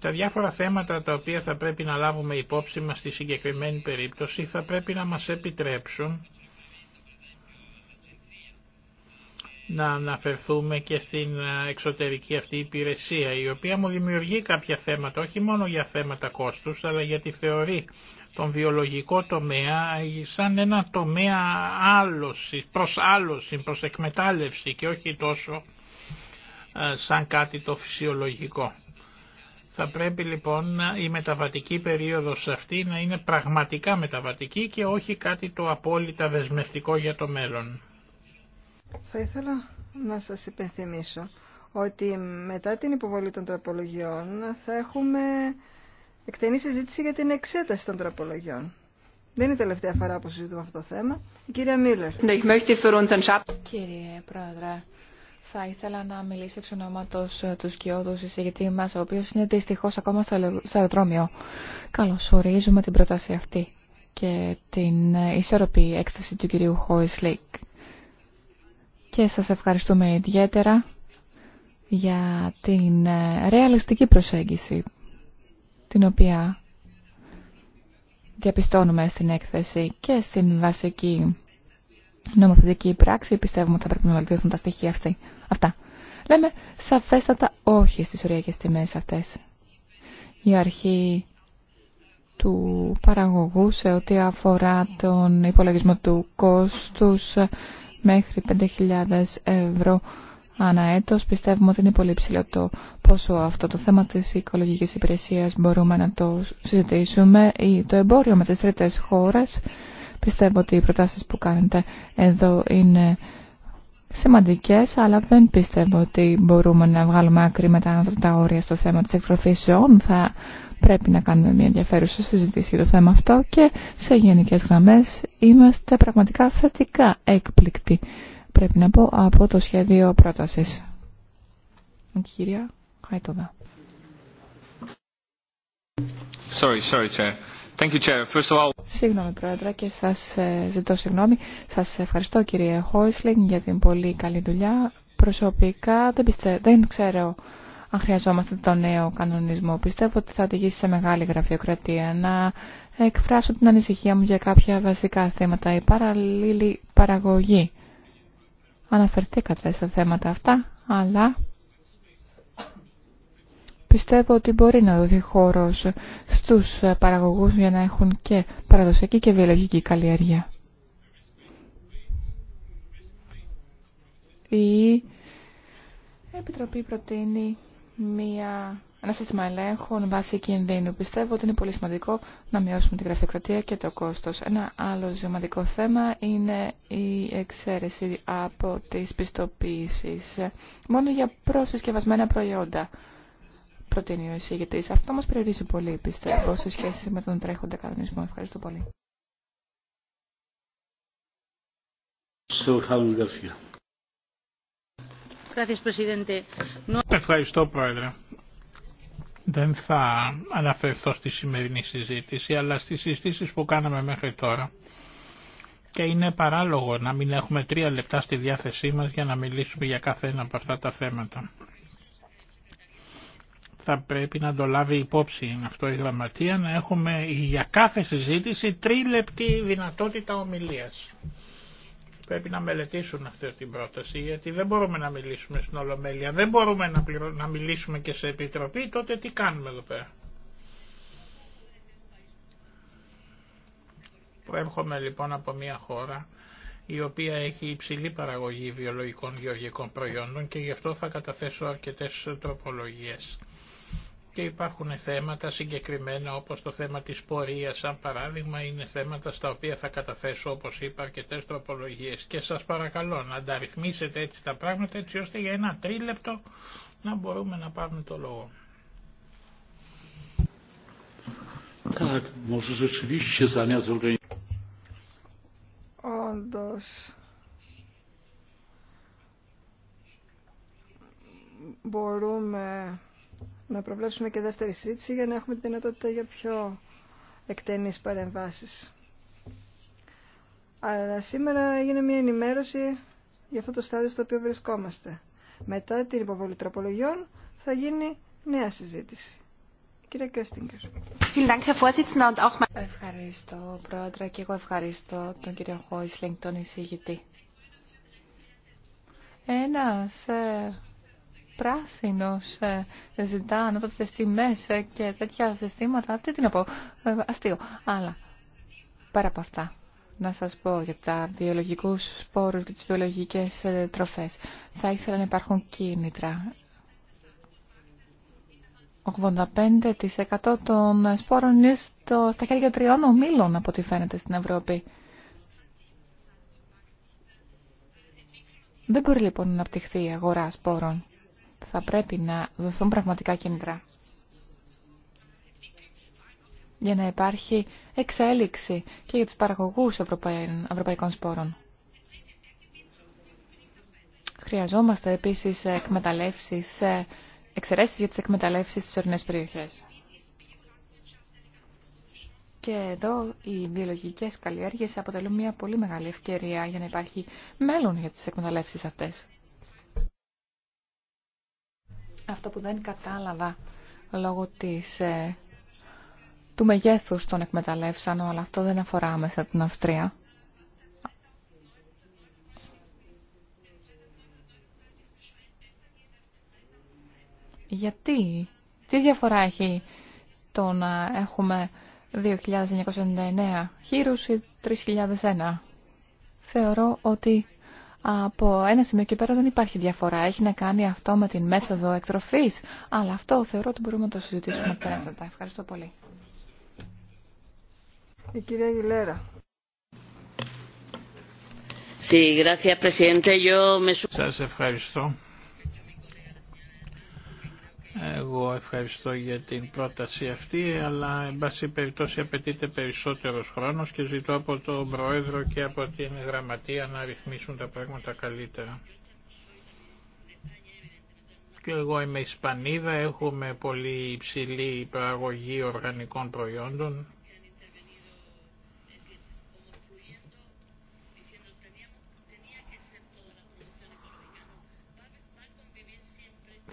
C: Τα διάφορα θέματα τα οποία θα πρέπει να λάβουμε υπόψη μας στη συγκεκριμένη περίπτωση θα πρέπει να μας επιτρέψουν να αναφερθούμε και στην εξωτερική αυτή υπηρεσία, η οποία μου δημιουργεί κάποια θέματα, όχι μόνο για θέματα κόστους, αλλά για τη θεωρή τον βιολογικό τομέα σαν ένα τομέα άλωση, προς άλωση, προς εκμετάλλευση και όχι τόσο ε, σαν κάτι το φυσιολογικό. Θα πρέπει λοιπόν η μεταβατική περίοδος αυτή να είναι πραγματικά μεταβατική και όχι κάτι το απόλυτα δεσμευτικό για το μέλλον.
A: Θα ήθελα να σας υπενθυμίσω ότι μετά την υποβολή των τροπολογιών θα έχουμε εκτενή συζήτηση για την εξέταση των τροπολογιών. Δεν είναι η τελευταία φορά που συζητούμε αυτό το θέμα. Η κυρία Μίλλερ. Ναι, Κύριε
B: Πρόεδρε, θα ήθελα να μιλήσω εξ ονόματο ε, του σκιώδου εισηγητή μα, ο οποίο είναι δυστυχώ ακόμα στο αεροδρόμιο. Καλωσορίζουμε την πρόταση αυτή και την ε, ισορροπή έκθεση του κυρίου Χόισλικ. Και σας ευχαριστούμε ιδιαίτερα για την ε, ρεαλιστική προσέγγιση την οποία διαπιστώνουμε στην έκθεση και στην βασική νομοθετική πράξη, πιστεύουμε ότι θα πρέπει να βελτιωθούν τα στοιχεία αυτή. αυτά. Λέμε σαφέστατα όχι στις οριακές τιμές αυτές. Η αρχή του παραγωγού σε ό,τι αφορά τον υπολογισμό του κόστους μέχρι 5.000 ευρώ Ανά έτος πιστεύουμε ότι είναι πολύ ψηλό το πόσο αυτό το θέμα της οικολογικής υπηρεσίας μπορούμε να το συζητήσουμε ή το εμπόριο με τις τρίτες χώρες. Πιστεύω ότι οι προτάσεις που κάνετε εδώ είναι σημαντικές, αλλά δεν πιστεύω ότι μπορούμε να βγάλουμε άκρη μετά τα όρια στο θέμα της εκτροφής Θα πρέπει να κάνουμε μια ενδιαφέρουσα συζήτηση για το θέμα αυτό και σε γενικές γραμμές είμαστε πραγματικά θετικά έκπληκτοι πρέπει να πω, από το σχέδιο πρότασης. Κυρία Χαϊτοβά.
C: Sorry, sorry, Chair. Thank you, Chair. First of all...
B: Συγγνώμη, Πρόεδρε, και σας ε, ζητώ συγγνώμη. Σας ευχαριστώ, κύριε Χόισλινγκ, για την πολύ καλή δουλειά. Προσωπικά δεν, πιστε... δεν ξέρω αν χρειαζόμαστε το νέο κανονισμό. Πιστεύω ότι θα οδηγήσει σε μεγάλη γραφειοκρατία. Να εκφράσω την ανησυχία μου για κάποια βασικά θέματα. Η παραλληλή παραγωγή αναφερθήκατε στα θέματα αυτά, αλλά πιστεύω ότι μπορεί να δοθεί χώρος στους παραγωγούς για να έχουν και παραδοσιακή και βιολογική καλλιέργεια. Η Επιτροπή προτείνει μία ένα σύστημα ελέγχων βάσει κινδύνου. Πιστεύω ότι είναι πολύ σημαντικό να μειώσουμε τη γραφειοκρατία και το κόστος. Ένα άλλο σημαντικό θέμα είναι η εξαίρεση από τις πιστοποίησεις μόνο για προσυσκευασμένα προϊόντα. Προτείνει ο εισηγητής. Αυτό μα περιορίζει πολύ, πιστεύω, σε σχέση με τον τρέχοντα κανονισμό. Ευχαριστώ
A: πολύ.
C: Ευχαριστώ, Πρόεδρε. Δεν θα αναφερθώ στη σημερινή συζήτηση, αλλά στις συζήτηση που κάναμε μέχρι τώρα. Και είναι παράλογο να μην έχουμε τρία λεπτά στη διάθεσή μας για να μιλήσουμε για κάθε ένα από αυτά τα θέματα. Θα πρέπει να το λάβει υπόψη αυτό η γραμματεία, να έχουμε για κάθε συζήτηση τρίλεπτη δυνατότητα ομιλίας πρέπει να μελετήσουν αυτή την πρόταση, γιατί δεν μπορούμε να μιλήσουμε στην Ολομέλεια, δεν μπορούμε να, να μιλήσουμε και σε επιτροπή, τότε τι κάνουμε εδώ πέρα. Προέρχομαι λοιπόν από μια χώρα η οποία έχει υψηλή παραγωγή βιολογικών γεωργικών προϊόντων και γι' αυτό θα καταθέσω αρκετές τροπολογίες και υπάρχουν θέματα συγκεκριμένα όπως το θέμα της πορείας σαν παράδειγμα είναι θέματα στα οποία θα καταθέσω όπως είπα αρκετέ τροπολογίες και σας παρακαλώ να ανταρρυθμίσετε έτσι τα πράγματα έτσι ώστε για ένα τρίλεπτο να μπορούμε να πάρουμε το λόγο.
A: Όντως, μπορούμε να προβλέψουμε και δεύτερη συζήτηση για να έχουμε τη δυνατότητα για πιο εκτενείς παρεμβάσεις. Αλλά σήμερα έγινε μια ενημέρωση για αυτό το στάδιο στο οποίο βρισκόμαστε. Μετά την υποβολή τροπολογιών θα γίνει νέα συζήτηση. Κύριε Κέστιγκερ.
D: Ευχαριστώ,
B: Πρόεδρε, και εγώ ευχαριστώ τον κύριο Χόισλινγκ, τον εισηγητή. Ένας ε, πράσινος ε, ζητά ανώτατες τιμές ε, και τέτοια συστήματα, τι τι να πω, ε, αστείο. Αλλά πέρα από αυτά, να σας πω για τα βιολογικούς σπόρους και τις βιολογικές τροφές. Θα ήθελα να υπάρχουν κίνητρα. 85% των σπόρων είναι στο, στα χέρια τριών ομίλων από ό,τι φαίνεται στην Ευρώπη. Δεν μπορεί λοιπόν να αναπτυχθεί η αγορά σπόρων θα πρέπει να δοθούν πραγματικά κίνητρα για να υπάρχει εξέλιξη και για τους παραγωγούς ευρωπαϊκών σπόρων. Χρειαζόμαστε επίσης εκμεταλλεύσεις, ε, εξαιρέσεις για τις εκμεταλλεύσεις στις ορεινές περιοχές. Και εδώ οι βιολογικές καλλιέργειες αποτελούν μια πολύ μεγάλη ευκαιρία για να υπάρχει μέλλον για τις εκμεταλλεύσεις αυτές. Αυτό που δεν κατάλαβα λόγω της, ε, του μεγέθους των εκμεταλλεύσαν, αλλά αυτό δεν αφορά άμεσα την Αυστρία. Γιατί, τι διαφορά έχει το να έχουμε 2.999 χείρους ή 3.001. Θεωρώ ότι από ένα σημείο και πέρα δεν υπάρχει διαφορά. Έχει να κάνει αυτό με την μέθοδο εκτροφής. Αλλά αυτό θεωρώ ότι μπορούμε να το συζητήσουμε πέραστατα. Ευχαριστώ πολύ.
A: Η κυρία
C: Σας ευχαριστώ. Εγώ ευχαριστώ για την πρόταση αυτή, αλλά εν πάση περιπτώσει απαιτείται περισσότερος χρόνος και ζητώ από τον Πρόεδρο και από την Γραμματεία να ρυθμίσουν τα πράγματα καλύτερα. Και εγώ είμαι Ισπανίδα, έχουμε πολύ υψηλή παραγωγή οργανικών προϊόντων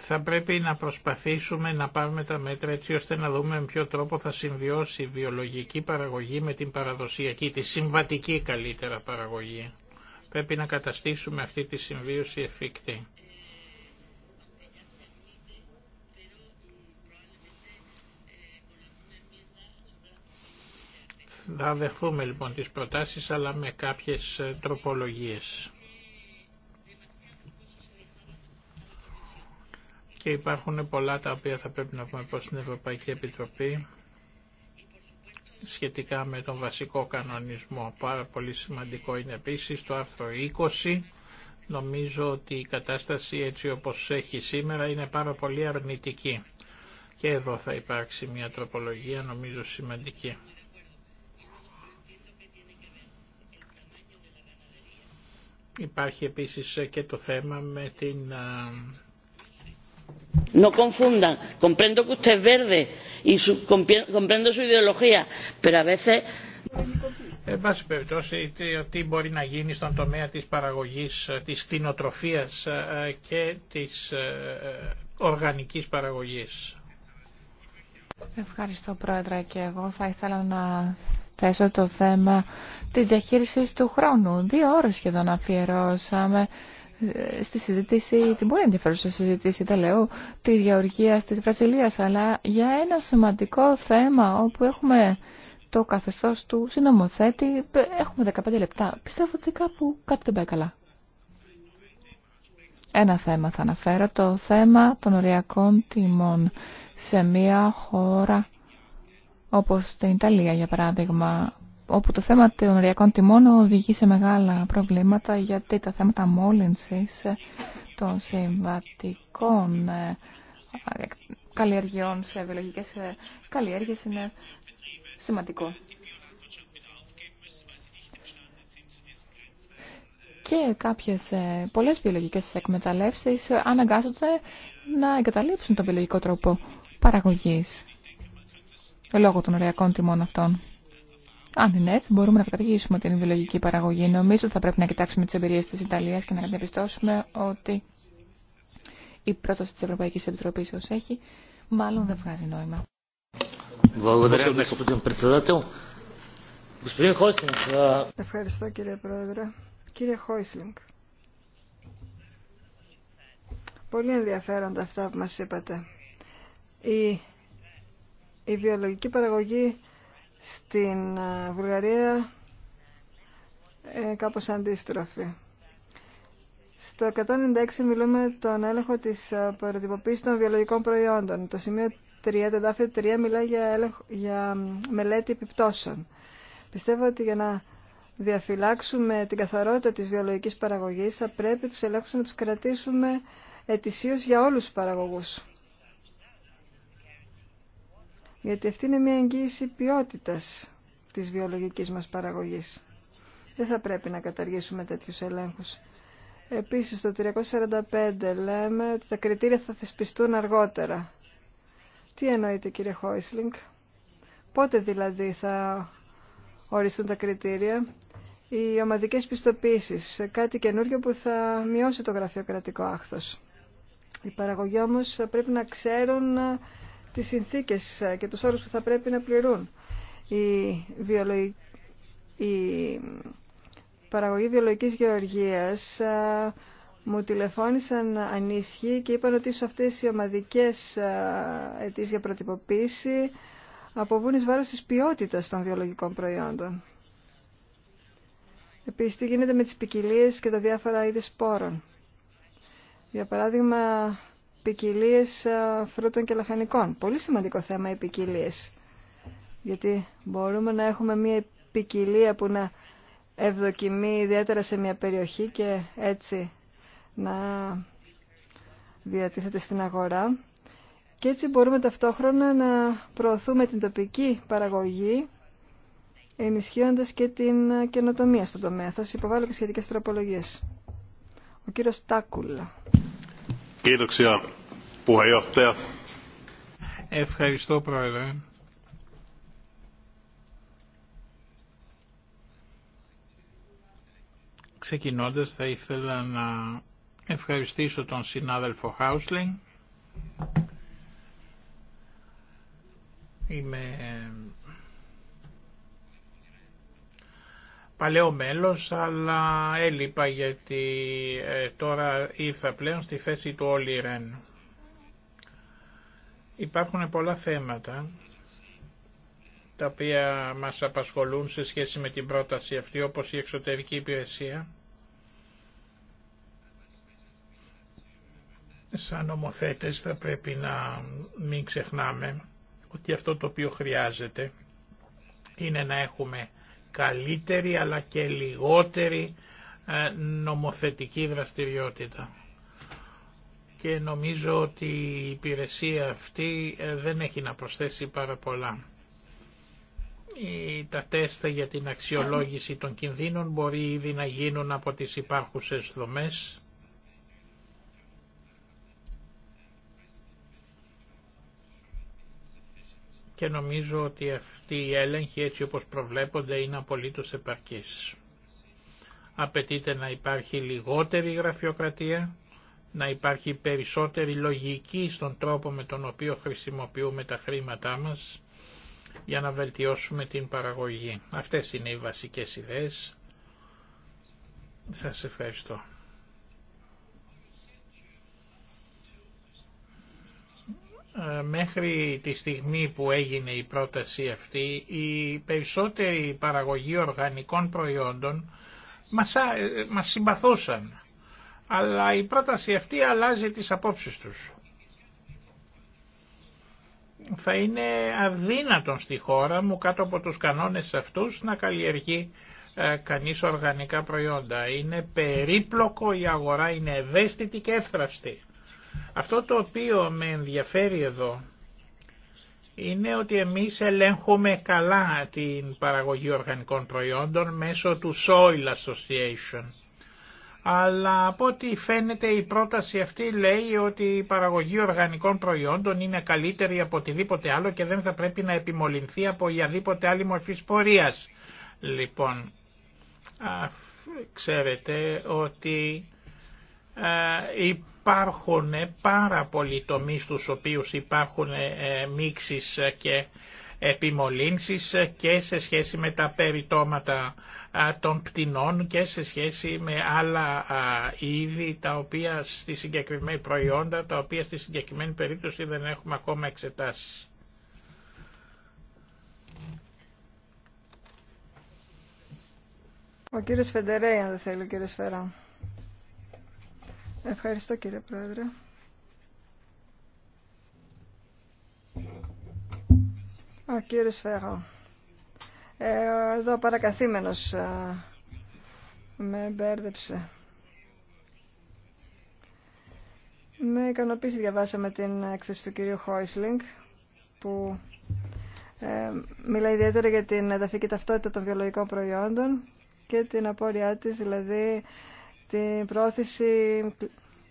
C: θα πρέπει να προσπαθήσουμε να πάρουμε τα μέτρα έτσι ώστε να δούμε με ποιο τρόπο θα συμβιώσει η βιολογική παραγωγή με την παραδοσιακή, τη συμβατική καλύτερα παραγωγή. Πρέπει να καταστήσουμε αυτή τη συμβίωση εφικτή. Θα δεχθούμε λοιπόν τις προτάσεις αλλά με κάποιες τροπολογίες. και υπάρχουν πολλά τα οποία θα πρέπει να πούμε προς την Ευρωπαϊκή Επιτροπή σχετικά με τον βασικό κανονισμό. Πάρα πολύ σημαντικό είναι επίσης το άρθρο 20. Νομίζω ότι η κατάσταση έτσι όπως έχει σήμερα είναι πάρα πολύ αρνητική. Και εδώ θα υπάρξει μια τροπολογία νομίζω σημαντική. Υπάρχει επίσης και το θέμα με την
A: no confundan comprendo que usted es verde y comprendo su ideología pero a veces
C: Εν πάση περιπτώσει, τι μπορεί να γίνει στον τομέα της παραγωγής, ε, της κτηνοτροφίας ε, ε, και της οργανικής παραγωγής.
B: Ευχαριστώ Πρόεδρε και εγώ θα ήθελα να θέσω το θέμα της διαχείρισης του χρόνου. Δύο ώρες σχεδόν αφιερώσαμε ε, στη συζήτηση, την πολύ ενδιαφέρουσα συζήτηση, δεν λέω, τη γεωργία τη Βραζιλία, αλλά για ένα σημαντικό θέμα όπου έχουμε το καθεστώ του συνομοθέτη, ε, έχουμε 15 λεπτά. Πιστεύω ότι κάπου κάτι δεν πάει καλά. Ένα θέμα θα αναφέρω, το θέμα των οριακών τιμών σε μια χώρα όπως την Ιταλία για παράδειγμα, όπου το θέμα των οριακών τιμών οδηγεί σε μεγάλα προβλήματα γιατί τα θέματα μόλυνσης των συμβατικών ε, καλλιεργειών σε βιολογικές ε, καλλιέργειες είναι σημαντικό. Και κάποιες, ε, πολλές βιολογικές εκμεταλλεύσεις αναγκάζονται να εγκαταλείψουν τον βιολογικό τρόπο παραγωγής λόγω των οριακών τιμών αυτών. Αν είναι έτσι, μπορούμε να καταργήσουμε την βιολογική παραγωγή. Νομίζω ότι θα πρέπει να κοιτάξουμε τι εμπειρίε τη Ιταλία και να καταπιστώσουμε ότι η πρόταση τη Ευρωπαϊκή Επιτροπή ω έχει,
A: μάλλον δεν βγάζει νόημα. Ευχαριστώ κύριε Πρόεδρε. Κύριε Χόισλινγκ, πολύ ενδιαφέροντα αυτά που μας είπατε. η βιολογική παραγωγή στην ε, Βουλγαρία ε, κάπως αντίστροφη. Στο 196 μιλούμε τον έλεγχο της ε, παρατυποποίησης των βιολογικών προϊόντων. Το σημείο 3, το 3 μιλά για, έλεγχο, για μελέτη επιπτώσεων. Πιστεύω ότι για να διαφυλάξουμε την καθαρότητα της βιολογικής παραγωγής θα πρέπει τους ελέγχους να τους κρατήσουμε ετησίως για όλους τους παραγωγούς γιατί αυτή είναι μια εγγύηση ποιότητας της βιολογικής μας παραγωγής. Δεν θα πρέπει να καταργήσουμε τέτοιους ελέγχους. Επίσης, το 345 λέμε ότι τα κριτήρια θα θεσπιστούν αργότερα. Τι εννοείται, κύριε Χόισλινγκ? Πότε δηλαδή θα οριστούν τα κριτήρια? Οι ομαδικές πιστοποίησεις, κάτι καινούργιο που θα μειώσει το γραφειοκρατικό άχθος. Οι παραγωγοί όμως πρέπει να ξέρουν τις συνθήκες και τους όρους που θα πρέπει να πληρούν. Η, βιολογική, η παραγωγή βιολογικής γεωργίας μου τηλεφώνησαν ανίσχυοι και είπαν ότι σε αυτές οι ομαδικές αιτήσει για προτυποποίηση αποβούν εις βάρος της ποιότητας των βιολογικών προϊόντων. Επίσης, τι γίνεται με τις ποικιλίε και τα διάφορα είδη σπόρων. Για παράδειγμα, ποικιλίε ε, φρούτων και λαχανικών. Πολύ σημαντικό θέμα οι ποικιλίε. Γιατί μπορούμε να έχουμε μια ποικιλία που να ευδοκιμεί ιδιαίτερα σε μια περιοχή και έτσι να διατίθεται στην αγορά. Και έτσι μπορούμε ταυτόχρονα να προωθούμε την τοπική παραγωγή ενισχύοντας και την καινοτομία στον τομέα. Θα σας υποβάλω και σχετικές τροπολογίες. Ο κύριος Τάκουλα.
C: Ευχαριστώ Πρόεδρε. Ξεκινώντας θα ήθελα να ευχαριστήσω τον συνάδελφο Χάουσλινγκ. Είμαι παλαιό μέλος, αλλά έλειπα γιατί ε, τώρα ήρθα πλέον στη θέση του Όλη Ρεν. Υπάρχουν πολλά θέματα τα οποία μας απασχολούν σε σχέση με την πρόταση αυτή, όπως η εξωτερική υπηρεσία. Σαν νομοθέτες θα πρέπει να μην ξεχνάμε ότι αυτό το οποίο χρειάζεται είναι να έχουμε καλύτερη αλλά και λιγότερη ε, νομοθετική δραστηριότητα. Και νομίζω ότι η υπηρεσία αυτή ε, δεν έχει να προσθέσει πάρα πολλά. Τα τεστ για την αξιολόγηση των κινδύνων μπορεί ήδη να γίνουν από τις υπάρχουσες δομές και νομίζω ότι αυτή η έλεγχοι έτσι όπως προβλέπονται είναι απολύτως επαρκείς. Απαιτείται να υπάρχει λιγότερη γραφειοκρατία, να υπάρχει περισσότερη λογική στον τρόπο με τον οποίο χρησιμοποιούμε τα χρήματά μας για να βελτιώσουμε την παραγωγή. Αυτές είναι οι βασικές ιδέες. Σας ευχαριστώ. Ε, μέχρι τη στιγμή που έγινε η πρόταση αυτή, η περισσότερη παραγωγή οργανικών προϊόντων μας, ε, μας συμπαθούσαν. Αλλά η πρόταση αυτή αλλάζει τις απόψεις τους. Θα είναι αδύνατον στη χώρα μου κάτω από τους κανόνες αυτούς να καλλιεργεί ε, κανείς οργανικά προϊόντα. Είναι περίπλοκο, η αγορά είναι ευαίσθητη και εύθραυστη. Αυτό το οποίο με ενδιαφέρει εδώ είναι ότι εμείς ελέγχουμε καλά την παραγωγή οργανικών προϊόντων μέσω του Soil Association. Αλλά από ό,τι φαίνεται η πρόταση αυτή λέει ότι η παραγωγή οργανικών προϊόντων είναι καλύτερη από οτιδήποτε άλλο και δεν θα πρέπει να επιμολυνθεί από οποιαδήποτε άλλη μορφή πορείας. Λοιπόν, ξέρετε ότι ε, υπάρχουν πάρα πολλοί τομείς στους οποίους υπάρχουν ε, ε, μίξεις και επιμολύνσεις και σε σχέση με τα περιτώματα των πτηνών και σε σχέση με άλλα είδη τα οποία στη συγκεκριμένη προϊόντα τα οποία στη συγκεκριμένη περίπτωση δεν έχουμε ακόμα εξετάσει.
A: Ο κύριος Φεντερέι αν δεν θέλει ο κύριος Ευχαριστώ κύριε Πρόεδρε. Ο κύριος Φέγο. Ε, εδώ παρακαθήμενος ε, με μπέρδεψε. Με ικανοποίηση διαβάσαμε την έκθεση του κυρίου Χόισλινγκ που ε, μιλάει ιδιαίτερα για την εδαφική ταυτότητα των βιολογικών προϊόντων και την απόρριά της, δηλαδή την πρόθεση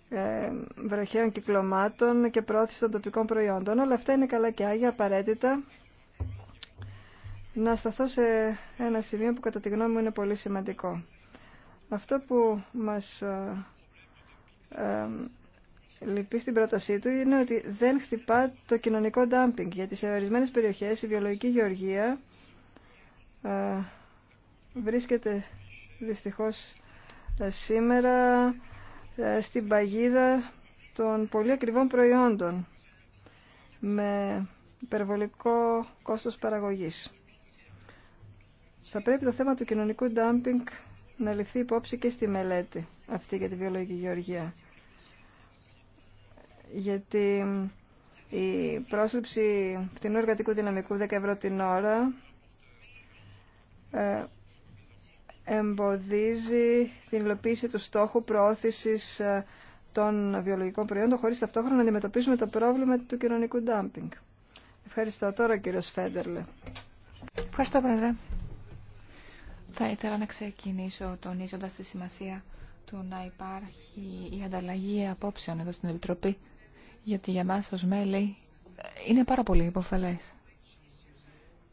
A: ε, βροχαίων κυκλωμάτων και πρόθεση των τοπικών προϊόντων. Όλα αυτά είναι καλά και άγια, απαραίτητα. Να σταθώ σε ένα σημείο που κατά τη γνώμη μου είναι πολύ σημαντικό. Αυτό που μας ε, ε λυπεί στην πρότασή του είναι ότι δεν χτυπά το κοινωνικό ντάμπινγκ, γιατί σε ορισμένες περιοχές η βιολογική γεωργία ε, βρίσκεται δυστυχώς ε, σήμερα ε, στην παγίδα των πολύ ακριβών προϊόντων με υπερβολικό κόστος παραγωγής. Θα πρέπει το θέμα του κοινωνικού ντάμπινγκ να ληφθεί υπόψη και στη μελέτη αυτή για τη βιολογική γεωργία. Γιατί ε, η πρόσληψη φθηνού εργατικού δυναμικού 10 ευρώ την ώρα εμποδίζει την υλοποίηση του στόχου προώθησης ε, των βιολογικών προϊόντων χωρίς ταυτόχρονα να αντιμετωπίσουμε το πρόβλημα του κοινωνικού ντάμπινγκ. Ευχαριστώ τώρα κύριο Φέντερλε. Ευχαριστώ πρόεδρε.
B: Θα ήθελα να ξεκινήσω τονίζοντας τη σημασία του να υπάρχει η ανταλλαγή απόψεων εδώ στην Επιτροπή γιατί για μας ως μέλη είναι πάρα πολύ υποφελές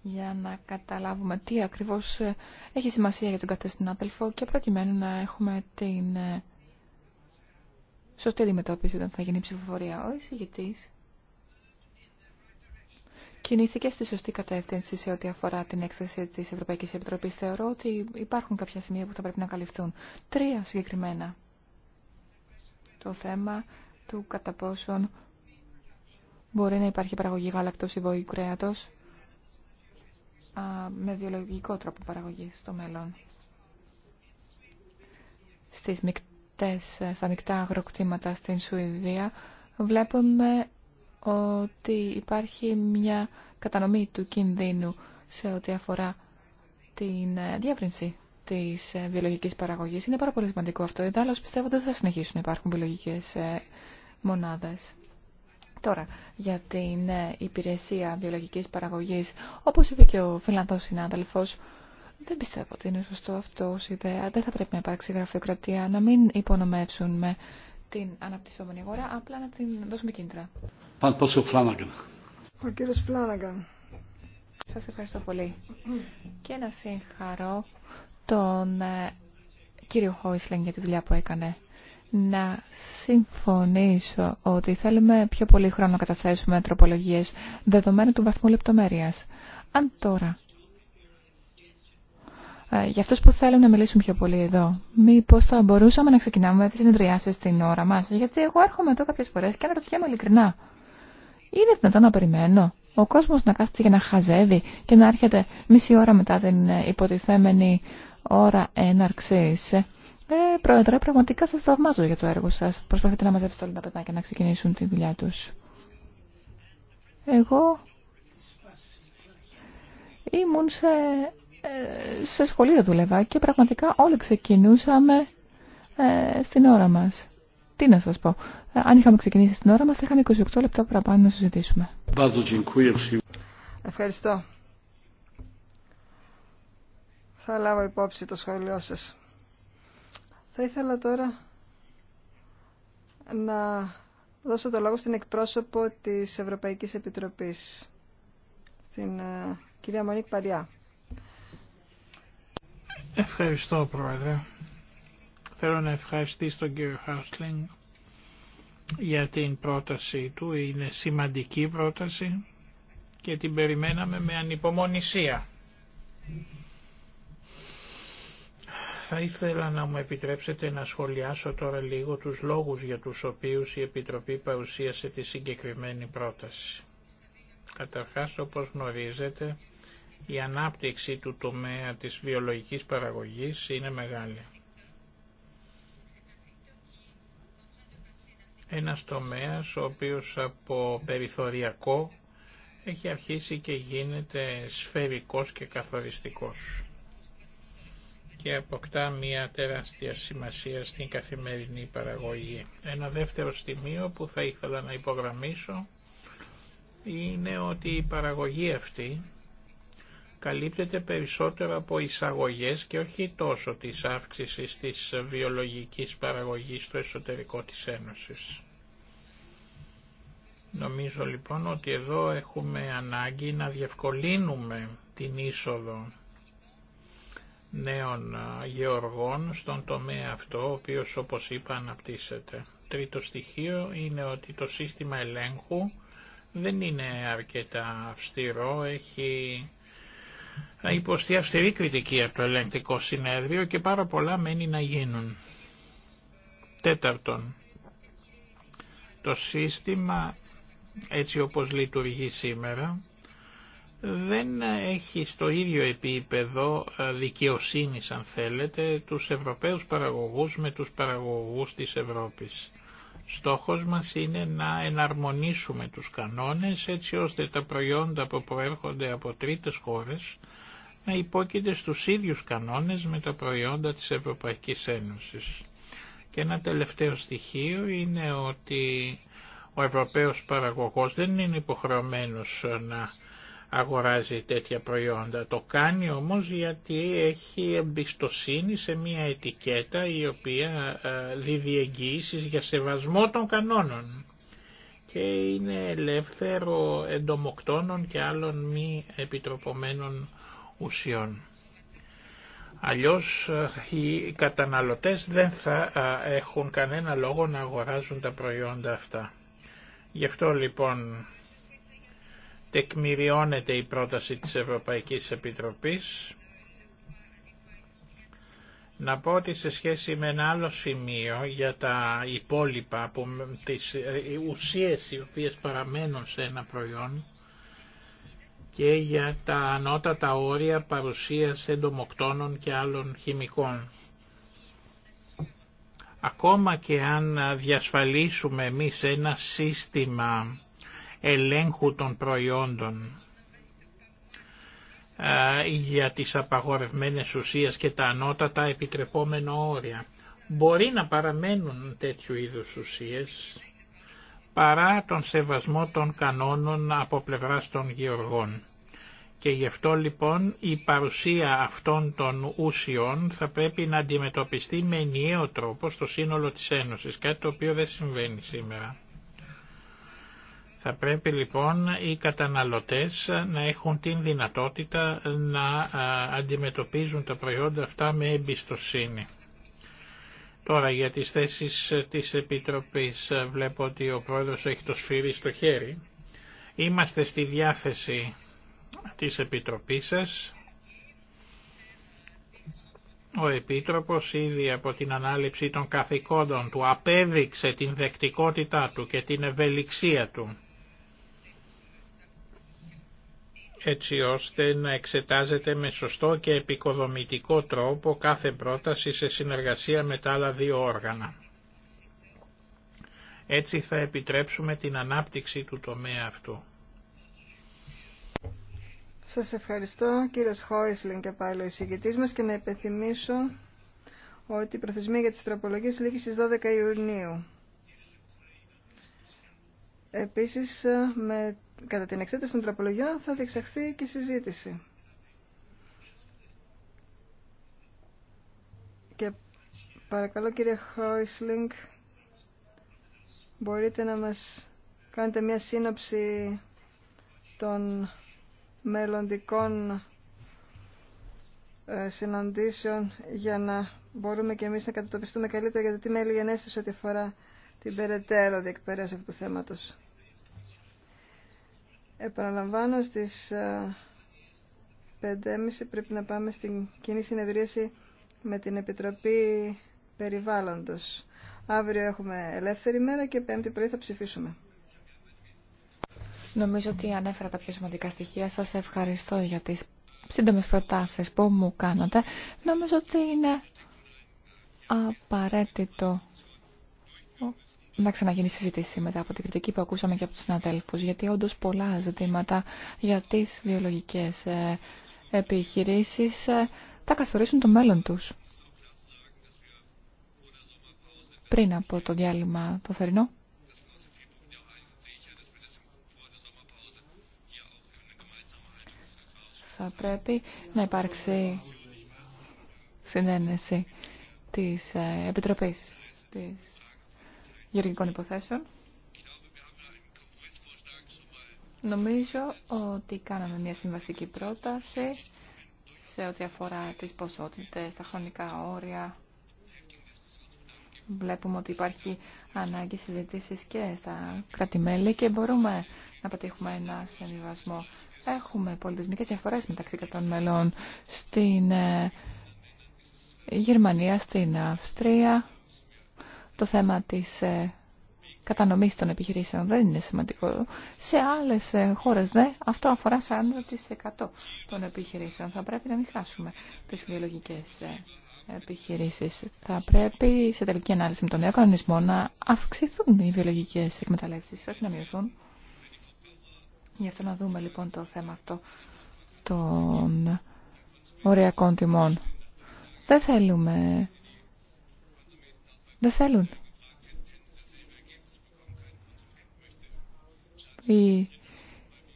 B: για να καταλάβουμε τι ακριβώς ε, έχει σημασία για τον κάθε και προκειμένου να έχουμε την ε, σωστή αντιμετώπιση όταν θα γίνει η ψηφοφορία. Ο εισηγητής κινήθηκε στη σωστή κατεύθυνση σε ό,τι αφορά την έκθεση της Ευρωπαϊκής Επιτροπής. Θεωρώ ότι υπάρχουν κάποια σημεία που θα πρέπει να καλυφθούν. Τρία συγκεκριμένα. Το θέμα του κατά πόσον μπορεί να υπάρχει παραγωγή γάλακτος ή βόη κρέατος με βιολογικό τρόπο παραγωγή στο μέλλον. Στις μικτές, στα μεικτά αγροκτήματα στην Σουηδία βλέπουμε ότι υπάρχει μια κατανομή του κινδύνου σε ό,τι αφορά την ε, διεύρυνση της ε, βιολογικής παραγωγής. Είναι πάρα πολύ σημαντικό αυτό. Εντάλλως πιστεύω ότι δεν θα συνεχίσουν να υπάρχουν βιολογικές ε, μονάδες. Τώρα, για την ε, υπηρεσία βιολογικής παραγωγής, όπως είπε και ο φιλανδός συνάδελφος, δεν πιστεύω ότι είναι σωστό αυτό ιδέα. Δεν θα πρέπει να υπάρξει γραφειοκρατία, να μην υπονομεύσουν με την αναπτυσσόμενη αγορά, απλά να την δώσουμε κίνητρα. Ο κύριος Σας ευχαριστώ πολύ. Και να συγχαρώ τον ε, κύριο Χόισλεν για τη δουλειά που έκανε να συμφωνήσω ότι θέλουμε πιο πολύ χρόνο να καταθέσουμε τροπολογίες δεδομένου του βαθμού λεπτομέρειας. Αν τώρα, ε, για αυτούς που θέλουν να μιλήσουν πιο πολύ εδώ, μήπως θα μπορούσαμε να ξεκινάμε τις συνεδριάσεις στην ώρα μας, γιατί εγώ έρχομαι εδώ κάποιες φορές και αναρωτιέμαι ειλικρινά. Είναι δυνατόν να περιμένω ο κόσμος να κάθεται και να χαζεύει και να έρχεται μισή ώρα μετά την ε, υποτιθέμενη ώρα έναρξης ε, πρόεδρε, πραγματικά σας θαυμάζω για το έργο σας. Προσπαθείτε να μαζέψετε όλα τα και να ξεκινήσουν τη δουλειά τους. Εγώ ήμουν σε, ε, σε σχολείο δουλεύα και πραγματικά όλοι ξεκινούσαμε ε, στην ώρα μας. Τι να σας πω. αν είχαμε ξεκινήσει στην ώρα μας θα είχαμε 28 λεπτά παραπάνω να συζητήσουμε.
A: Ευχαριστώ. Θα λάβω υπόψη το σχόλιο σας. Θα ήθελα τώρα να δώσω το λόγο στην εκπρόσωπο της Ευρωπαϊκής Επιτροπής, την ε, κυρία Μονίκ Παλιά.
C: Ευχαριστώ, Πρόεδρε. Θέλω να ευχαριστήσω τον κύριο Χάουσλινγκ για την πρόταση του. Είναι σημαντική πρόταση και την περιμέναμε με ανυπομονησία. Θα ήθελα να μου επιτρέψετε να σχολιάσω τώρα λίγο τους λόγους για τους οποίους η Επιτροπή παρουσίασε τη συγκεκριμένη πρόταση. Καταρχάς, όπως γνωρίζετε, η ανάπτυξη του τομέα της βιολογικής παραγωγής είναι μεγάλη. Ένας τομέας ο οποίος από περιθωριακό έχει αρχίσει και γίνεται σφαιρικός και καθοριστικός και αποκτά μια τεράστια σημασία στην καθημερινή παραγωγή. Ένα δεύτερο σημείο που θα ήθελα να υπογραμμίσω είναι ότι η παραγωγή αυτή καλύπτεται περισσότερο από εισαγωγές και όχι τόσο της αύξησης της βιολογικής παραγωγής στο εσωτερικό της Ένωσης. Νομίζω λοιπόν ότι εδώ έχουμε ανάγκη να διευκολύνουμε την είσοδο νέων γεωργών στον τομέα αυτό, ο οποίος όπως είπα αναπτύσσεται. Τρίτο στοιχείο είναι ότι το σύστημα ελέγχου δεν είναι αρκετά αυστηρό, έχει υποστεί αυστηρή κριτική από το ελεγκτικό συνέδριο και πάρα πολλά μένει να γίνουν. Τέταρτον, το σύστημα έτσι όπως λειτουργεί σήμερα δεν έχει στο ίδιο επίπεδο ε, δικαιοσύνης αν θέλετε τους Ευρωπαίους παραγωγούς με τους παραγωγούς της Ευρώπης. Στόχος μας είναι να εναρμονίσουμε τους κανόνες έτσι ώστε τα προϊόντα που προέρχονται από τρίτες χώρες να υπόκειται στους ίδιους κανόνες με τα προϊόντα της Ευρωπαϊκής Ένωσης. Και ένα τελευταίο στοιχείο είναι ότι ο Ευρωπαίος παραγωγός δεν είναι υποχρεωμένος να αγοράζει τέτοια προϊόντα. Το κάνει όμως γιατί έχει εμπιστοσύνη σε μια ετικέτα η οποία ε, δίδει για σεβασμό των κανόνων και είναι ελεύθερο εντομοκτώνων και άλλων μη επιτροπωμένων ουσιών. Αλλιώς ε, οι καταναλωτές δεν θα ε, έχουν κανένα λόγο να αγοράζουν τα προϊόντα αυτά. Γι' αυτό λοιπόν τεκμηριώνεται η πρόταση της Ευρωπαϊκής Επιτροπής. Να πω ότι σε σχέση με ένα άλλο σημείο για τα υπόλοιπα, που, τις ε, ουσίες οι οποίες παραμένουν σε ένα προϊόν και για τα ανώτατα όρια παρουσίας εντομοκτώνων και άλλων χημικών. Ακόμα και αν διασφαλίσουμε εμείς ένα σύστημα ελέγχου των προϊόντων ε, για τις απαγορευμένες ουσίες και τα ανώτατα επιτρεπόμενα όρια. Μπορεί να παραμένουν τέτοιου είδους ουσίες παρά τον σεβασμό των κανόνων από πλευράς των γεωργών. Και γι' αυτό λοιπόν η παρουσία αυτών των ουσιών θα πρέπει να αντιμετωπιστεί με ενιαίο τρόπο στο σύνολο της Ένωσης, κάτι το οποίο δεν συμβαίνει σήμερα. Θα πρέπει λοιπόν οι καταναλωτές να έχουν την δυνατότητα να αντιμετωπίζουν τα προϊόντα αυτά με εμπιστοσύνη. Τώρα για τις θέσεις της Επιτροπής βλέπω ότι ο Πρόεδρος έχει το σφύρι στο χέρι. Είμαστε στη διάθεση της Επιτροπής σας. Ο Επίτροπος ήδη από την ανάληψη των καθηκόντων του απέδειξε την δεκτικότητά του και την ευελιξία του. έτσι ώστε να εξετάζεται με σωστό και επικοδομητικό τρόπο κάθε πρόταση σε συνεργασία με τα άλλα δύο όργανα. Έτσι θα επιτρέψουμε την ανάπτυξη του τομέα αυτού.
A: Σας ευχαριστώ κύριος Χόισλιν και πάλι ο εισηγητής μας και να υπενθυμίσω ότι η προθεσμία για τις τροπολογίες λήγει στις 12 Ιουνίου. Επίσης με κατά την εξέταση των τροπολογιών θα διεξαχθεί και συζήτηση. Και παρακαλώ κύριε Χόισλινγκ, μπορείτε να μας κάνετε μια σύνοψη των μελλοντικών ε, συναντήσεων για να μπορούμε και εμείς να κατατοπιστούμε καλύτερα γιατί το τι μέλη ό,τι αφορά την περαιτέρω διεκπαιρέωση αυτού του θέματος. Επαναλαμβάνω στις 5.30 ε, πρέπει να πάμε στην κοινή συνεδρίαση με την Επιτροπή Περιβάλλοντος. Αύριο έχουμε ελεύθερη μέρα και πέμπτη πρωί θα ψηφίσουμε.
B: Νομίζω ότι ανέφερα τα πιο σημαντικά στοιχεία. Σας ευχαριστώ για τις σύντομες προτάσεις που μου κάνατε. Νομίζω ότι είναι απαραίτητο να ξαναγίνει συζήτηση μετά από την κριτική που ακούσαμε και από τους συναδέλφους, γιατί όντως πολλά ζητήματα για τις βιολογικές ε, επιχειρήσεις ε, θα καθορίσουν το μέλλον τους. Πριν από το διάλειμμα το θερινό.
D: Θα πρέπει να υπάρξει
B: συνένεση της ε, Επιτροπής της γεωργικών υποθέσεων. Νομίζω ότι κάναμε μια συμβαστική πρόταση σε ό,τι αφορά τις ποσότητες, τα χρονικά όρια. Βλέπουμε ότι υπάρχει ανάγκη συζητήσει και στα κρατημέλη και μπορούμε να πετύχουμε ένα συμβιβασμό. Έχουμε πολιτισμικές διαφορέ μεταξύ κρατών μελών στην ε, Γερμανία, στην Αυστρία το θέμα της ε, κατανομής των επιχειρήσεων δεν είναι σημαντικό. Σε άλλες ε, χώρες, ναι, αυτό αφορά 40% των επιχειρήσεων. Θα πρέπει να μην χάσουμε τις βιολογικές ε, επιχειρήσεις. Θα πρέπει σε τελική ανάλυση με τον νέο κανονισμό να αυξηθούν οι βιολογικές εκμεταλλεύσεις, όχι να μειωθούν. Γι' αυτό να δούμε λοιπόν το θέμα αυτό των οριακών τιμών. Δεν θέλουμε δεν θέλουν. Οι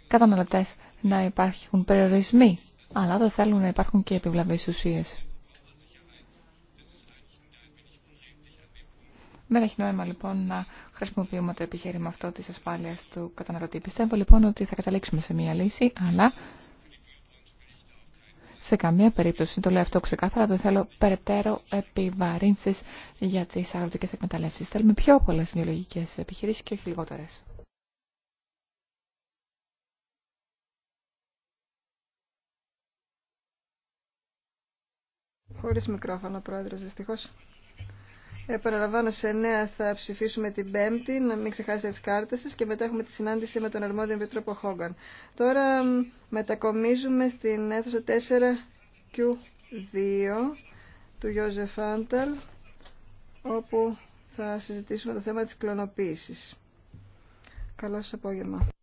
B: καταναλωτέ να υπάρχουν περιορισμοί, αλλά δεν θέλουν να υπάρχουν και επιβλαβείς ουσίες. Δεν έχει νόημα λοιπόν να χρησιμοποιούμε το επιχείρημα αυτό της ασφάλειας του καταναλωτή. Πιστεύω λοιπόν ότι θα καταλήξουμε σε μια λύση, αλλά σε καμία περίπτωση, το λέω αυτό ξεκάθαρα, δεν θέλω περαιτέρω επιβαρύνσει για τι αγροτικέ εκμεταλλεύσει. Θέλουμε πιο πολλέ βιολογικέ επιχειρήσει και όχι λιγότερε.
A: Χωρίς μικρόφωνο, πρόεδρος, δυστυχώς. Επαναλαμβάνω, σε 9 θα ψηφίσουμε την Πέμπτη, να μην ξεχάσετε τις κάρτες σας και μετά έχουμε τη συνάντηση με τον αρμόδιο Επιτρόπο Χόγκαν. Τώρα μετακομίζουμε στην αίθουσα 4Q2 του Γιώζεφ Άνταλ, όπου θα συζητήσουμε το θέμα της κλωνοποίησης. Καλό απόγευμα.